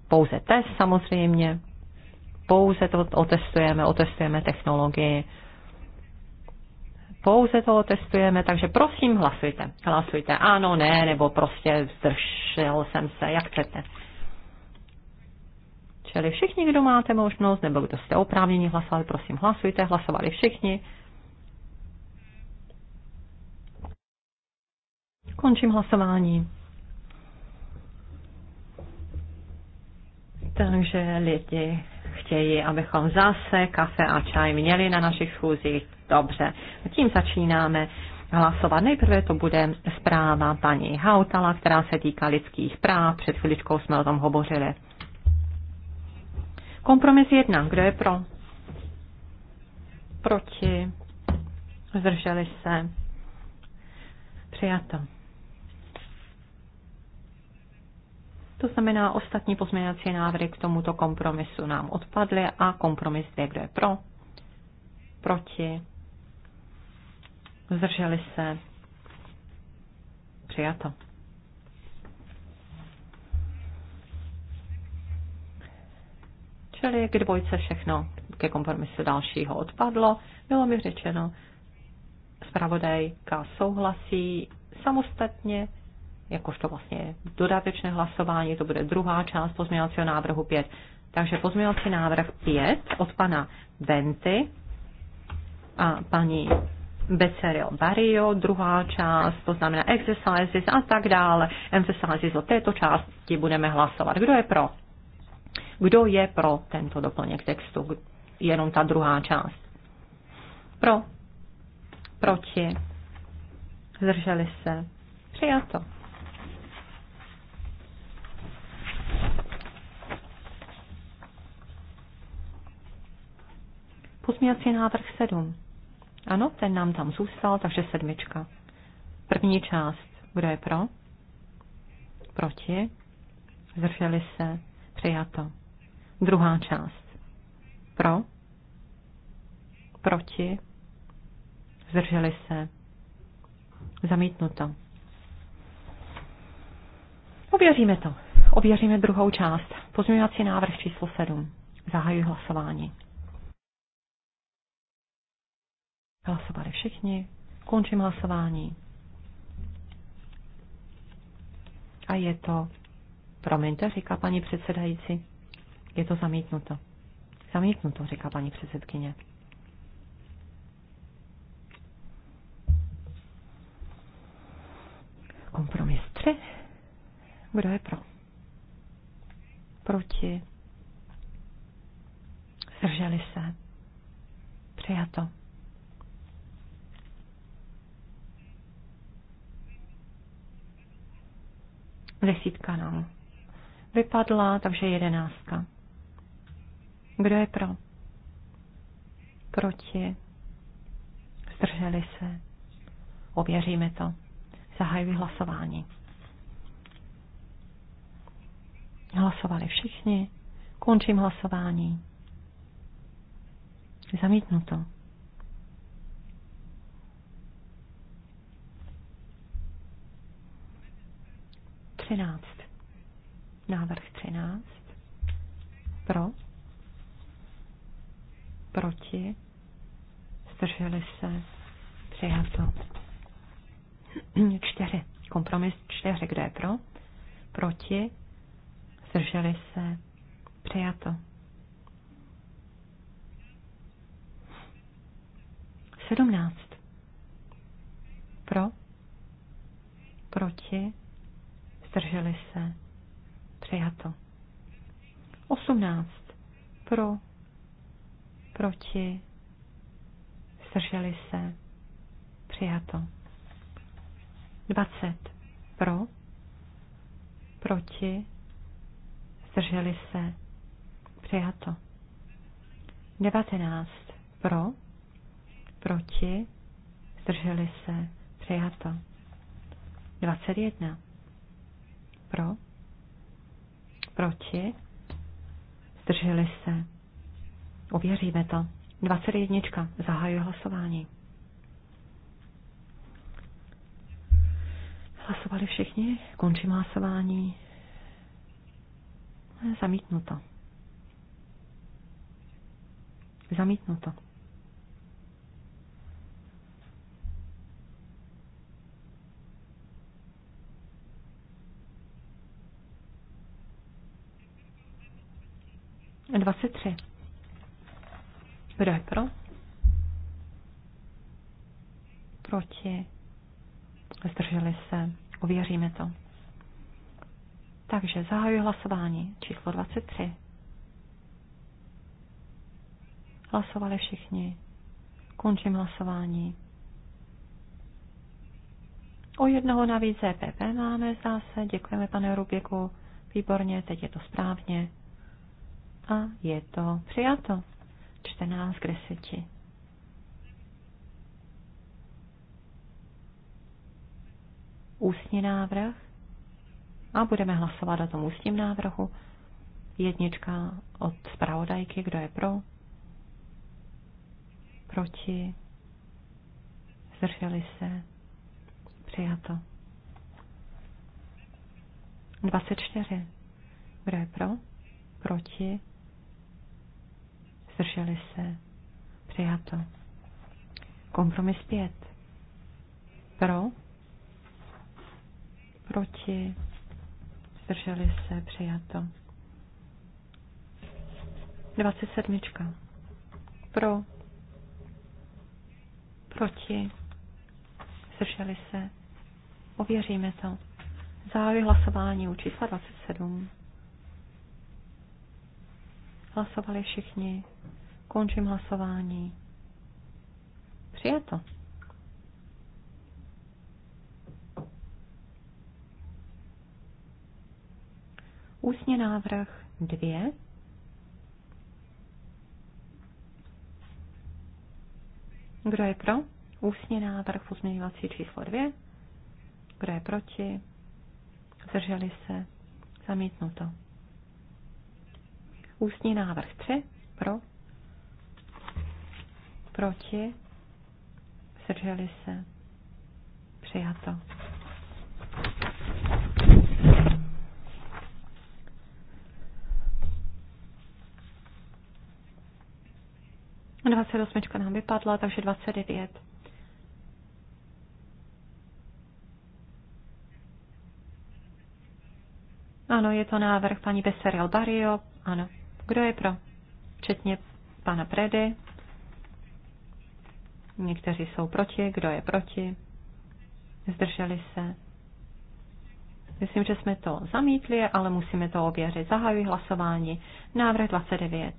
pouze test samozřejmě. Pouze to otestujeme, otestujeme technologii. Pouze to otestujeme, takže prosím, hlasujte. Hlasujte ano, ne, nebo prostě zdržel jsem se, jak chcete. Čili všichni, kdo máte možnost, nebo kdo jste oprávněni hlasovali, prosím, hlasujte, hlasovali všichni. Končím hlasování. Takže lidi chtějí, abychom zase kafe a čaj měli na našich schůzích. Dobře, tím začínáme hlasovat. Nejprve to bude zpráva paní Hautala, která se týká lidských práv. Před chviličkou jsme o tom hovořili. Kompromis jedna. Kdo je pro? Proti? Zdrželi se? Přijato. To znamená, ostatní pozměňovací návrhy k tomuto kompromisu nám odpadly a kompromis je, kdo je pro, proti, zdrželi se, přijato. Čili k dvojce všechno ke kompromisu dalšího odpadlo. Bylo mi řečeno, zpravodajka souhlasí samostatně jakožto vlastně dodatečné hlasování, to bude druhá část pozměňovacího návrhu 5. Takže pozměňovací návrh 5 od pana Venty a paní Becerio. Barrio, druhá část, to znamená exercises a tak dále. Emphasizes o této části budeme hlasovat. Kdo je pro? Kdo je pro tento doplněk textu? Jenom ta druhá část. Pro. Proti. Zdrželi se. Přijato. Pozměňovací návrh 7. Ano, ten nám tam zůstal, takže sedmička. První část. Kdo je pro? Proti? Zdrželi se? Přijato. Druhá část. Pro? Proti? Zdrželi se? Zamítnuto. Ověříme to. Ověříme druhou část. Pozměňovací návrh číslo 7. Zahajuji hlasování. Hlasovali všichni. Končím hlasování. A je to, promiňte, říká paní předsedající, je to zamítnuto. Zamítnuto, říká paní předsedkyně. Kompromis 3. Kdo je pro? Proti? Zdrželi se? Přijato. Desítka no. vypadla, takže jedenáctka. Kdo je pro? Proti? Zdrželi se? Ověříme to. Zahajuji hlasování. Hlasovali všichni. Končím hlasování. Zamítnuto. 13. Návrh 13. Pro. Proti. Zdrželi se. Přijato. 4. Kompromis 4. Kdo je pro? Proti. Zdrželi se. Přijato. 17. Pro. Proti zdrželi se, přijato. 18. Pro, proti, zdrželi se, přijato. 20. Pro, proti, zdrželi se, přijato. 19. Pro, proti, zdrželi se, přijato. 21. Pro? Proti? Zdrželi se. Ověříme to. 21. Zahajuji hlasování. Hlasovali všichni? Končím hlasování. Zamítnuto. Zamítnuto. 23. Kdo je pro? Proti? Zdrželi se? Uvěříme to. Takže zahajuji hlasování číslo 23. Hlasovali všichni. Končím hlasování. O jednoho navíc ZPP e máme, zdá se. Děkujeme, pane Rubiku. Výborně, teď je to správně a je to přijato. 14 k 10. Ústní návrh a budeme hlasovat o tom ústním návrhu. Jednička od zpravodajky, kdo je pro, proti, zdrželi se, přijato. 24. Kdo je pro? Proti? zdrželi se, přijato. Kompromis pět Pro, proti, zdrželi se, přijato. 27. Pro, proti, zdrželi se, ověříme to. Zahajuji hlasování u čísla 27. Hlasovali všichni. Končím hlasování. Přijeto. Ústně návrh 2. Kdo je pro? Ústně návrh pozměňovací číslo 2. Kdo je proti? Zdrželi se? Zamítnuto. Ústní návrh 3. Pro? Proti? Zdrželi se? Přijato. A 28 nám vypadla, takže 29. Ano, je to návrh paní Beserel Barrio. Ano. Kdo je pro? Včetně pana Predy. Někteří jsou proti, kdo je proti? Zdrželi se? Myslím, že jsme to zamítli, ale musíme to ověřit. Zahajuji hlasování. Návrh 29.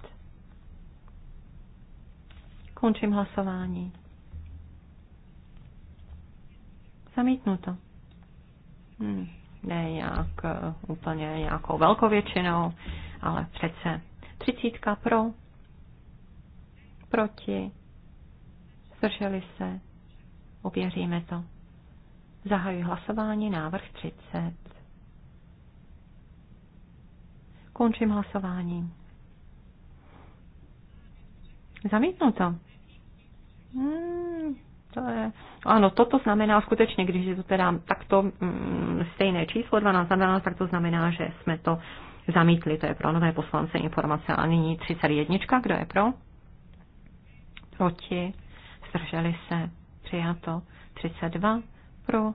Končím hlasování. Zamítnuto. Hmm, ne nějak eh, úplně nějakou velkou většinou, ale přece. Třicítka pro, proti, zdrželi se, ověříme to. Zahajuji hlasování, návrh 30. Končím hlasování. Zamítnu to. Hmm, to je, ano, toto znamená skutečně, když je to teda takto mm, stejné číslo 12 na 12, tak to znamená, že jsme to zamítli. To je pro nové poslance informace. A nyní 31. Kdo je pro? Proti? zdrželi se, přijato 32 pro,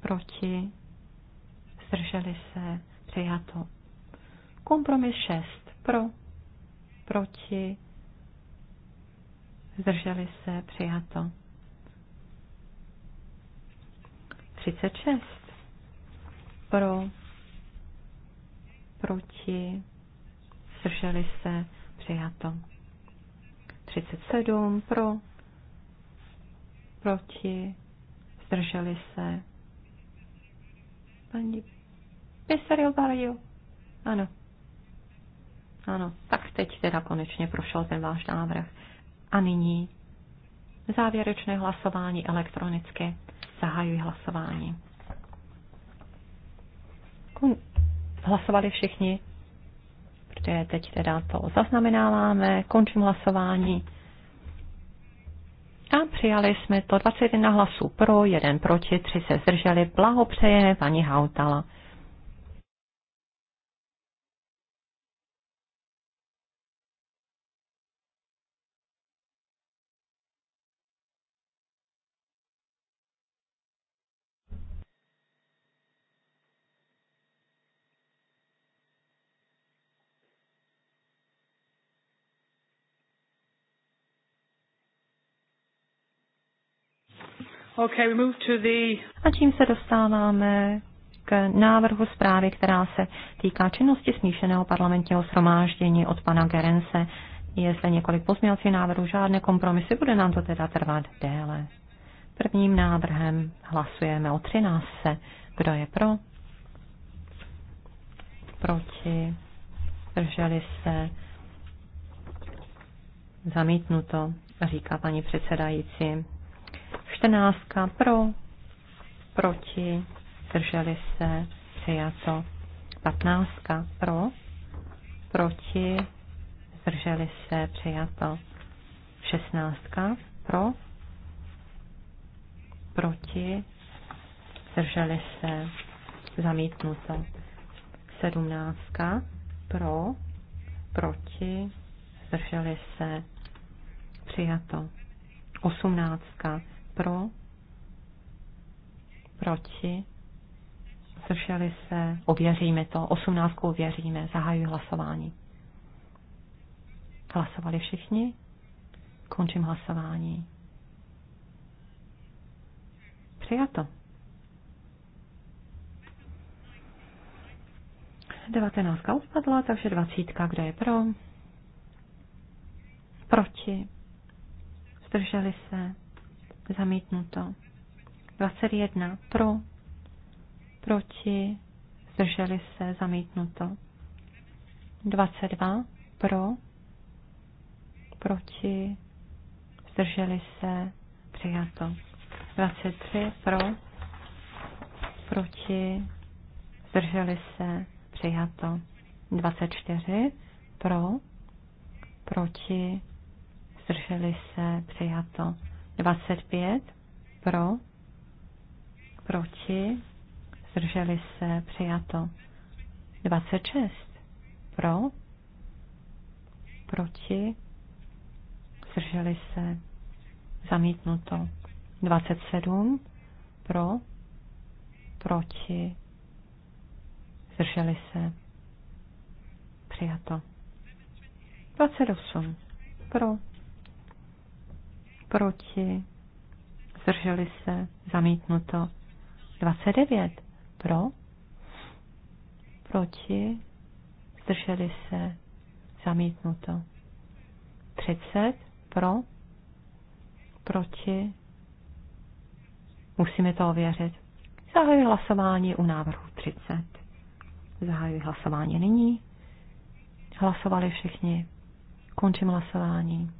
proti, zdrželi se, přijato. Kompromis 6 pro, proti, zdrželi se, přijato. 36 pro, proti, zdrželi se, přijato. 37 pro, proti, zdrželi se. Paní Pisario Barajo. Ano. Ano, tak teď teda konečně prošel ten váš návrh. A nyní závěrečné hlasování elektronické, Zahajuji hlasování. Hlasovali všichni? Takže teď teda to zaznamenáváme, končím hlasování. A přijali jsme to 21 hlasů pro, jeden proti, tři se zdrželi. Blahopřeje paní Hautala. Okay, we move to the... A čím se dostáváme k návrhu zprávy, která se týká činnosti smíšeného parlamentního shromáždění od pana Gerence. Je zde několik pozměňovacích návrhů, žádné kompromisy, bude nám to teda trvat déle. Prvním návrhem hlasujeme o 13. Kdo je pro? Proti? Drželi se? Zamítnuto, říká paní předsedající. 14 pro, proti, zdrželi se, přijato. 15 pro, proti, zdrželi se, přijato. 16 pro, proti, zdrželi se, zamítnuto. 17 pro, proti, zdrželi se, přijato. 18 pro, proti, zdrželi se, ověříme to, osmnáctku ověříme, zahajuji hlasování. Hlasovali všichni? Končím hlasování. Přijato. 19 odpadla, takže 20, kdo je pro? Proti? Zdrželi se? zamítnuto. 21 pro, proti, zdrželi se, zamítnuto. 22 pro, proti, zdrželi se, přijato. 23 pro, proti, zdrželi se, přijato. 24 pro, proti, zdrželi se, přijato. 25 pro, proti, zdrželi se, přijato. 26 pro, proti, zdrželi se, zamítnuto. 27 pro, proti, zdrželi se, přijato. 28 pro, proti, zdrželi se, zamítnuto. 29 pro, proti, zdrželi se, zamítnuto. 30 pro, proti, musíme to ověřit. Zahajuji hlasování u návrhu 30. Zahajuji hlasování nyní. Hlasovali všichni. Končím hlasování.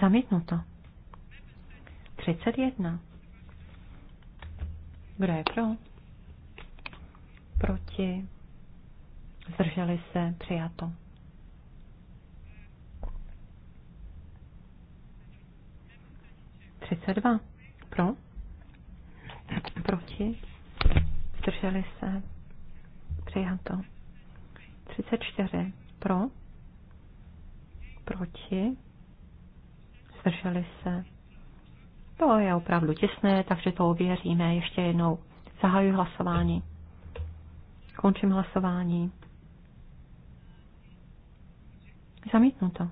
Zamítnuto. 31. Kdo je pro? Proti? Zdrželi se? Přijato. Třicet dva. Pro? Proti? Zdrželi se? Přijato. Třicet čtyři. Pro? Proti? zdrželi se. To je opravdu těsné, takže to ověříme ještě jednou. Zahajuji hlasování. Končím hlasování. Zamítnuto.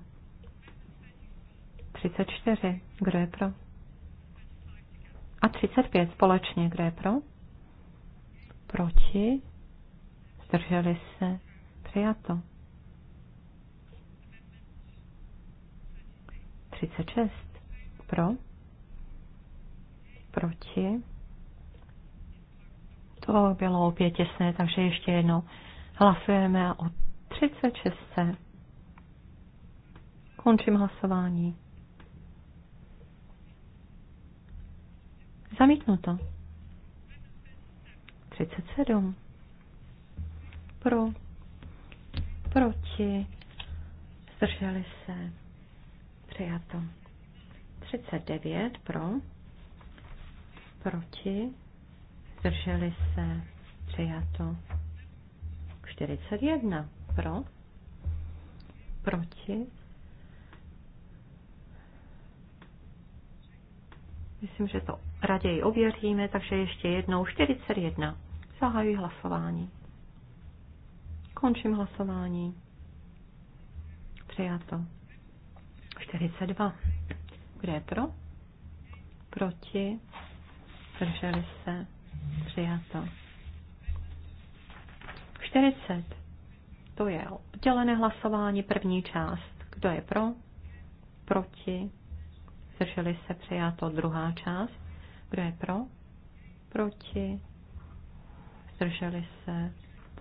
34. Kdo je pro? A 35 společně. Kdo je pro? Proti? Zdrželi se. Přijato. 36. Pro? Proti? To bylo opět těsné, takže ještě jednou hlasujeme o 36. Končím hlasování. Zamítnuto. 37. Pro. Proti. Zdrželi se. Přijato. 39 pro, proti, zdrželi se, přijato. 41 pro, proti, Myslím, že to raději ověříme, takže ještě jednou 41. Zahajuji hlasování. Končím hlasování. Přijato. 42. Kdo je pro? Proti? Zdrželi se? Přijato. 40. To je oddělené hlasování, první část. Kdo je pro? Proti? Zdrželi se? Přijato. Druhá část. Kdo je pro? Proti? Zdrželi se?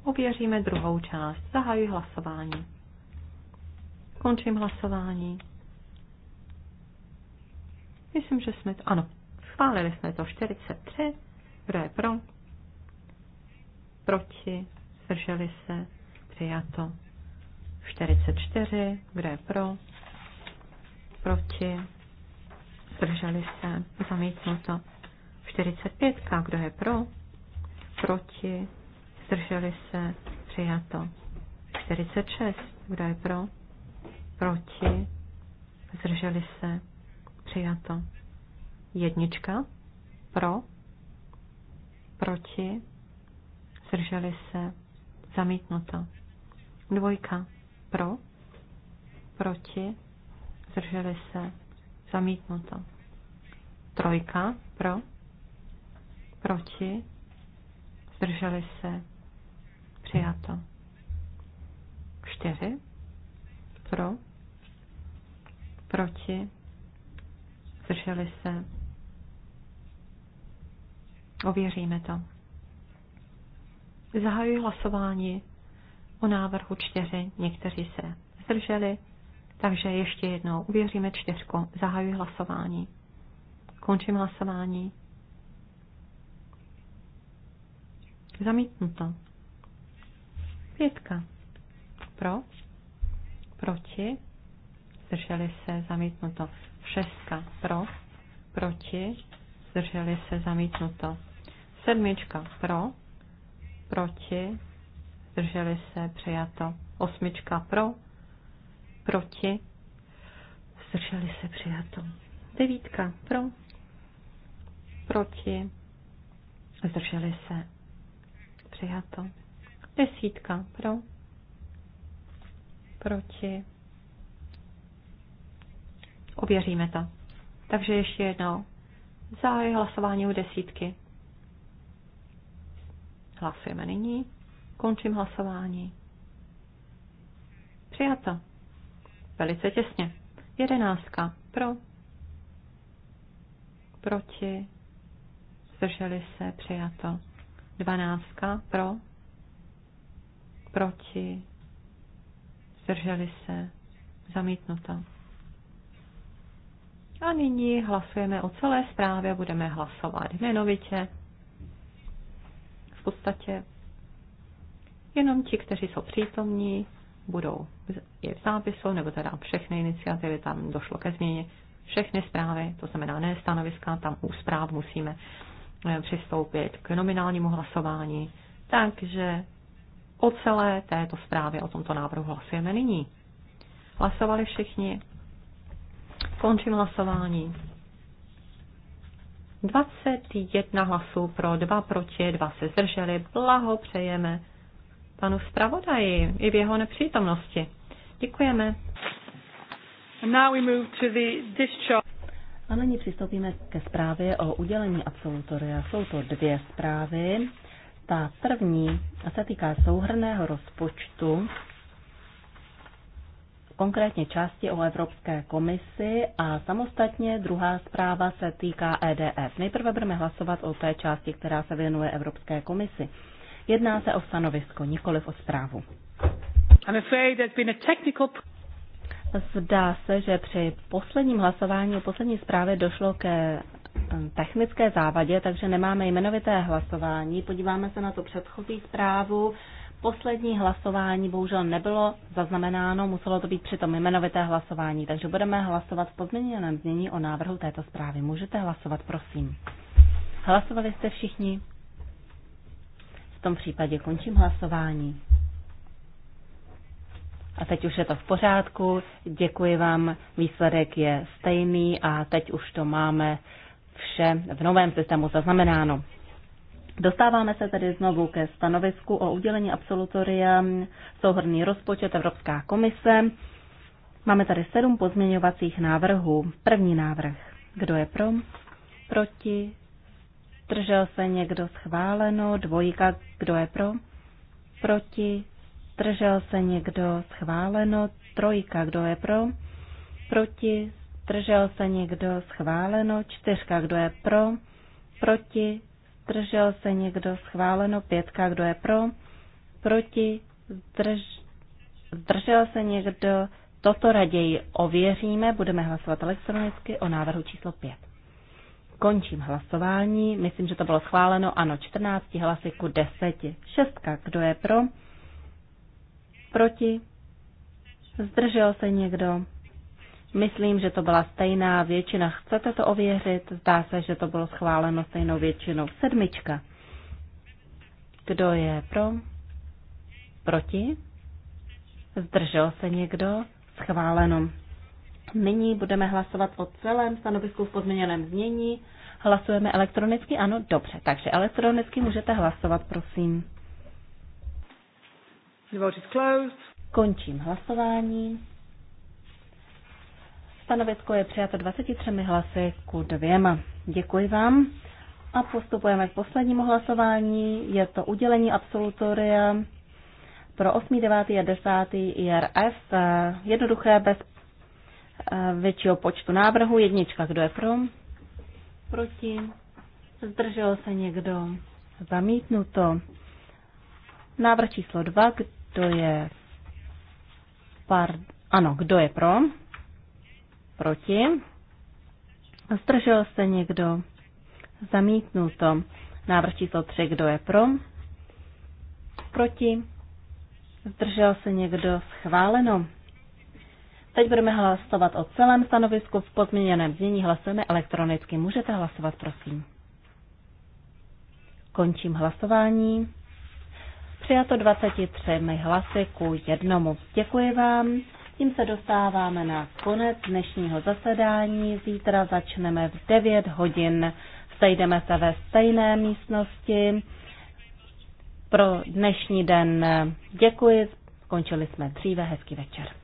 Ověříme druhou část. Zahajuji hlasování. Končím hlasování. Myslím, že jsme to, ano, schválili jsme to 43. Kdo je pro? Proti? Zdrželi se? Přijato. 44. Kdo je pro? Proti? Zdrželi se? Zamítnuto. 45. Kdo je pro? Proti? Zdrželi se? Přijato. 46. Kdo je pro? Proti? Zdrželi se? Přijato. Jednička. Pro. Proti. Zdrželi se. Zamítnuto. Dvojka. Pro. Proti. Zdrželi se. Zamítnuto. Trojka. Pro. Proti. Zdrželi se. Přijato. Čtyři. Pro. Proti zdrželi se. Ověříme to. Zahajuji hlasování o návrhu čtyři. Někteří se zdrželi, takže ještě jednou uvěříme čtyřku. Zahajuji hlasování. Končím hlasování. Zamítnuto. Pětka. Pro. Proti. Zdrželi se. Zamítnuto. Šestka pro, proti, zdrželi se zamítnuto. Sedmička pro, proti, zdrželi se přijato. Osmička pro, proti, zdrželi se přijato. Devítka pro, proti, zdrželi se přijato. Desítka pro, proti, Ověříme to. Takže ještě jednou. Zahajuji hlasování u desítky. Hlasujeme nyní. Končím hlasování. Přijato. Velice těsně. Jedenáctka. Pro. Proti. Zdrželi se. Přijato. Dvanáctka. Pro. Proti. Zdrželi se. Zamítnuto. A nyní hlasujeme o celé zprávě, budeme hlasovat jmenovitě. V podstatě jenom ti, kteří jsou přítomní, budou je v zápisu, nebo teda všechny iniciativy, tam došlo ke změně, všechny zprávy, to znamená ne stanoviska, tam u zpráv musíme eh, přistoupit k nominálnímu hlasování. Takže o celé této zprávě, o tomto návrhu hlasujeme nyní. Hlasovali všichni. Končím hlasování. 21 hlasů pro, 2 proti, 2 se zdrželi. Blaho přejeme panu zpravodaji i v jeho nepřítomnosti. Děkujeme. And now we move to the discharge. A nyní přistoupíme ke zprávě o udělení absolutoria. Jsou to dvě zprávy. Ta první se týká souhrného rozpočtu konkrétně části o Evropské komisi a samostatně druhá zpráva se týká EDF. Nejprve budeme hlasovat o té části, která se věnuje Evropské komisi. Jedná se o stanovisko, nikoliv o zprávu. I'm afraid there's been a technical... Zdá se, že při posledním hlasování o poslední zprávě došlo ke eh, technické závadě, takže nemáme jmenovité hlasování. Podíváme se na tu předchozí zprávu Poslední hlasování bohužel nebylo zaznamenáno, muselo to být přitom jmenovité hlasování, takže budeme hlasovat v pozměněném znění o návrhu této zprávy. Můžete hlasovat, prosím. Hlasovali jste všichni? V tom případě končím hlasování. A teď už je to v pořádku, děkuji vám, výsledek je stejný a teď už to máme vše v novém systému zaznamenáno. Dostáváme se tedy znovu ke stanovisku o udělení absolutoria souhrný rozpočet Evropská komise. Máme tady sedm pozměňovacích návrhů. První návrh. Kdo je pro? Proti? Držel se někdo schváleno? Dvojka. Kdo je pro? Proti? Držel se někdo schváleno? Trojka. Kdo je pro? Proti? Držel se někdo schváleno? Čtyřka. Kdo je pro? Proti? zdržel se někdo, schváleno pětka, kdo je pro, proti, zdrž, zdržel se někdo, toto raději ověříme, budeme hlasovat elektronicky o návrhu číslo 5. Končím hlasování, myslím, že to bylo schváleno, ano, 14 hlasy ku 10. Šestka, kdo je pro, proti, zdržel se někdo, Myslím, že to byla stejná většina. Chcete to ověřit? Zdá se, že to bylo schváleno stejnou většinou. Sedmička. Kdo je pro? Proti? Zdržel se někdo? Schváleno. Nyní budeme hlasovat o celém stanovisku v podměněném znění. Hlasujeme elektronicky? Ano, dobře. Takže elektronicky můžete hlasovat, prosím. The vote is closed. Končím hlasování. Stanovisko je přijato 23 hlasy ku dvěma. Děkuji vám. A postupujeme k poslednímu hlasování. Je to udělení absolutoria pro 8., 9. a 10. IRF. Jednoduché, bez eh, většího počtu návrhů. Jednička, kdo je pro? Proti? Zdržel se někdo? Zamítnuto. Návrh číslo 2, kdo je... Pardon. Ano, kdo je pro? Proti? Zdržel se někdo? to? Návrh číslo 3, kdo je pro? Proti? Zdržel se někdo? Schváleno. Teď budeme hlasovat o celém stanovisku v pozměněném znění. Hlasujeme elektronicky. Můžete hlasovat, prosím. Končím hlasování. Přijato 23 hlasy ku jednomu. Děkuji vám. Tím se dostáváme na konec dnešního zasedání. Zítra začneme v 9 hodin. Sejdeme se ve stejné místnosti. Pro dnešní den děkuji. Skončili jsme dříve. Hezký večer.